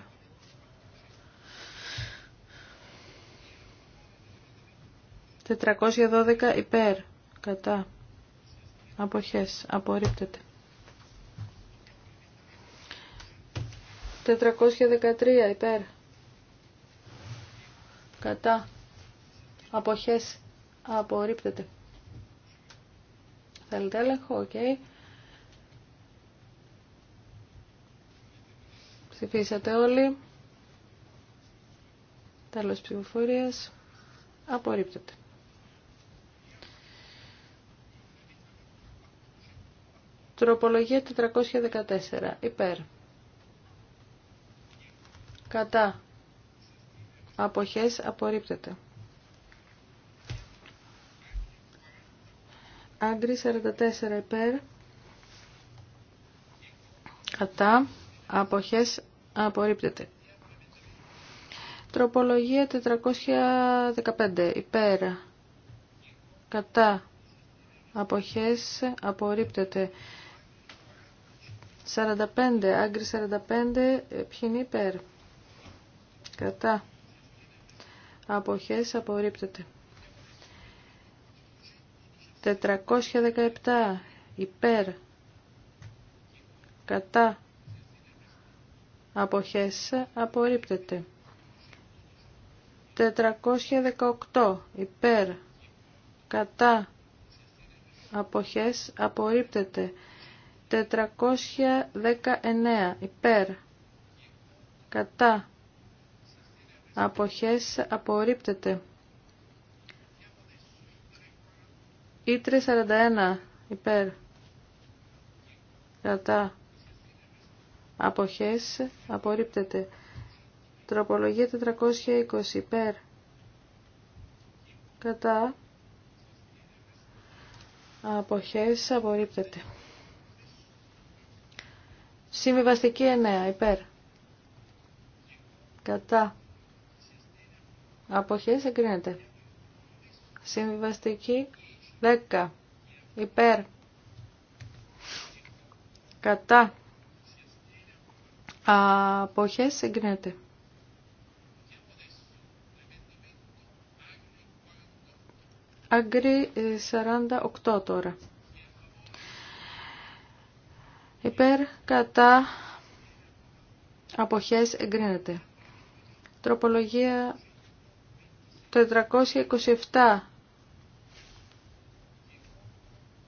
412 υπέρ. Κατά. Αποχές. Απορρίπτεται. 413 υπέρ. Κατά. Αποχές. Απορρίπτεται. Θέλετε έλεγχο. Οκ. Okay. Ψηφίσατε όλοι. Τέλος ψηφοφορίας. Απορρίπτεται. Τροπολογία 414. Υπέρ. Κατά. Αποχές απορρίπτεται. Άγκρι 44 υπέρ. Κατά. Αποχές απορρίπτεται. Τροπολογία 415 υπέρ. Κατά. Αποχές απορρίπτεται. 45, άγκρι 45, ε, ποιοι υπέρ. Κατά. Αποχές απορρίπτεται. 417, υπέρ. Κατά. Αποχές απορρίπτεται. 418, υπέρ. Κατά. Αποχές απορρίπτεται. 419 υπέρ κατά αποχές απορρίπτεται Ήτρε 41 υπέρ κατά αποχές απορρίπτεται Τροπολογία 420 υπέρ κατά αποχές απορρίπτεται Συμβιβαστική 9 υπέρ. Κατά. Αποχές εγκρίνεται. Συμβιβαστική 10 υπέρ. Κατά. Αποχές εγκρίνεται. Αγκρι 48 ε, τώρα. Υπέρ κατά αποχές εγκρίνεται. Τροπολογία 427.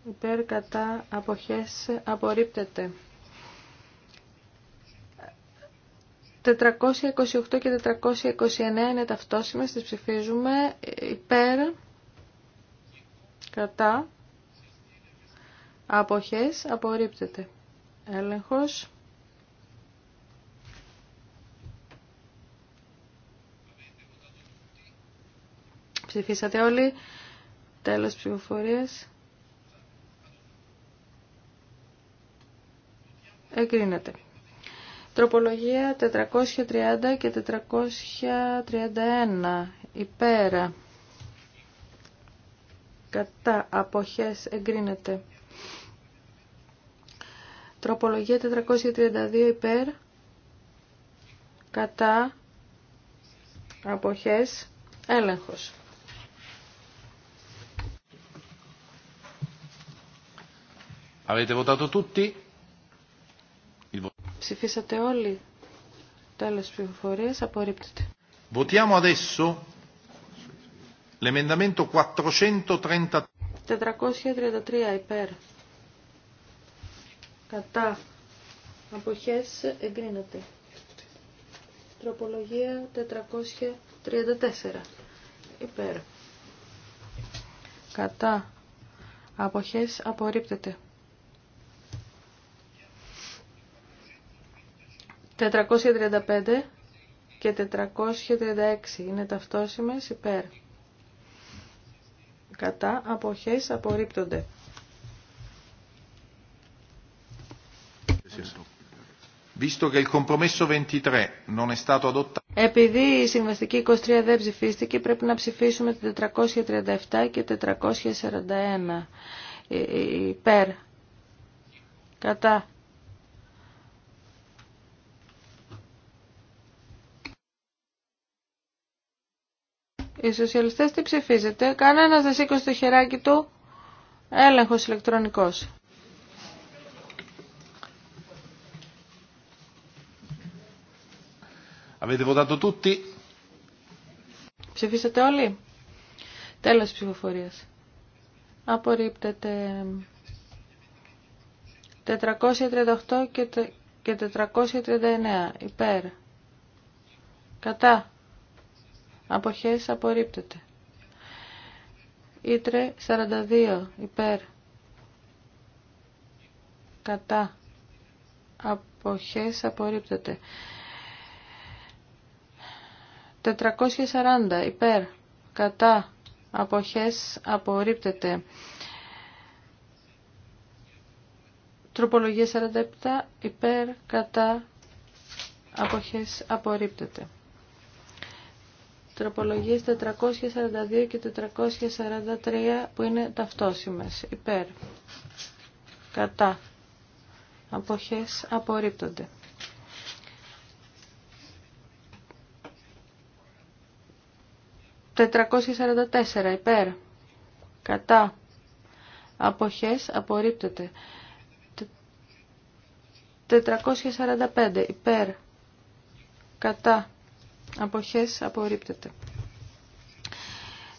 Υπέρ κατά αποχές απορρίπτεται. 428 και 429 είναι ταυτόσιμες, τις ψηφίζουμε υπέρ, κατά, αποχές, απορρίπτεται. Έλεγχος. Ψηφίσατε όλοι. Τέλος ψηφοφορίας. Εγκρίνεται. Τροπολογία 430 και 431. Υπέρα. Κατά αποχές εγκρίνεται. Τροπολογία 432 υπέρ κατά αποχές έλεγχος. Avete votato Ψηφίσατε όλοι. Τέλος της ψηφοφορίας απορρίπτεται. 433. 433 υπέρ κατά αποχές εγκρίνεται. Τροπολογία 434 υπέρ κατά αποχές απορρίπτεται. 435 και 436 είναι ταυτόσιμες υπέρ. Κατά αποχές απορρίπτονται. Επειδή η συμβαστική 23 δεν ψηφίστηκε, πρέπει να ψηφίσουμε το 437 και 441 ε, ε, υπέρ. Κατά. Οι σοσιαλιστές τι ψηφίζετε. Κανένας δεν σήκωσε το χεράκι του. Έλεγχος ηλεκτρονικός. Avete votato tutti? Ψηφίσατε όλοι. Τέλος ψηφοφορίας. Απορρίπτεται 438 και 439 υπέρ. Κατά. Αποχές απορρίπτεται. Ήτρε 42 υπέρ. Κατά. Αποχές απορρίπτεται. 440 υπέρ κατά αποχές απορρίπτεται. Τροπολογία 47 υπέρ κατά αποχές απορρίπτεται. Τροπολογίες 442 και 443 που είναι ταυτόσιμες υπέρ κατά αποχές απορρίπτονται. 444 υπέρ. Κατά. Αποχές απορρίπτεται. 445 υπέρ. Κατά. Αποχές απορρίπτεται.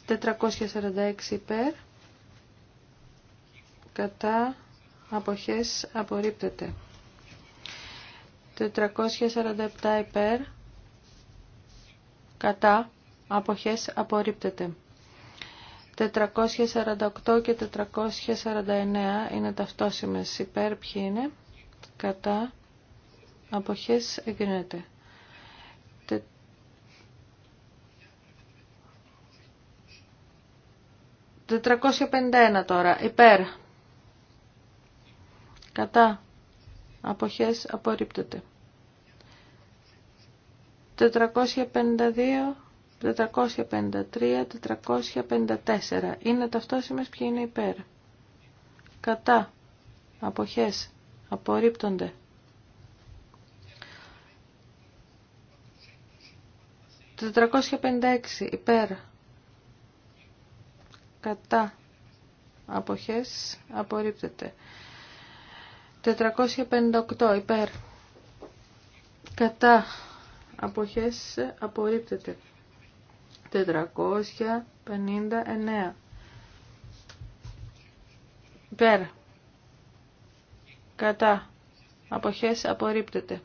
446 υπέρ. Κατά. Αποχές απορρίπτεται. 447 υπέρ. Κατά. Αποχές απορρίπτεται. 448 και 449 είναι ταυτόσημες. Υπέρ ποιοι είναι. Κατά. Αποχές εγκρίνεται. 451 τώρα. Υπέρ. Κατά. Αποχές απορρίπτεται. 452 453, 454. Είναι ταυτόσιμες ποιοι είναι υπέρ. Κατά. Αποχές. Απορρίπτονται. 456 υπέρ. Κατά. Αποχές. Απορρίπτεται. 458 υπέρ. Κατά. Αποχές. Απορρίπτεται. 459. Υπέρ. Κατά. Αποχές απορρίπτεται.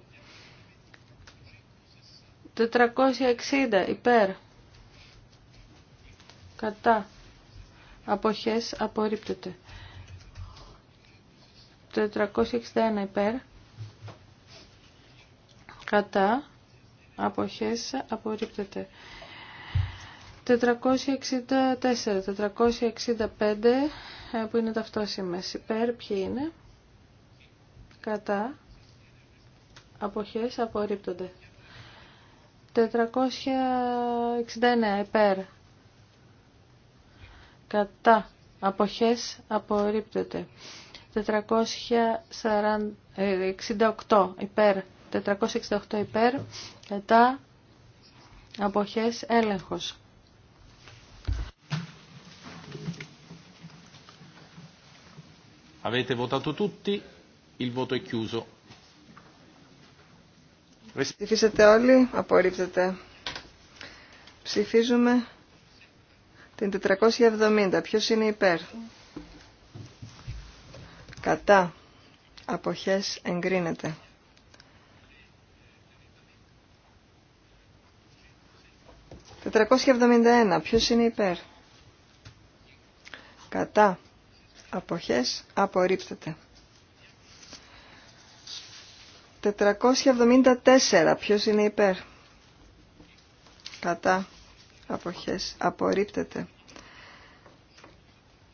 460. Υπέρ. Κατά. Αποχές απορρίπτεται. 461 υπέρ. Κατά. Αποχές απορρίπτεται. 464, 465 ε, που είναι ταυτόσημες. Υπέρ ποιοι είναι. Κατά. Αποχές απορρίπτονται. 469 υπέρ. Κατά. Αποχές απορρίπτονται. 468 ε, υπέρ. 468 υπέρ. Κατά. Αποχές έλεγχος. Avete votato tutti, il voto è chiuso. Ψηφίσατε όλοι, απορρίπτεται. Ψηφίζουμε την 470. Ποιος είναι υπέρ. Κατά. Αποχές εγκρίνεται. Τετρακόσια εβδομήντα ένα. Ποιος είναι υπέρ. Κατά αποχές απορρίπτεται. 474. Ποιος είναι υπέρ. Κατά. Αποχές. Απορρίπτεται.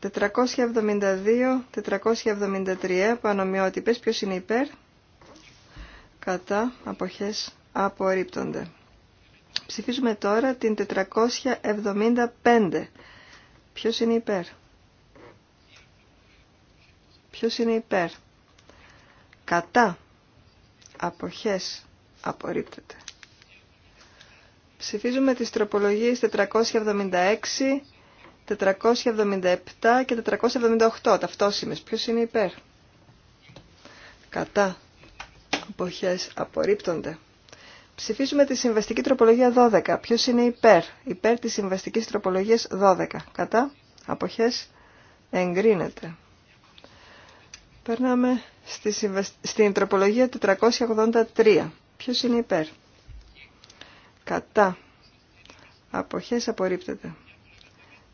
472, 473 πανομοιότυπες. Ποιος είναι υπέρ. Κατά. Αποχές. Απορρίπτονται. Ψηφίζουμε τώρα την 475. Ποιος είναι υπέρ. Ποιος είναι υπέρ. Κατά. Αποχές. Απορρίπτεται. Ψηφίζουμε τις τροπολογίες 476, 477 και 478. Ταυτόσιμες. Ποιος είναι υπέρ. Κατά. Αποχές. Απορρίπτονται. Ψηφίζουμε τη συμβαστική τροπολογία 12. Ποιος είναι υπέρ. Υπέρ της συμβαστικής τροπολογίας 12. Κατά. Αποχές. Εγκρίνεται. Περνάμε στη στην τροπολογία 483. Ποιος είναι υπέρ. Κατά. Αποχές απορρίπτεται.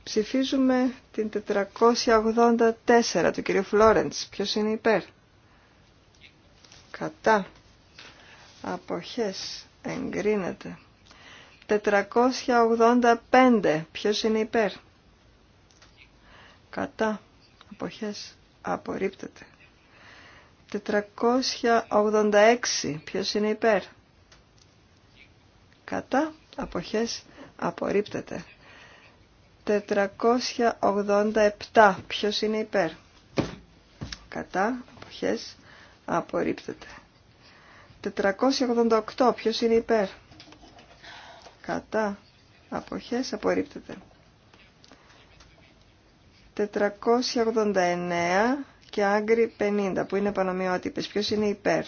Ψηφίζουμε την 484 του κυρίου Φλόρεντς. Ποιος είναι υπέρ. Κατά. Αποχές. Εγκρίνεται. 485. Ποιος είναι υπέρ. Κατά. Αποχές. Απορρίπτεται. 486. Ποιο είναι υπέρ. Κατά. Αποχές. Απορρίπτεται. 487. Ποιο είναι υπέρ. Κατά. Αποχές. Απορρίπτεται. 488. ποιο είναι υπέρ. Κατά. Αποχές. Απορρίπτεται. 489 και άγκρι 50 που είναι πανομοιότυπες. Ποιος είναι υπέρ.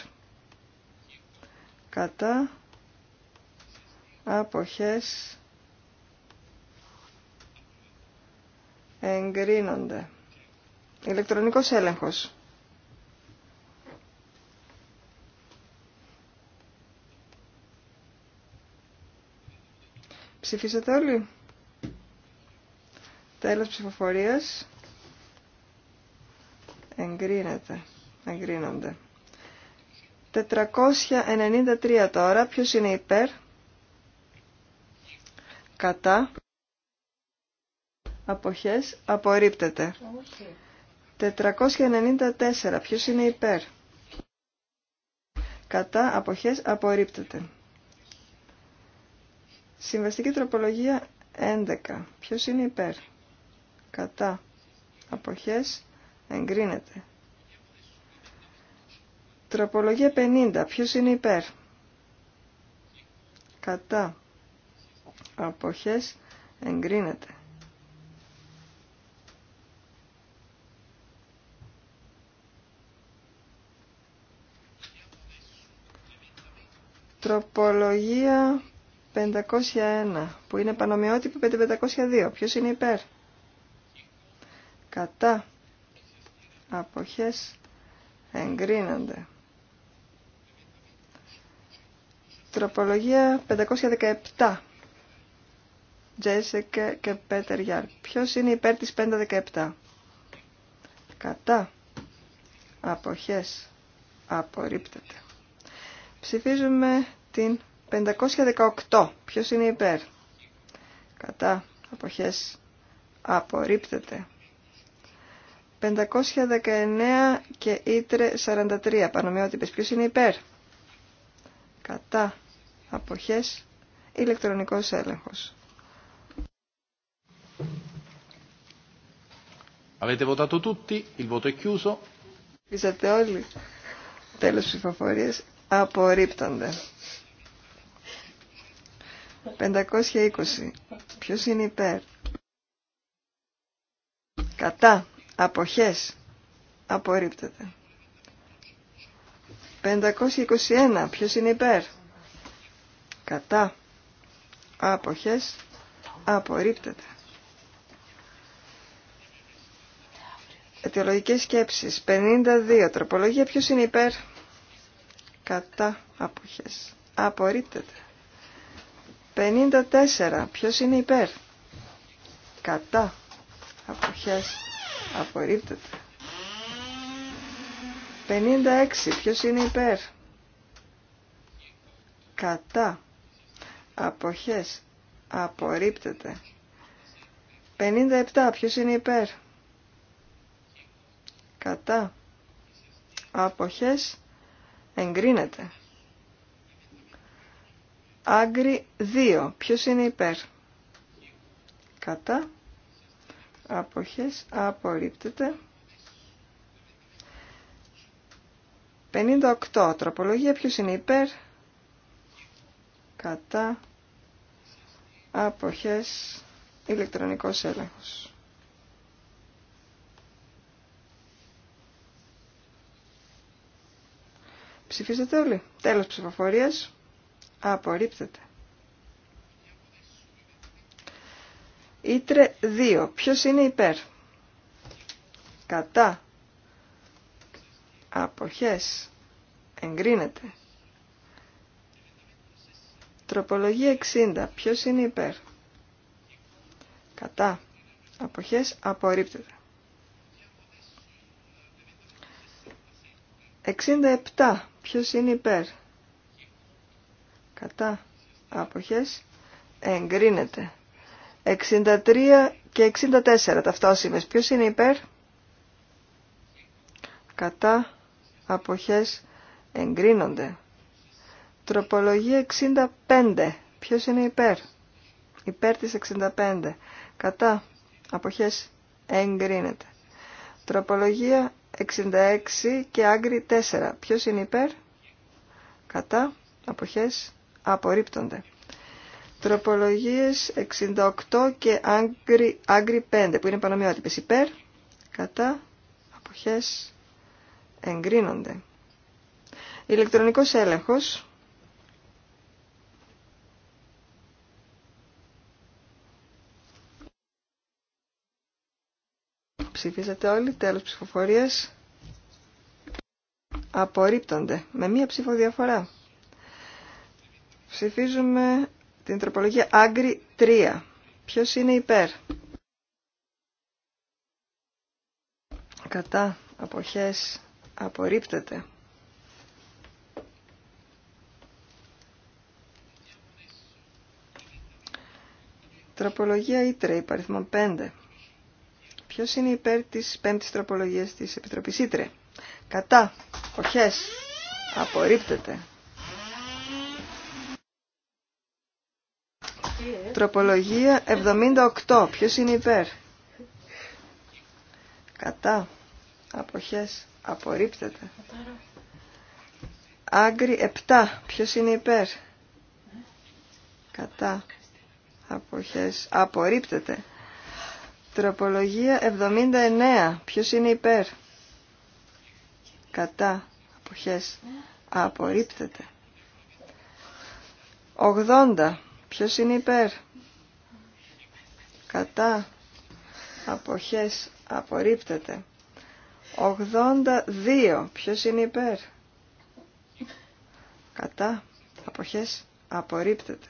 Κατά αποχές εγκρίνονται. Ηλεκτρονικός έλεγχος. Ψηφίσατε όλοι. Τέλος ψηφοφορίας. Εγκρίνονται. 493 τώρα. Ποιος είναι υπέρ. Κατά. Αποχές. Απορρίπτεται. 494. Ποιος είναι υπέρ. Κατά. Αποχές. Απορρίπτεται. Συμβαστική τροπολογία 11. Ποιος είναι υπέρ. Κατά. Αποχές. Εγκρίνεται. Τροπολογία 50. Ποιος είναι υπέρ. Κατά. Αποχές εγκρίνεται. Τροπολογία 501 που είναι πανομοιότυπη 502; Ποιος είναι υπέρ. Κατά. Αποχές εγκρίνονται. Τροπολογία 517. Τζέσικα και Πέτερ Γιάρ. Ποιος είναι υπέρ της 517. Κατά. Αποχές. Απορρίπτεται. Ψηφίζουμε την 518. Ποιος είναι υπέρ. Κατά. Αποχές. Απορρίπτεται. 519 και Ήτρε 43. Πανομοιότυπες. Ποιος είναι υπέρ κατά αποχές ηλεκτρονικός έλεγχος. Avete votato tutti, il voto è chiuso. όλοι. Τέλος ψηφοφορίας. Απορρίπτονται. 520. Ποιος είναι υπέρ. Κατά. Αποχές. Απορρίπτεται. 521. Ποιος είναι υπέρ. Κατά. Άποχες. Απορρίπτεται. Αιτιολογικές σκέψεις. 52. Τροπολογία. Ποιος είναι υπέρ. Κατά. Άποχες. Απορρίπτεται. 54. Ποιος είναι υπέρ. Κατά. Αποχές. Απορρίπτεται. 56. Ποιος είναι υπέρ. Κατά. Αποχές. Απορρίπτεται. 57. Ποιος είναι υπέρ. Κατά. Αποχές. Εγκρίνεται. Άγκρι 2. Ποιος είναι υπέρ. Κατά. Αποχές. Απορρίπτεται. 58. Τροπολογία ποιος είναι υπέρ. Κατά. Αποχές. Ηλεκτρονικός έλεγχος. Ψηφίζετε όλοι. Τέλος ψηφοφορίας. Απορρίπτεται. Ήτρε 2. Ποιος είναι υπέρ. Κατά αποχές εγκρίνεται. Τροπολογία 60. Ποιος είναι υπέρ. Κατά. Αποχές απορρίπτεται. 67. Ποιος είναι υπέρ. Κατά. Αποχές εγκρίνεται. 63 και 64 ταυτόσημες. Ποιος είναι υπέρ. Κατά αποχές εγκρίνονται. Τροπολογία 65. Ποιος είναι υπέρ. Υπέρ της 65. Κατά. Αποχές εγκρίνεται. Τροπολογία 66 και άγκρι 4. Ποιος είναι υπέρ. Κατά. Αποχές απορρίπτονται. Τροπολογίες 68 και άγκρι, 5 που είναι πανομοιότυπες. Υπέρ. Κατά. Αποχές εγκρίνονται. Ηλεκτρονικός έλεγχος. Ψηφίσατε όλοι, τέλος ψηφοφορίας. Απορρίπτονται με μία ψηφοδιαφορά. Ψηφίζουμε την τροπολογία Άγκρι 3. Ποιος είναι υπέρ. Κατά αποχές Απορρίπτεται. Τροπολογία Ήτρε, υπαριθμό 5. Ποιος είναι υπέρ της πέμπτης τροπολογίας της Επιτροπής Ήτρε. Κατά. Οχές. Απορρίπτεται. Τροπολογία 78. Ποιος είναι υπέρ. Κατά. Αποχές. Απορρίπτεται. Άγκρι 7. Ποιο είναι υπέρ. Κατά. Αποχές. Απορρίπτεται. Τροπολογία 79. Ποιο είναι υπέρ. Κατά. Αποχές. Απορρίπτεται. 80. Ποιο είναι υπέρ. Κατά. Αποχές. Απορρίπτεται. 82. Ποιος είναι υπέρ. Κατά. Αποχές. Απορρίπτεται.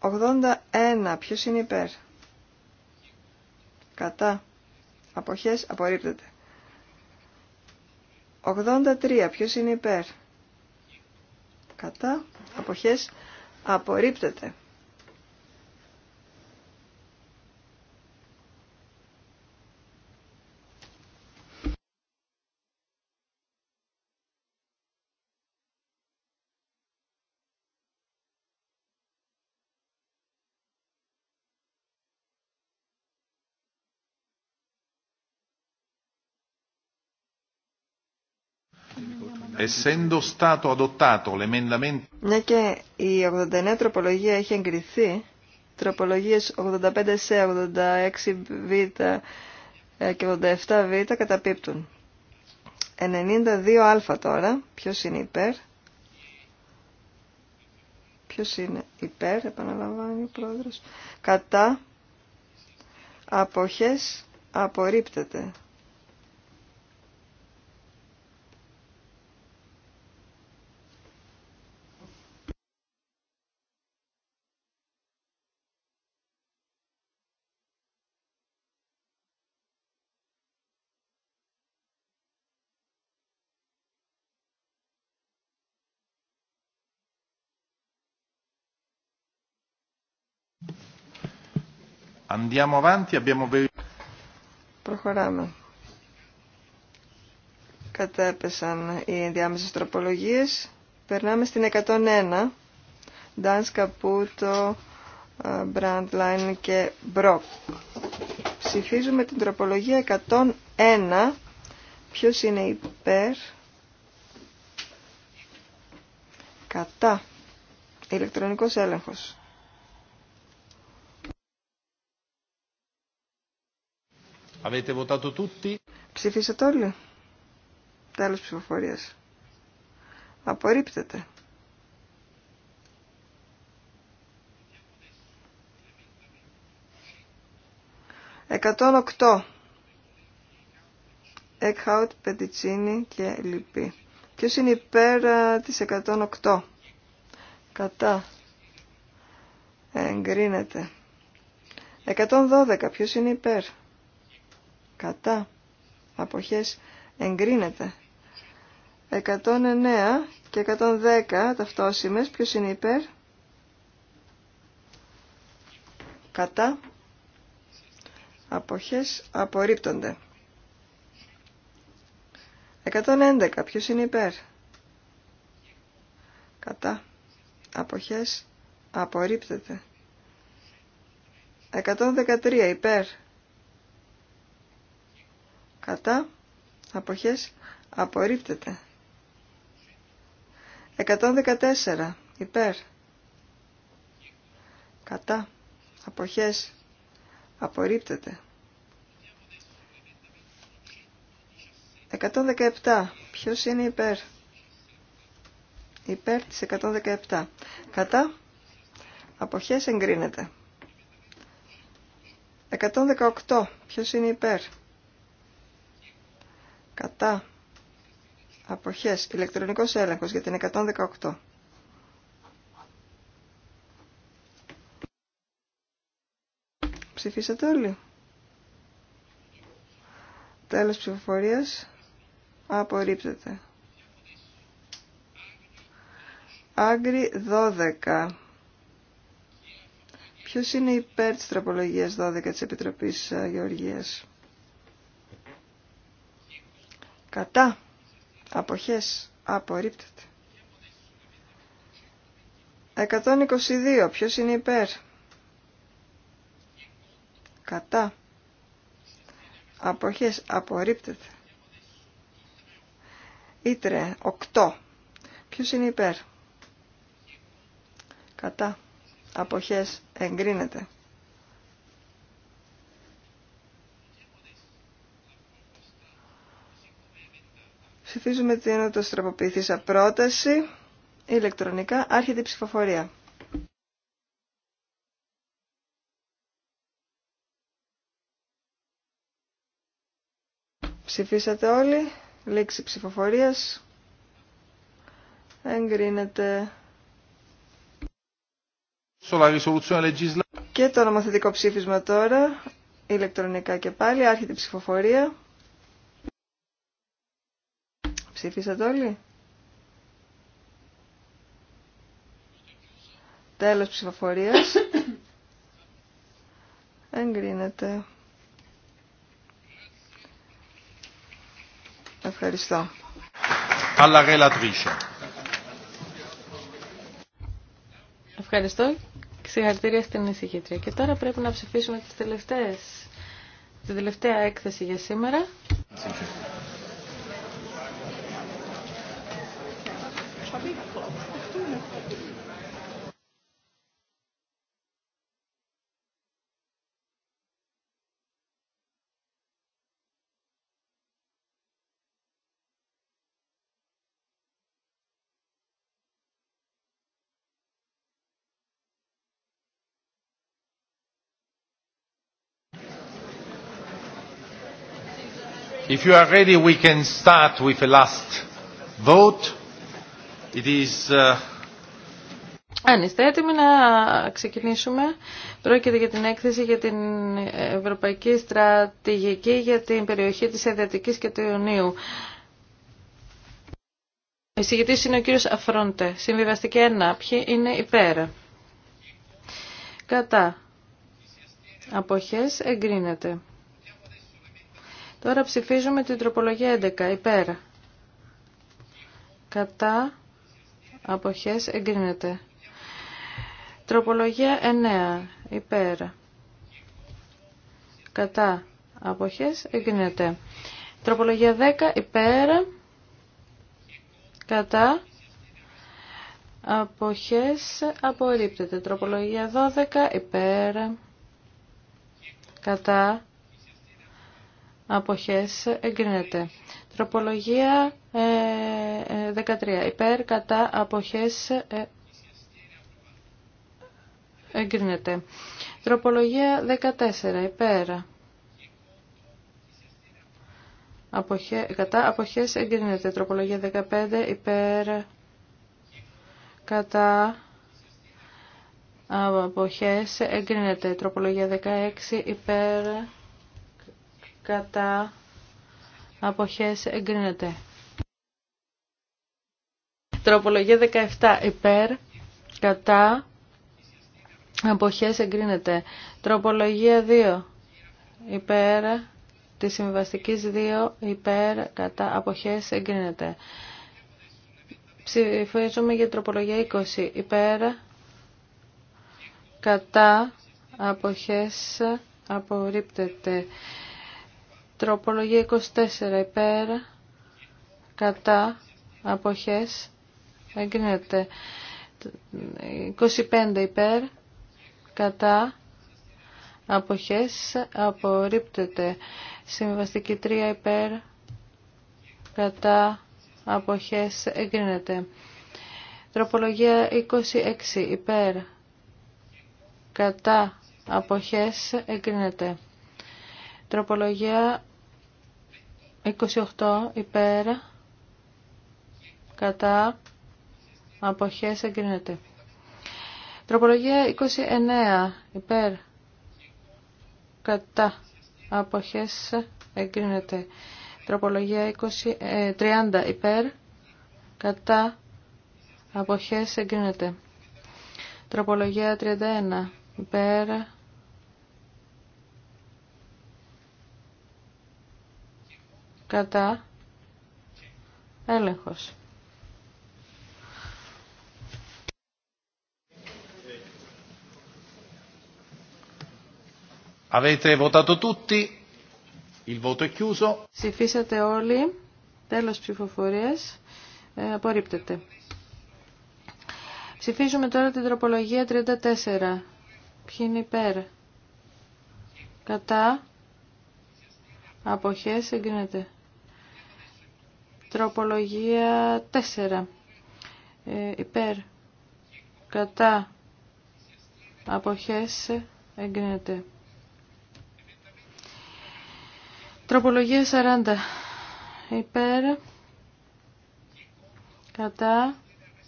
81. Ποιος είναι υπέρ. Κατά. Αποχές. Απορρίπτεται. 83. Ποιος είναι υπέρ. Κατά. Αποχές. Απορρίπτεται. Μια και η 89 τροπολογία έχει εγκριθεί, Τροπολογίε 85 σε 86 β ε, και 87 β καταπίπτουν. 92 α τώρα, Ποιο είναι υπέρ, Ποιο είναι υπέρ, επαναλαμβάνει ο πρόεδρο. κατά αποχές απορρίπτεται. Προχωράμε. Κατέπεσαν οι ενδιάμεσες τροπολογίες. Περνάμε στην 101. Ντάν Καπούτο, ε, Μπραντλάιν και Μπροκ. Ψηφίζουμε την τροπολογία 101. Ποιος είναι υπέρ. Κατά. Ηλεκτρονικός έλεγχος. Avete Ψηφίσατε όλοι. Τέλος ψηφοφορία. Απορρίπτεται. 108. οκτώ. Εκχάουτ, Πεντιτσίνη και Λυπή. Ποιος είναι υπέρ της 108. Κατά. Εγκρίνεται. 112. Ποιος είναι υπέρ κατά αποχές εγκρίνεται 109 και 110 ταυτόσημες ποιος είναι υπέρ κατά αποχές απορρίπτονται 111 ποιος είναι υπέρ κατά αποχές απορρίπτεται 113 υπέρ κατά αποχές απορρίπτεται 114 υπέρ κατά αποχές απορρίπτεται 117 ποιος είναι υπέρ υπέρ της 117 κατά αποχές εγκρίνεται 118 ποιος είναι υπέρ Κατά. Αποχές. Ηλεκτρονικός έλεγχος για την 118. Ψηφίσατε όλοι. Τέλος ψηφοφορίας. Απορρίπτεται. Άγκρι 12. Ποιος είναι υπέρ της τραπολογίας 12 της Επιτροπής ε, Γεωργίας κατά αποχές απορρίπτεται 122 ποιος είναι υπέρ κατά αποχές απορρίπτεται Ήτρε 8 ποιος είναι υπέρ κατά αποχές εγκρίνεται Ψηφίζουμε την στραποποιήθησα πρόταση ηλεκτρονικά. Άρχεται η ψηφοφορία. Ψηφίσατε όλοι. Λήξη ψηφοφορίας. Εγκρίνεται. Και το νομοθετικό ψήφισμα τώρα, ηλεκτρονικά και πάλι, άρχεται η ψηφοφορία. Ψήφισατε όλοι. Τέλος ψηφοφορίας. Εγκρίνεται. Ευχαριστώ. Ευχαριστώ. Συγχαρητήρια στην εισηγήτρια. Και τώρα πρέπει να ψηφίσουμε τις τελευταίες, την τελευταία έκθεση για σήμερα. If Αν είστε έτοιμοι να ξεκινήσουμε, πρόκειται για την έκθεση για την Ευρωπαϊκή Στρατηγική για την περιοχή της Αιδετικής και του Ιωνίου. Ο εισηγητής είναι ο κύριος Αφρόντε. Συμβιβαστική ένα. Ποιοι είναι υπέρ. Κατά. Αποχές εγκρίνεται. Τώρα ψηφίζουμε την τροπολογία 11. Υπέρ. Κατά. Αποχές εγκρίνεται. Τροπολογία 9. Υπέρ. Κατά. Αποχές εγκρίνεται. Τροπολογία 10. Υπέρ. Κατά. Αποχές απορρίπτεται. Τροπολογία 12. Υπέρ. Κατά αποχές εγκρίνεται. Τροπολογία 13. Ε, ε, Υπέρ κατά αποχές ε, εγκρίνεται. Τροπολογία 14. Υπέρ αποχέ, κατά αποχές εγκρίνεται. Τροπολογία 15. Υπέρ κατά αποχές εγκρίνεται. Τροπολογία 16. Υπέρ κατά αποχές εγκρίνεται. Τροπολογία 17 υπέρ κατά αποχές εγκρίνεται. Τροπολογία 2 υπέρ τη συμβαστική 2 υπέρ κατά αποχές εγκρίνεται. Ψηφίζουμε για τροπολογία 20 υπέρ κατά αποχές απορρίπτεται. Τροπολογία 24 υπέρ κατά αποχές εγκρίνεται. 25 υπέρ κατά αποχές απορρίπτεται. Συμβαστική 3 υπέρ κατά αποχές εγκρίνεται. Τροπολογία 26 υπέρ κατά αποχές εγκρίνεται. Τροπολογία 28 υπέρ κατά αποχές εγκρίνεται. Τροπολογία 29 υπέρ κατά αποχές εγκρίνεται. Τροπολογία 20, 30 ε, υπέρ κατά αποχές εγκρίνεται. Τροπολογία 31 υπέρ κατά έλεγχος. Avete votato Ψηφίσατε όλοι. Τέλος ψηφοφορίας. Ε, απορρίπτεται. Ψηφίζουμε τώρα την τροπολογία 34. Ποιοι είναι Κατά. Αποχές εγκρίνεται. Τροπολογία 4. Ε, υπέρ. Κατά. Αποχές. Εγκρίνεται. Τροπολογία 40. Υπέρ. Κατά.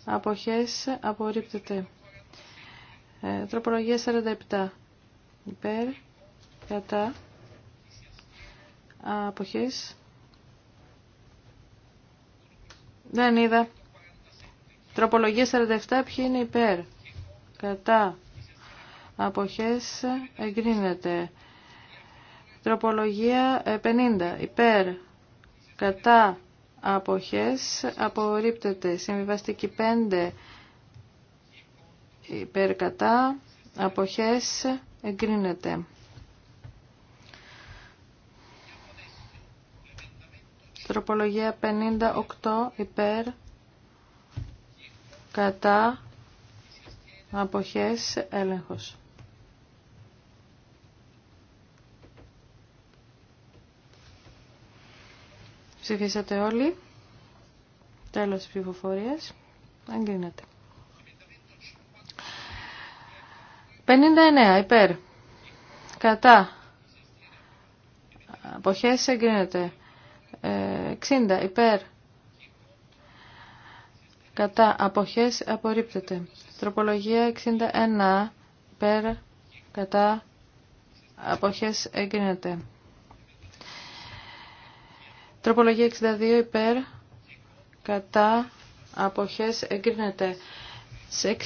Αποχές. Απορρίπτεται. Ε, τροπολογία 47. Υπέρ. Κατά. Αποχές. Δεν είδα. Τροπολογία 47. Ποιοι είναι υπέρ. Κατά. Αποχές εγκρίνεται. Τροπολογία 50. Ε, υπέρ. Κατά. Αποχές απορρίπτεται. Συμβιβαστική 5. Υπέρ κατά. Αποχές εγκρίνεται. Τροπολογία 58 υπέρ κατά αποχές έλεγχος. Ψηφίσατε όλοι. Τέλος της ψηφοφορίας. Εγκρίνεται. 59 υπέρ. Κατά. Αποχές εγκρίνεται. 60 υπέρ κατά αποχές απορρίπτεται. Τροπολογία 61 υπέρ κατά αποχές εγκρίνεται. Τροπολογία 62 υπέρ κατά αποχές εγκρίνεται.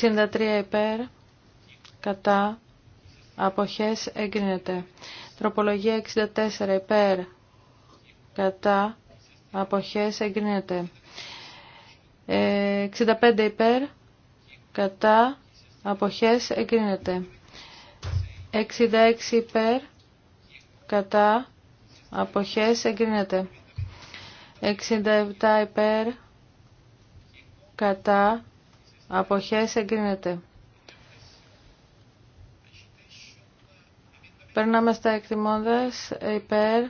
63 υπέρ κατά αποχές εγκρίνεται. Τροπολογία 64 υπέρ κατά αποχές εγκρίνεται. 65 υπέρ κατά αποχές εγκρίνεται. 66 υπέρ κατά αποχές εγκρίνεται. 67 υπέρ κατά αποχές εγκρίνεται. Περνάμε στα εκτιμώντας υπέρ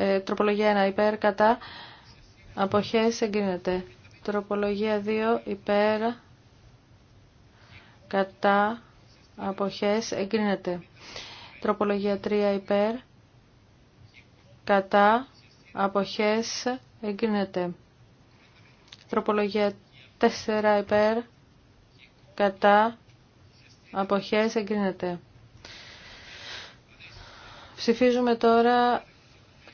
ε, τροπολογία 1 υπέρ κατά αποχές εγκρίνεται. Τροπολογία 2 υπέρ κατά αποχές εγκρίνεται. Τροπολογία 3 υπέρ κατά αποχές εγκρίνεται. Τροπολογία 4 υπέρ κατά αποχές εγκρίνεται. Ψηφίζουμε τώρα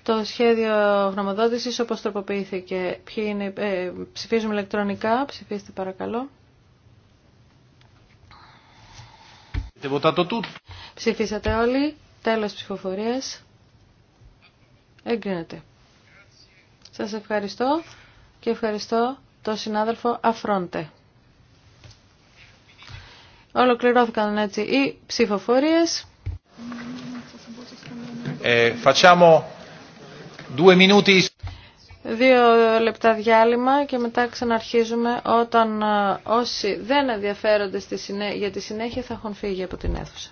το σχέδιο γνωμοδότησης όπως τροποποιήθηκε. Ποιοι είναι, ε, ψηφίζουμε ηλεκτρονικά. Ψηφίστε παρακαλώ. Ψηφίσατε όλοι. Τέλος ψηφοφορίας. Εγκρίνεται. Σας ευχαριστώ και ευχαριστώ το συνάδελφο Αφρόντε. Ολοκληρώθηκαν έτσι οι ψηφοφορίες. Ε, Δύο λεπτά διάλειμμα και μετά ξαναρχίζουμε όταν ε, όσοι δεν ενδιαφέρονται για τη συνέχεια θα έχουν φύγει από την αίθουσα.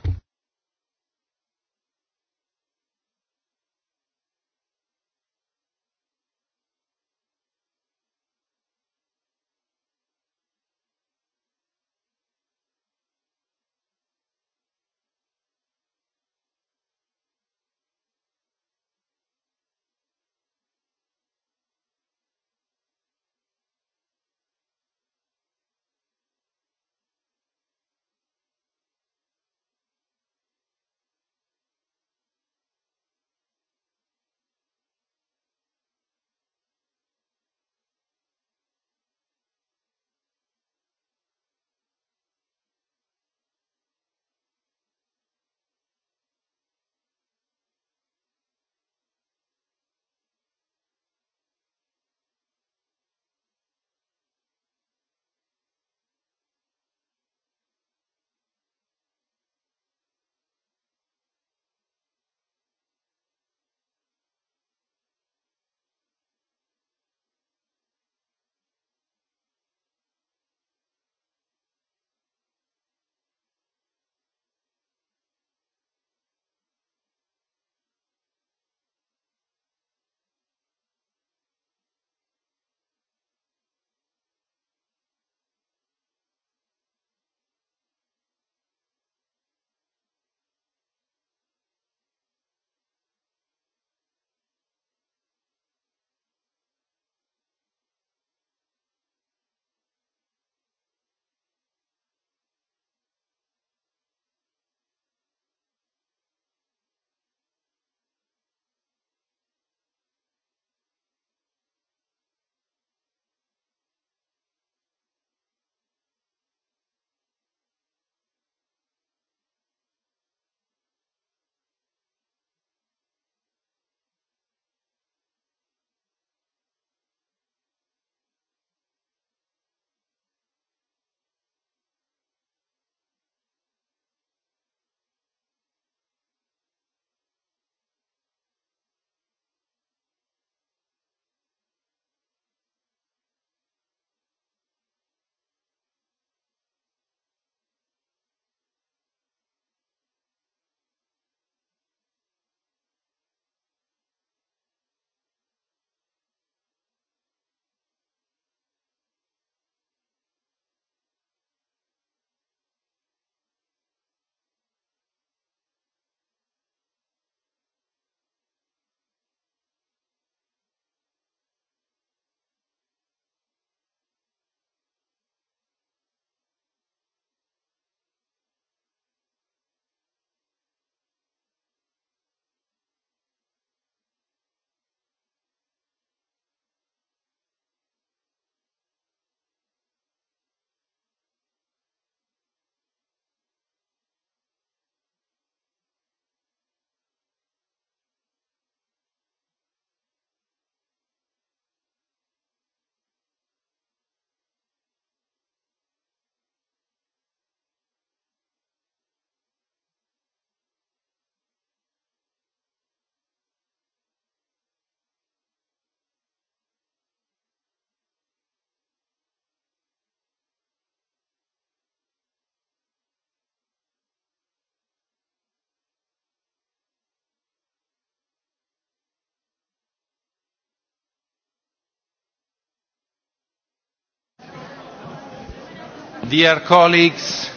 Dear colleagues.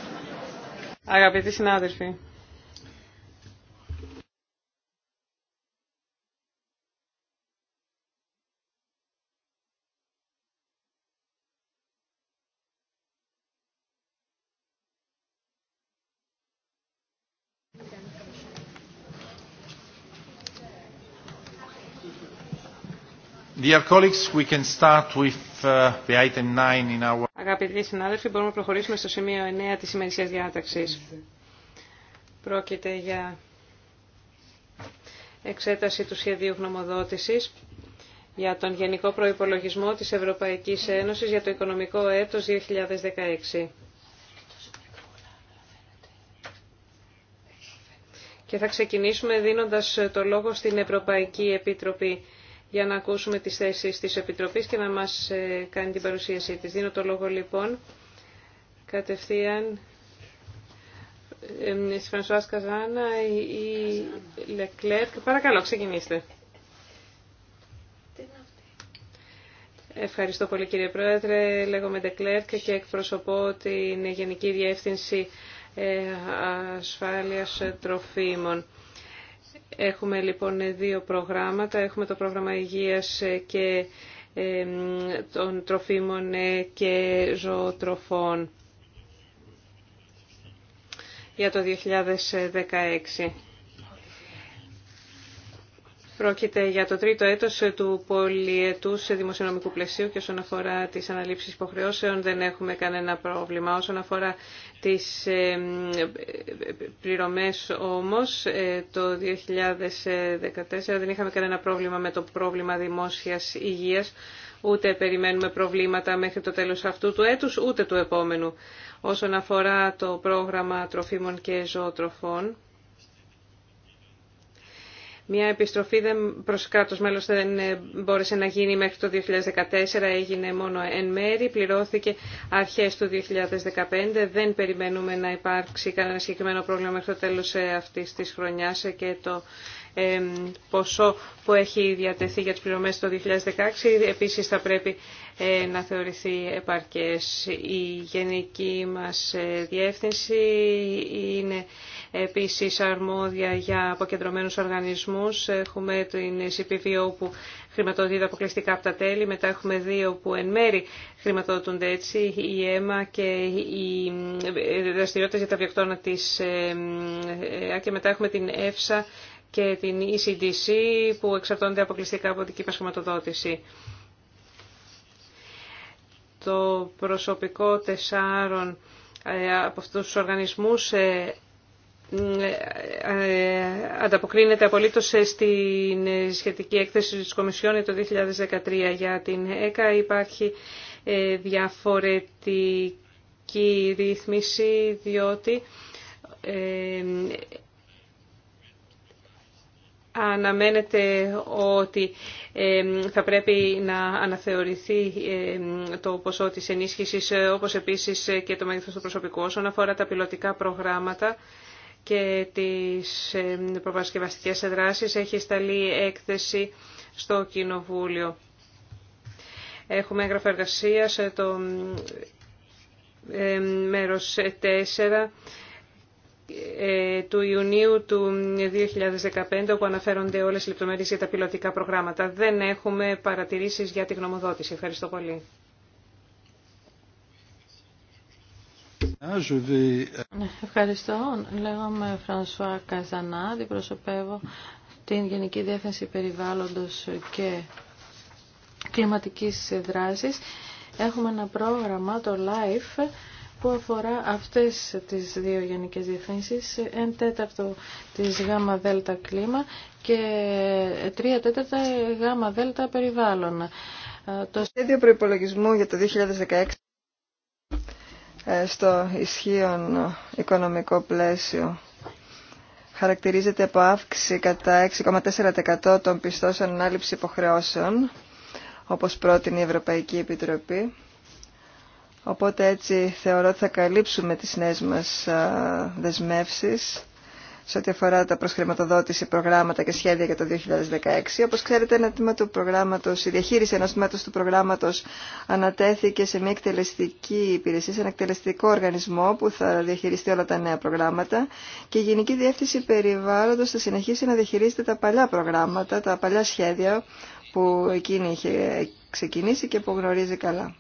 Αγαπητοί συνάδελφοι. Dear colleagues, we can start with the item 9 in our Αγαπητοί συνάδελφοι, μπορούμε να προχωρήσουμε στο σημείο 9 της ημερησίας διάταξης. Πρόκειται για εξέταση του σχεδίου γνωμοδότησης για τον Γενικό Προϋπολογισμό της Ευρωπαϊκής Ένωσης για το οικονομικό έτος 2016. Και θα ξεκινήσουμε δίνοντας το λόγο στην Ευρωπαϊκή Επιτροπή για να ακούσουμε τις θέσεις της Επιτροπής και να μας ε, κάνει την παρουσίασή της. Δίνω το λόγο λοιπόν κατευθείαν ε, στη Φρανσουάς Καζάνα ή Λεκλέρκ. Παρακαλώ, ξεκινήστε. Ευχαριστώ πολύ κύριε Πρόεδρε. Λέγομαι Ντεκλέρκ και εκπροσωπώ την Γενική Διεύθυνση ε, Ασφάλειας Τροφίμων. Έχουμε λοιπόν δύο προγράμματα. Έχουμε το πρόγραμμα υγείας και των τροφίμων και ζωοτροφών για το 2016. Πρόκειται για το τρίτο έτος του σε δημοσιονομικού πλαισίου και όσον αφορά τις αναλήψεις υποχρεώσεων δεν έχουμε κανένα πρόβλημα. Όσον αφορά τις ε, πληρωμές όμως, ε, το 2014 δεν είχαμε κανένα πρόβλημα με το πρόβλημα δημόσιας υγείας, ούτε περιμένουμε προβλήματα μέχρι το τέλος αυτού του έτους, ούτε του επόμενου. Όσον αφορά το πρόγραμμα τροφίμων και ζωοτροφών, μια επιστροφή προς κράτος μέλος δεν ε, μπόρεσε να γίνει μέχρι το 2014, έγινε μόνο εν μέρη, πληρώθηκε αρχές του 2015. Δεν περιμένουμε να υπάρξει κανένα συγκεκριμένο πρόβλημα μέχρι το τέλος ε, αυτής της χρονιάς ε, και το ποσό που έχει διατεθεί για τις πληρωμές το 2016 επίσης θα πρέπει να θεωρηθεί επαρκές. Η γενική μας διεύθυνση είναι επίσης αρμόδια για αποκεντρωμένους οργανισμούς. Έχουμε την CPVO που χρηματοδοτείται αποκλειστικά από τα τέλη. Μετά έχουμε δύο που εν μέρη χρηματοδοτούνται έτσι, η ΕΜΑ και οι ε, δραστηριότητες για τα βιοκτώνα της ΕΑ. Ε, και μετά έχουμε την ΕΦΣΑ και την ECDC που εξαρτώνται αποκλειστικά από δική μας χρηματοδότηση. Το προσωπικό τεσσάρων ε, από αυτούς τους οργανισμούς ε, ε, ανταποκρίνεται απολύτως στην σχετική έκθεση της Κομισιόν το 2013 για την ΕΚΑ. Υπάρχει ε, διαφορετική ρύθμιση διότι αναμένεται ότι θα πρέπει να αναθεωρηθεί το ποσό της ενίσχυσης όπως επίσης και το μέγεθος του προσωπικού όσον αφορά τα πιλωτικά προγράμματα και τις προπαρασκευαστικές δράσεις. Έχει σταλεί έκθεση στο Κοινοβούλιο. Έχουμε έγγραφα εργασία σε το μέρος 4 ε, του Ιουνίου του 2015, όπου αναφέρονται όλες οι λεπτομέρειες για τα πιλωτικά προγράμματα. Δεν έχουμε παρατηρήσεις για τη γνωμοδότηση. Ευχαριστώ πολύ. Ε, Ευχαριστώ. Λέγομαι Φρανσουά Καζανά, Διπροσωπεύω την Γενική Διεύθυνση Περιβάλλοντος και Κλιματικής Δράσης. Έχουμε ένα πρόγραμμα, το LIFE, που αφορά αυτές τις δύο γενικές διευθύνσεις, εν τέταρτο της γάμα δέλτα κλίμα και τρία τέταρτα γάμα δέλτα περιβάλλον. Ε, το σχέδιο προϋπολογισμού για το 2016 ε, στο ισχύον οικονομικό πλαίσιο. Χαρακτηρίζεται από αύξηση κατά 6,4% των πιστώσεων ανάληψη υποχρεώσεων, όπως πρότεινε η Ευρωπαϊκή Επιτροπή. Οπότε έτσι θεωρώ ότι θα καλύψουμε τις νέες μας ε, δεσμεύσεις σε ό,τι αφορά τα προσχρηματοδότηση προγράμματα και σχέδια για το 2016. Όπως ξέρετε, ένα τμήμα του προγράμματος, η διαχείριση ενός τμήματος του προγράμματος ανατέθηκε σε μια εκτελεστική υπηρεσία, σε ένα εκτελεστικό οργανισμό που θα διαχειριστεί όλα τα νέα προγράμματα και η Γενική Διεύθυνση Περιβάλλοντος θα συνεχίσει να διαχειρίζεται τα παλιά προγράμματα, τα παλιά σχέδια που εκείνη είχε ξεκινήσει και που γνωρίζει καλά.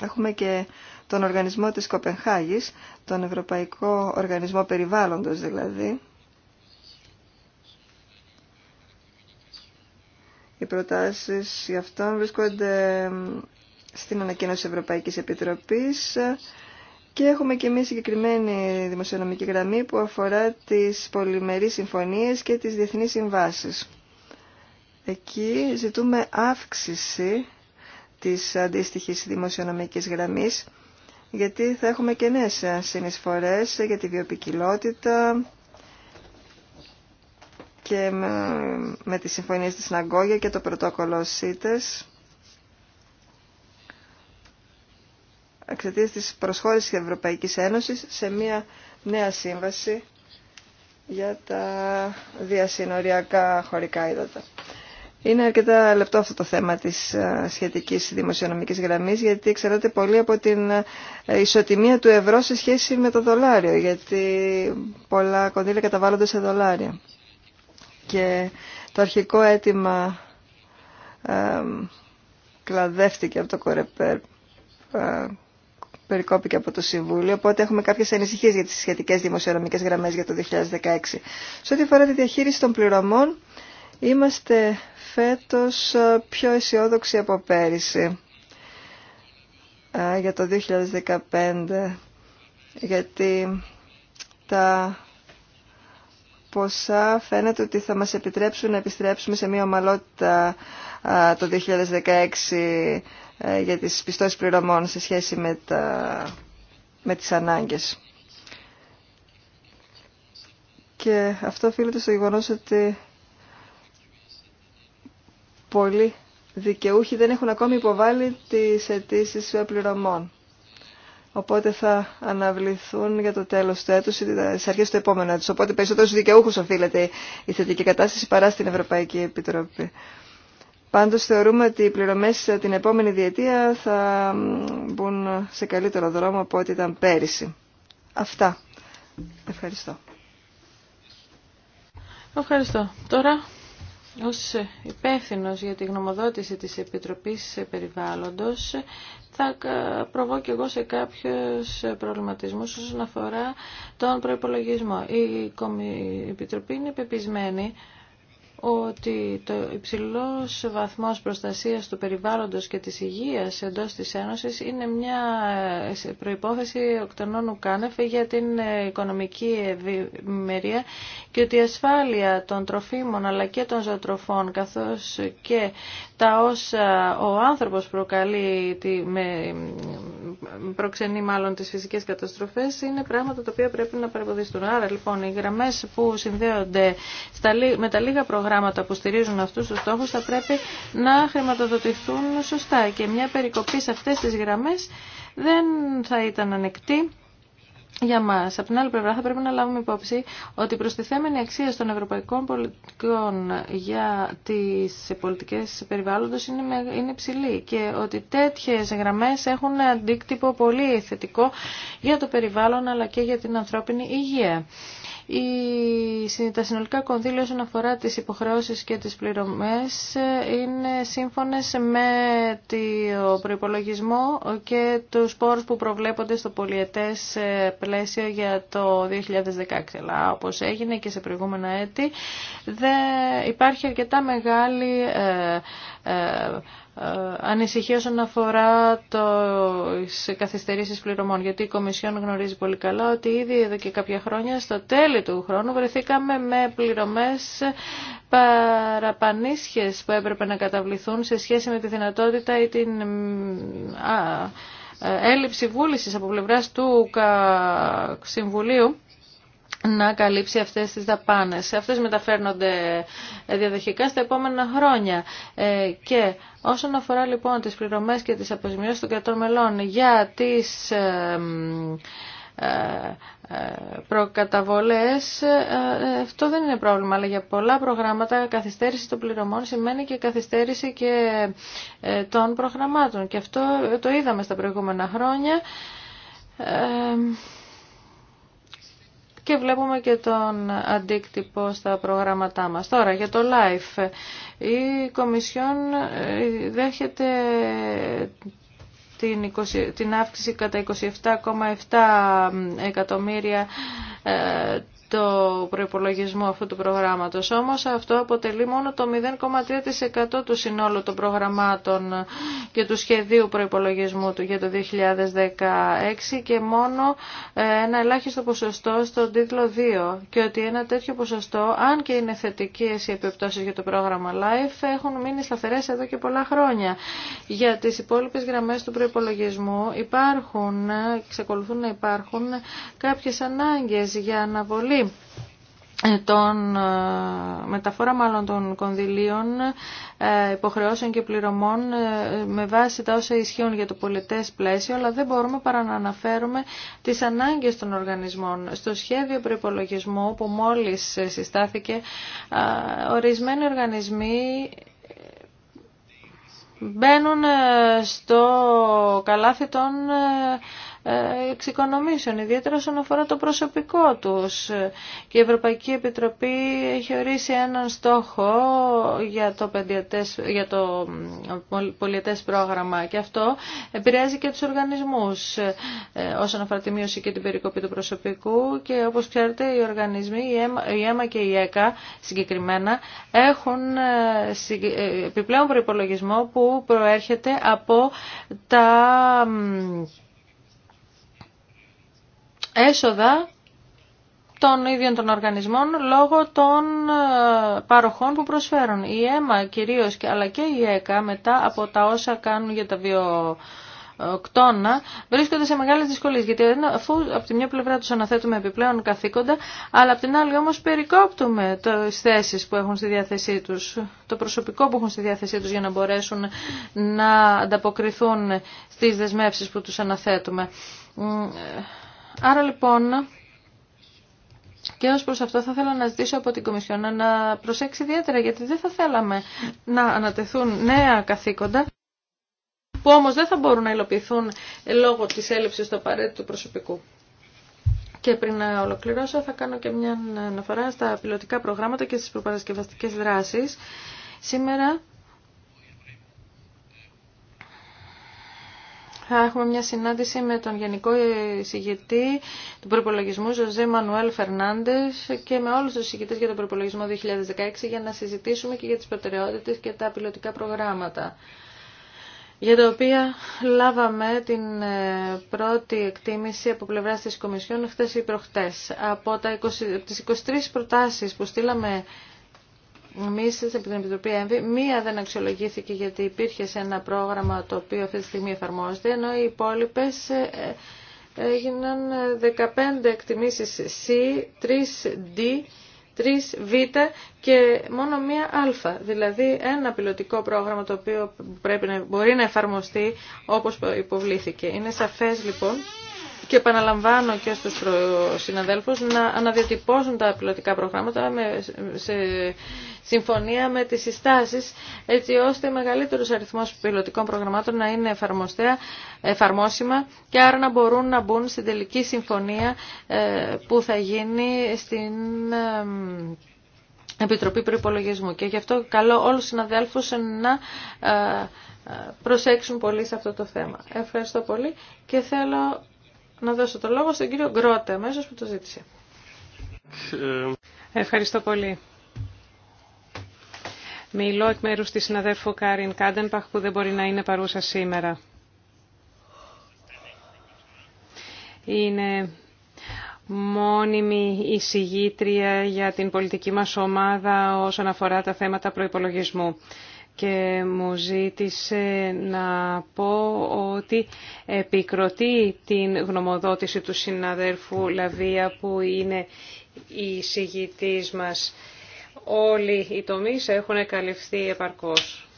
Έχουμε και τον οργανισμό της Κοπενχάγης, τον Ευρωπαϊκό Οργανισμό Περιβάλλοντος δηλαδή. Οι προτάσεις γι' αυτόν βρίσκονται στην ανακοίνωση Ευρωπαϊκής Επιτροπής και έχουμε και μια συγκεκριμένη δημοσιονομική γραμμή που αφορά τις πολυμερείς συμφωνίες και τις διεθνείς συμβάσεις. Εκεί ζητούμε αύξηση της αντίστοιχης δημοσιονομικής γραμμής γιατί θα έχουμε και νέες συνεισφορές για τη βιοπικιλότητα και με τις συμφωνίες της Ναγκόγια και το πρωτόκολλο ΣΥΤΕΣ. εξαιτίας της προσχώρησης της Ευρωπαϊκής Ένωσης σε μια νέα σύμβαση για τα διασυνοριακά χωρικά είδατα. Είναι αρκετά λεπτό αυτό το θέμα της ε, σχετικής δημοσιονομικής γραμμής γιατί εξαρτάται πολύ από την ε, ισοτιμία του ευρώ σε σχέση με το δολάριο γιατί πολλά κονδύλια καταβάλλονται σε δολάρια. Και το αρχικό αίτημα ε, κλαδεύτηκε από το Κορεπέρ, ε, περικόπηκε από το Συμβούλιο, οπότε έχουμε κάποιες ανησυχίες για τις σχετικές δημοσιονομικές γραμμές για το 2016. Σε ό,τι αφορά τη διαχείριση των πληρωμών, Είμαστε φέτος πιο αισιόδοξοι από πέρυσι ε, για το 2015 γιατί τα ποσά φαίνεται ότι θα μας επιτρέψουν να επιστρέψουμε σε μια ομαλότητα ε, το 2016 ε, για τις πιστώσεις πληρωμών σε σχέση με, τα, με τις ανάγκες. Και αυτό οφείλεται στο γεγονό ότι πολλοί δικαιούχοι δεν έχουν ακόμη υποβάλει τις αιτήσει πληρωμών. Οπότε θα αναβληθούν για το τέλος του έτους ή τις αρχές του επόμενου έτους. Οπότε περισσότερους δικαιούχους οφείλεται η θετική κατάσταση παρά στην Ευρωπαϊκή Επιτροπή. Πάντως θεωρούμε ότι οι πληρωμές την επόμενη διετία θα μπουν σε καλύτερο δρόμο από ό,τι ήταν πέρυσι. Αυτά. Ευχαριστώ. Ευχαριστώ. Τώρα ως υπεύθυνο για τη γνωμοδότηση της Επιτροπής Περιβάλλοντος θα προβώ και εγώ σε κάποιους προβληματισμούς όσον αφορά τον προϋπολογισμό. Η Επιτροπή είναι πεπισμένη ότι το υψηλός βαθμός προστασίας του περιβάλλοντος και της υγείας εντός της Ένωσης είναι μια ε, προϋπόθεση οκτανών κάνεφε για την ε, οικονομική ευημερία και ότι η ασφάλεια των τροφίμων αλλά και των ζωοτροφών καθώς και τα όσα ο άνθρωπος προκαλεί με προξενεί μάλλον τις φυσικές καταστροφές είναι πράγματα τα οποία πρέπει να παρεμποδιστούν. Άρα λοιπόν οι γραμμές που συνδέονται με τα λίγα προγράμματα που στηρίζουν αυτούς τους στόχους θα πρέπει να χρηματοδοτηθούν σωστά και μια περικοπή σε αυτές τις γραμμές δεν θα ήταν ανεκτή για μας. Από την άλλη πλευρά θα πρέπει να λάβουμε υπόψη ότι η προστιθέμενη αξία των ευρωπαϊκών πολιτικών για τις πολιτικέ περιβάλλοντο είναι, είναι υψηλή και ότι τέτοιε γραμμέ έχουν αντίκτυπο πολύ θετικό για το περιβάλλον αλλά και για την ανθρώπινη υγεία τα συνολικά κονδύλια όσον αφορά τις υποχρεώσεις και τις πληρωμές ε, είναι σύμφωνες με το προϋπολογισμό και τους πόρους που προβλέπονται στο πολιετές ε, πλαίσιο για το 2016. Αλλά όπως έγινε και σε προηγούμενα έτη, υπάρχει αρκετά μεγάλη ε, ε, ανησυχία όσον αφορά το, σε καθυστερήσεις πληρωμών, γιατί η Κομισιόν γνωρίζει πολύ καλά ότι ήδη εδώ και κάποια χρόνια, στο τέλη του χρόνου, βρεθήκαμε με πληρωμές παραπανίσχες που έπρεπε να καταβληθούν σε σχέση με τη δυνατότητα ή την... Α, ε, έλλειψη βούλησης από πλευράς του Συμβουλίου να καλύψει αυτές τις δαπάνες. Αυτές μεταφέρνονται διαδοχικά στα επόμενα χρόνια. Ε, και όσον αφορά λοιπόν τις πληρωμές και τις αποζημιώσεις των κρατών μελών για τις ε, ε, προκαταβολές αυτό δεν είναι πρόβλημα αλλά για πολλά προγράμματα καθυστέρηση των πληρωμών σημαίνει και καθυστέρηση και των προγραμμάτων και αυτό το είδαμε στα προηγούμενα χρόνια και βλέπουμε και τον αντίκτυπο στα προγράμματά μας. Τώρα για το LIFE. Η Κομισιόν ε, δέχεται την, 20, την αύξηση κατά 27,7 εκατομμύρια ε, το προϋπολογισμό αυτού του προγράμματος. Όμως αυτό αποτελεί μόνο το 0,3% του συνόλου των προγραμμάτων και του σχεδίου προϋπολογισμού του για το 2016 και μόνο ε, ένα ελάχιστο ποσοστό στον τίτλο 2 και ότι ένα τέτοιο ποσοστό, αν και είναι θετικές οι επιπτώσεις για το πρόγραμμα LIFE, έχουν μείνει σταθερές εδώ και πολλά χρόνια. Για τις υπόλοιπες γραμμές του προϋπολογισμού υπάρχουν, ε, εξακολουθούν να υπάρχουν κάποιες ανάγκες για αναβολή τον ε, ε, μεταφορά μάλλον των κονδυλίων ε, υποχρεώσεων και πληρωμών με βάση τα όσα ισχύουν για το πολιτές πλαίσιο, αλλά δεν μπορούμε παρά να αναφέρουμε τις ανάγκες των οργανισμών. Στο σχέδιο προϋπολογισμού που μόλις συστάθηκε, ορισμένοι οργανισμοί μπαίνουν στο καλάθι των εξοικονομήσεων, ιδιαίτερα όσον αφορά το προσωπικό τους. Και η Ευρωπαϊκή Επιτροπή έχει ορίσει έναν στόχο για το, για το πολιετές πρόγραμμα και αυτό επηρεάζει και τους οργανισμούς ε, όσον αφορά τη μείωση και την περικοπή του προσωπικού και όπως ξέρετε οι οργανισμοί, η ΕΜΑ και η ΕΚΑ συγκεκριμένα έχουν ε, ε, επιπλέον προϋπολογισμό που προέρχεται από τα έσοδα των ίδιων των οργανισμών λόγω των ε, παροχών που προσφέρουν. Η ΕΜΑ κυρίως αλλά και η ΕΚΑ μετά από τα όσα κάνουν για τα βιο κτώνα βρίσκονται σε μεγάλες δυσκολίες γιατί αφού από τη μια πλευρά τους αναθέτουμε επιπλέον καθήκοντα αλλά από την άλλη όμως περικόπτουμε τις θέσεις που έχουν στη διάθεσή τους το προσωπικό που έχουν στη διάθεσή τους για να μπορέσουν να ανταποκριθούν στις δεσμεύσεις που τους αναθέτουμε ε, Άρα λοιπόν, και ως προς αυτό θα ήθελα να ζητήσω από την Κομισιόνα να προσέξει ιδιαίτερα, γιατί δεν θα θέλαμε να ανατεθούν νέα καθήκοντα, που όμως δεν θα μπορούν να υλοποιηθούν λόγω της έλλειψης του απαραίτητου προσωπικού. Και πριν να ολοκληρώσω θα κάνω και μια αναφορά στα πιλωτικά προγράμματα και στις προπαρασκευαστικές δράσεις. Σήμερα έχουμε μια συνάντηση με τον Γενικό Συγητή του Προπολογισμού Ζωζέ Μανουέλ Φερνάντε και με όλου του συγητέ για τον Προπολογισμό 2016 για να συζητήσουμε και για τι προτεραιότητε και τα πιλωτικά προγράμματα για τα οποία λάβαμε την ε, πρώτη εκτίμηση από πλευρά τη Κομισιόν χθες ή προχτές. Από, τα 23 προτάσει που στείλαμε Εμεί από την Επιτροπή ΕΜΒΗ, μία δεν αξιολογήθηκε γιατί υπήρχε σε ένα πρόγραμμα το οποίο αυτή τη στιγμή εφαρμόζεται, ενώ οι υπόλοιπε ε, έγιναν 15 εκτιμήσεις C, 3D, 3Β και μόνο μία Α. Δηλαδή ένα πιλωτικό πρόγραμμα το οποίο πρέπει να, μπορεί να εφαρμοστεί όπως υποβλήθηκε. Είναι σαφές λοιπόν και επαναλαμβάνω και στους συναδέλφους να αναδιατυπώσουν τα πιλωτικά προγράμματα σε συμφωνία με τις συστάσεις έτσι ώστε μεγαλύτερος αριθμός πιλωτικών προγραμμάτων να είναι εφαρμοστέα, εφαρμόσιμα και άρα να μπορούν να μπουν στην τελική συμφωνία ε, που θα γίνει στην ε, Επιτροπή Προϋπολογισμού. Και γι' αυτό καλώ όλους τους συναδέλφους να ε, προσέξουν πολύ σε αυτό το θέμα. Ευχαριστώ πολύ και θέλω να δώσω το λόγο στον κύριο Γκρότε, αμέσω που το ζήτησε. Ευχαριστώ πολύ. Μιλώ εκ μέρους της συναδέρφου Κάριν Κάντεμπαχ που δεν μπορεί να είναι παρούσα σήμερα. Είναι μόνιμη εισηγήτρια για την πολιτική μας ομάδα όσον αφορά τα θέματα προϋπολογισμού και μου ζήτησε να πω ότι επικροτεί την γνωμοδότηση του συναδέρφου Λαβία που είναι η συγητής μας. Όλοι οι τομείς έχουν καλυφθεί επαρκώς.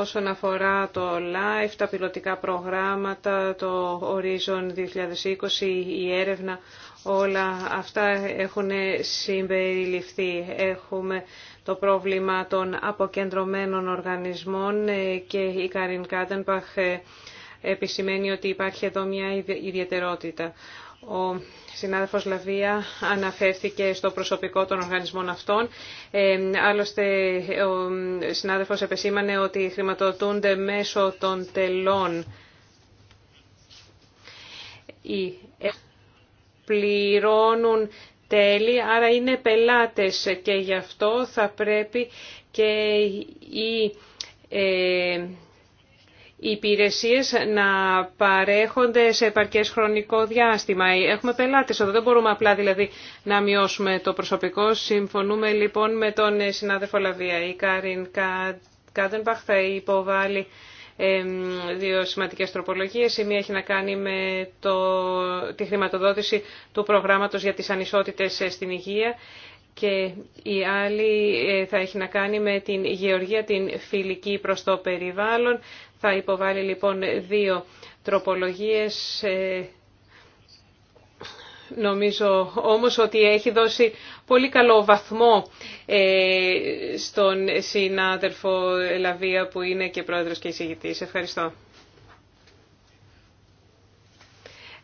όσον αφορά το LIFE, τα πιλωτικά προγράμματα, το Horizon 2020, η έρευνα, όλα αυτά έχουν συμπεριληφθεί. Έχουμε το πρόβλημα των αποκεντρωμένων οργανισμών και η Καριν Κάντενπαχ επισημαίνει ότι υπάρχει εδώ μια ιδιαιτερότητα. Ο συνάδελφος Λαβία αναφέρθηκε στο προσωπικό των οργανισμών αυτών. Ε, άλλωστε, ο συνάδελφος επεσήμανε ότι χρηματοδοτούνται μέσω των τελών. Ε πληρώνουν τέλη, άρα είναι πελάτες και γι' αυτό θα πρέπει και οι ε, οι υπηρεσίες να παρέχονται σε επαρκές χρονικό διάστημα. Έχουμε πελάτες εδώ, δεν μπορούμε απλά δηλαδή να μειώσουμε το προσωπικό. Συμφωνούμε λοιπόν με τον ε, συνάδελφο Λαβία. Η Κάριν Κάντενπαχ θα υποβάλει δύο σημαντικές τροπολογίες. Η μία έχει να κάνει με το, τη χρηματοδότηση του προγράμματος για τις ανισότητες ε, στην υγεία και η άλλη ε, θα έχει να κάνει με την γεωργία, την φιλική προς το περιβάλλον, θα υποβάλει λοιπόν δύο τροπολογίες. Ε, νομίζω όμως ότι έχει δώσει πολύ καλό βαθμό ε, στον συνάδελφο Λαβία που είναι και πρόεδρος και εισηγητής. Ευχαριστώ.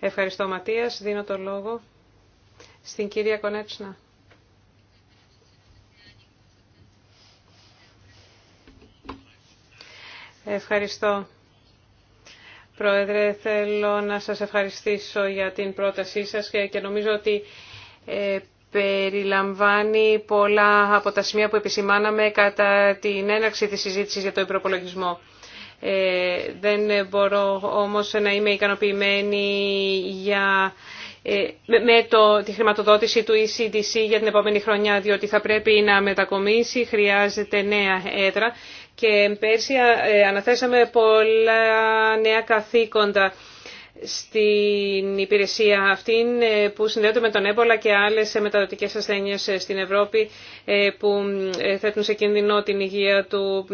Ευχαριστώ Ματίας. Δίνω το λόγο στην κυρία Κονέτσνα. Ευχαριστώ. Πρόεδρε, θέλω να σας ευχαριστήσω για την πρότασή σας και νομίζω ότι ε, περιλαμβάνει πολλά από τα σημεία που επισημάναμε κατά την έναρξη της συζήτησης για το υπροπολογισμό. Ε, δεν μπορώ όμως να είμαι ικανοποιημένη για ε, με το, τη χρηματοδότηση του ECDC για την επόμενη χρονιά, διότι θα πρέπει να μετακομίσει, χρειάζεται νέα έδρα και πέρσι ε, αναθέσαμε πολλά νέα καθήκοντα στην υπηρεσία αυτή ε, που συνδέονται με τον έμπολα και άλλες μεταδοτικές ασθένειες ε, στην Ευρώπη που θέτουν σε κίνδυνο την υγεία του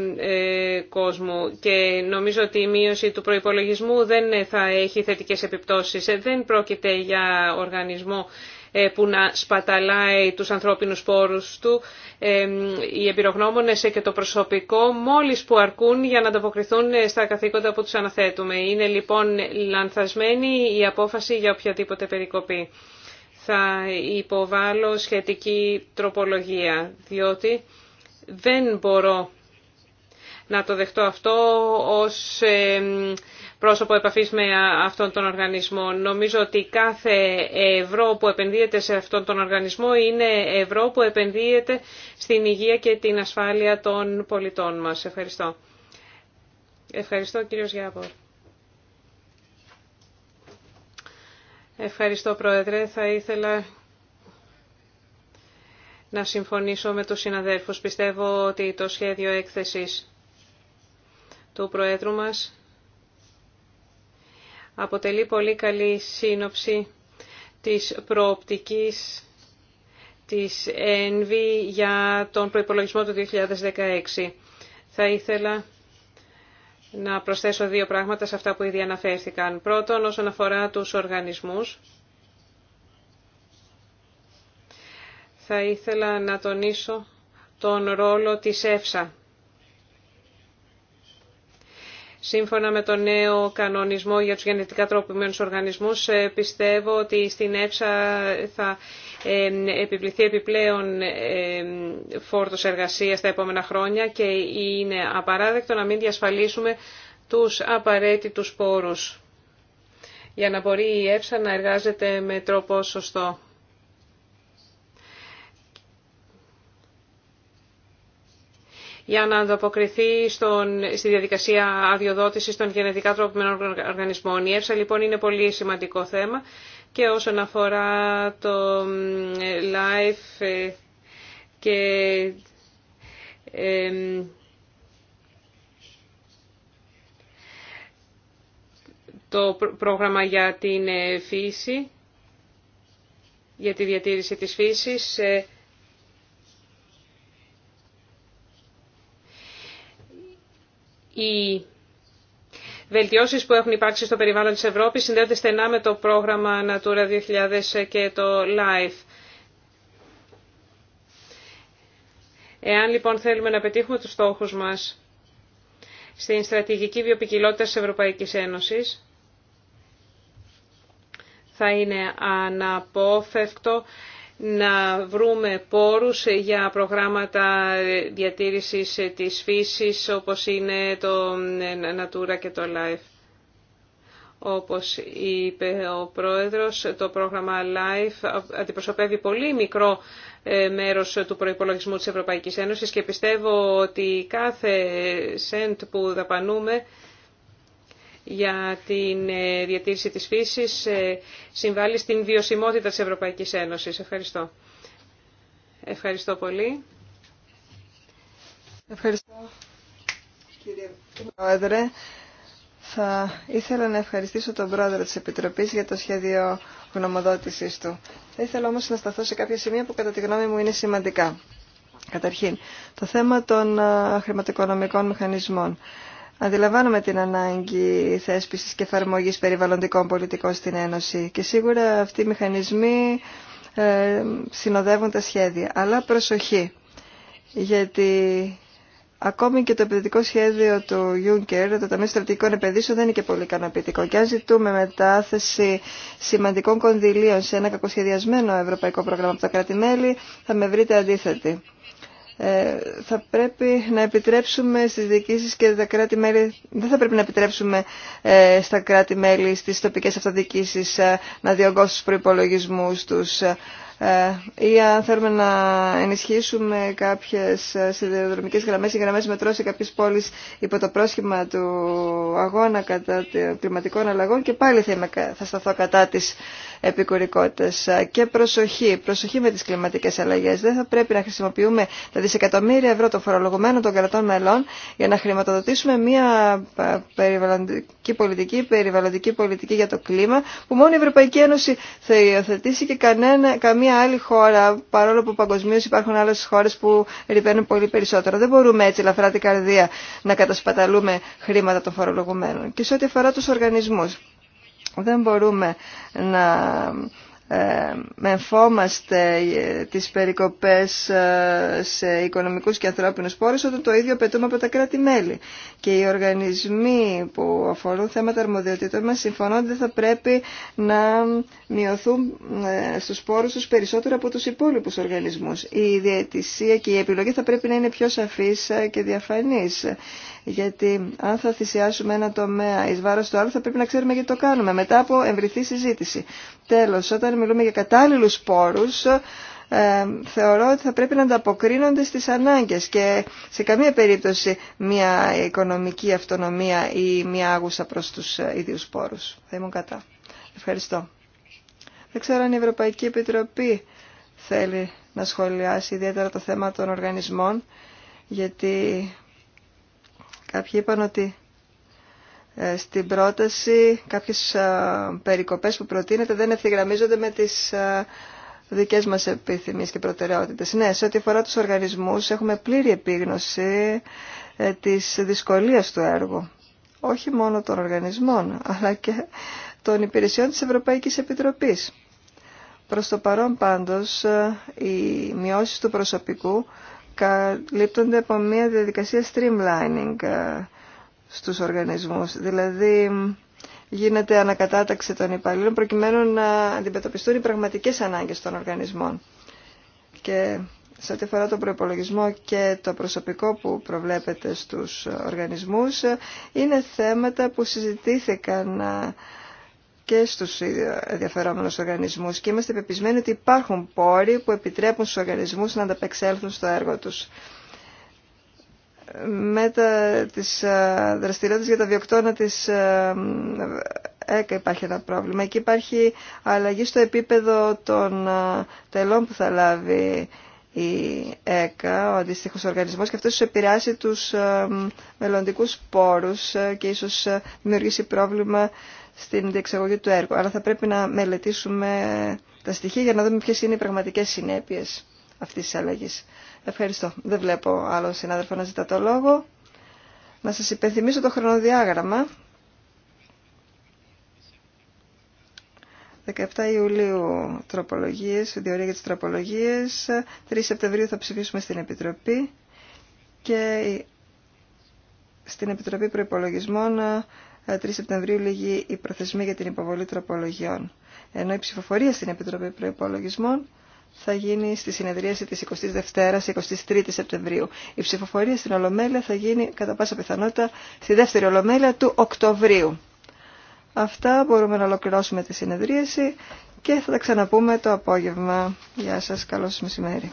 κόσμου. Και νομίζω ότι η μείωση του προϋπολογισμού δεν θα έχει θετικές επιπτώσεις. Δεν πρόκειται για οργανισμό ε, που να σπαταλάει τους ανθρώπινους πόρους του. Ε, οι εμπειρογνώμονες και το προσωπικό μόλις που αρκούν για να ανταποκριθούν ε, στα καθήκοντα που τους αναθέτουμε. Είναι λοιπόν λανθασμένη η απόφαση για οποιαδήποτε περικοπή. Θα υποβάλω σχετική τροπολογία, διότι δεν μπορώ να το δεχτώ αυτό ως πρόσωπο επαφής με αυτόν τον οργανισμό. Νομίζω ότι κάθε ευρώ που επενδύεται σε αυτόν τον οργανισμό είναι ευρώ που επενδύεται στην υγεία και την ασφάλεια των πολιτών μας. Ευχαριστώ. Ευχαριστώ κύριος Γιάβορ. Ευχαριστώ Πρόεδρε. Θα ήθελα να συμφωνήσω με τους συναδέλφους. Πιστεύω ότι το σχέδιο έκθεσης του Προέδρου μας αποτελεί πολύ καλή σύνοψη της προοπτικής της ΕΝΒΗ για τον προϋπολογισμό του 2016. Θα ήθελα να προσθέσω δύο πράγματα σε αυτά που ήδη αναφέρθηκαν. Πρώτον, όσον αφορά τους οργανισμούς, θα ήθελα να τονίσω τον ρόλο της ΕΦΣΑ. Σύμφωνα με τον νέο κανονισμό για τους γενετικά τροποποιημένους οργανισμούς, ε, πιστεύω ότι στην ΕΦΣΑ θα ε, επιβληθεί επιπλέον ε, φόρτος εργασίας τα επόμενα χρόνια και είναι απαράδεκτο να μην διασφαλίσουμε τους απαραίτητους πόρους για να μπορεί η ΕΦΣΑ να εργάζεται με τρόπο σωστό. για να ανταποκριθεί στον, στη διαδικασία αδειοδότηση των γενετικά τροποποιημένων οργανισμών. Η ΕΦΣΑ λοιπόν είναι πολύ σημαντικό θέμα και όσον αφορά το LIFE ε, και ε, το πρόγραμμα για την ε, φύση, για τη διατήρηση της φύσης. Οι βελτιώσεις που έχουν υπάρξει στο περιβάλλον της Ευρώπης συνδέονται στενά με το πρόγραμμα Natura 2000 και το LIFE. Εάν λοιπόν θέλουμε να πετύχουμε τους στόχους μας στην στρατηγική βιοπικιλότητα της Ευρωπαϊκής Ένωσης, θα είναι αναπόφευκτο να βρούμε πόρους για προγράμματα διατήρησης της φύσης όπως είναι το Natura και το Life. Όπως είπε ο Πρόεδρος, το πρόγραμμα LIFE αντιπροσωπεύει πολύ μικρό ε, μέρος του προϋπολογισμού της Ευρωπαϊκής Ένωσης και πιστεύω ότι κάθε σέντ που δαπανούμε για την ε, διατήρηση της φύσης ε, συμβάλλει στην βιωσιμότητα της Ευρωπαϊκής Ένωσης. Ευχαριστώ. Ευχαριστώ πολύ. Ευχαριστώ κύριε Πρόεδρε. Θα ήθελα να ευχαριστήσω τον πρόεδρο της Επιτροπής για το σχέδιο γνωμοδότησής του. Θα ήθελα όμως να σταθώ σε κάποια σημεία που κατά τη γνώμη μου είναι σημαντικά. Καταρχήν, το θέμα των ε, χρηματοοικονομικών μηχανισμών. Αντιλαμβάνομαι την ανάγκη θέσπιση και εφαρμογή περιβαλλοντικών πολιτικών στην Ένωση και σίγουρα αυτοί οι μηχανισμοί ε, συνοδεύουν τα σχέδια. Αλλά προσοχή, γιατί ακόμη και το επενδυτικό σχέδιο του Juncker, το Ταμείο Στρατηγικών Επενδύσεων, δεν είναι και πολύ ικανοποιητικό. Και αν ζητούμε μετάθεση σημαντικών κονδυλίων σε ένα κακοσχεδιασμένο ευρωπαϊκό πρόγραμμα από τα κράτη-μέλη, θα με βρείτε αντίθετη. Ε, θα πρέπει να επιτρέψουμε στις διοικήσεις και τα κράτη-μέλη, δεν θα πρέπει να επιτρέψουμε ε, στα κράτη-μέλη, στις τοπικές αυτοδιοίκησεις ε, να διωγγώσουν τους προϋπολογισμούς τους ε, ή αν θέλουμε να ενισχύσουμε κάποιες ε, σιδηροδρομικές γραμμές ή γραμμές μετρό σε κάποιες πόλεις υπό το πρόσχημα του αγώνα κατά των κλιματικών αλλαγών και πάλι θα, θα σταθώ κατά της επικουρικότητας. Ε, και προσοχή, προσοχή με τις κλιματικές αλλαγές. Δεν θα πρέπει να χρησιμοποιούμε τα δισεκατομμύρια ευρώ των φορολογουμένων των κρατών μελών για να χρηματοδοτήσουμε μια περιβαλλοντική πολιτική, περιβαλλοντική πολιτική για το κλίμα που μόνο η Ευρωπαϊκή Ένωση θα υιοθετήσει και κανένα, καμία μια άλλη χώρα, παρόλο που παγκοσμίω υπάρχουν άλλε χώρε που ρηπαίνουν πολύ περισσότερο. Δεν μπορούμε έτσι ελαφρά την καρδία να κατασπαταλούμε χρήματα των φορολογουμένων. Και σε ό,τι αφορά του οργανισμού. Δεν μπορούμε να ε, με εμφόμαστε ε, τις περικοπές ε, σε οικονομικούς και ανθρώπινους πόρους όταν το ίδιο πετούμε από τα κράτη-μέλη. Και οι οργανισμοί που αφορούν θέματα αρμοδιοτήτων μας συμφωνούν ότι θα πρέπει να μειωθούν στους πόρους τους περισσότερο από τους υπόλοιπους οργανισμούς. Η διαιτησία και η επιλογή θα πρέπει να είναι πιο σαφής και διαφανής. Γιατί αν θα θυσιάσουμε ένα τομέα εις βάρος του άλλου θα πρέπει να ξέρουμε γιατί το κάνουμε μετά από εμβριθή συζήτηση. Τέλος, όταν μιλούμε για κατάλληλους πόρους ε, θεωρώ ότι θα πρέπει να ανταποκρίνονται στις ανάγκες και σε καμία περίπτωση μια οικονομική αυτονομία ή μια άγουσα προς τους ε, ίδιους πόρους. Θα ήμουν κατά. Ευχαριστώ. Δεν ξέρω αν η Ευρωπαϊκή Επιτροπή θέλει να σχολιάσει ιδιαίτερα το θέμα των οργανισμών, γιατί Κάποιοι είπαν ότι ε, στην πρόταση κάποιες ε, περικοπές που προτείνεται δεν ευθυγραμμίζονται με τις ε, δικές μας επιθυμίες και προτεραιότητες. Ναι, σε ό,τι αφορά τους οργανισμούς έχουμε πλήρη επίγνωση της δυσκολίας του έργου. Όχι μόνο των οργανισμών, αλλά και των υπηρεσιών της Ευρωπαϊκής Επιτροπής. Προς το παρόν πάντως, οι μειώσεις του προσωπικού καλύπτονται από μια διαδικασία streamlining ε, στους οργανισμούς. Δηλαδή γίνεται ανακατάταξη των υπαλλήλων προκειμένου να αντιμετωπιστούν οι πραγματικές ανάγκες των οργανισμών. Και σε ό,τι αφορά τον προπολογισμό και το προσωπικό που προβλέπεται στους οργανισμούς, είναι θέματα που συζητήθηκαν ε, και στους ενδιαφερόμενους οργανισμούς και είμαστε πεπισμένοι ότι υπάρχουν πόροι που επιτρέπουν στους οργανισμούς να ανταπεξέλθουν στο έργο τους. Μετά τι ε, δραστηριότητε για τα βιοκτώνα της ε, ε, ΕΚΑ υπάρχει ένα πρόβλημα. Εκεί υπάρχει αλλαγή στο επίπεδο των τελών που θα λάβει η ΕΚΑ, ο αντίστοιχο οργανισμός και αυτό ίσως επηρεάσει τους μελλοντικούς πόρους και ίσως δημιουργήσει πρόβλημα στην διεξαγωγή του έργου. Αλλά θα πρέπει να μελετήσουμε τα στοιχεία για να δούμε ποιες είναι οι πραγματικές συνέπειες αυτής της αλλαγής. Ευχαριστώ. Δεν βλέπω άλλον συνάδελφο να ζητά το λόγο. Να σας υπενθυμίσω το χρονοδιάγραμμα. 17 Ιουλίου τροπολογίες, διορία για τις τροπολογίες. 3 Σεπτεμβρίου θα ψηφίσουμε στην Επιτροπή και στην Επιτροπή Προϋπολογισμών 3 ε, Σεπτεμβρίου λήγει η προθεσμία για την υποβολή τροπολογιών. Ενώ η ψηφοφορία στην Επιτροπή Προϋπολογισμών θα γίνει στη συνεδρίαση της 22ης-23ης Σεπτεμβρίου. Η ψηφοφορία στην Ολομέλεια θα γίνει κατά πάσα πιθανότητα στη δεύτερη Ολομέλεια του Οκτωβρίου. Αυτά μπορούμε να ολοκληρώσουμε τη συνεδρίαση και θα τα ξαναπούμε το απόγευμα. Γεια σας, καλώς μεσημέρι.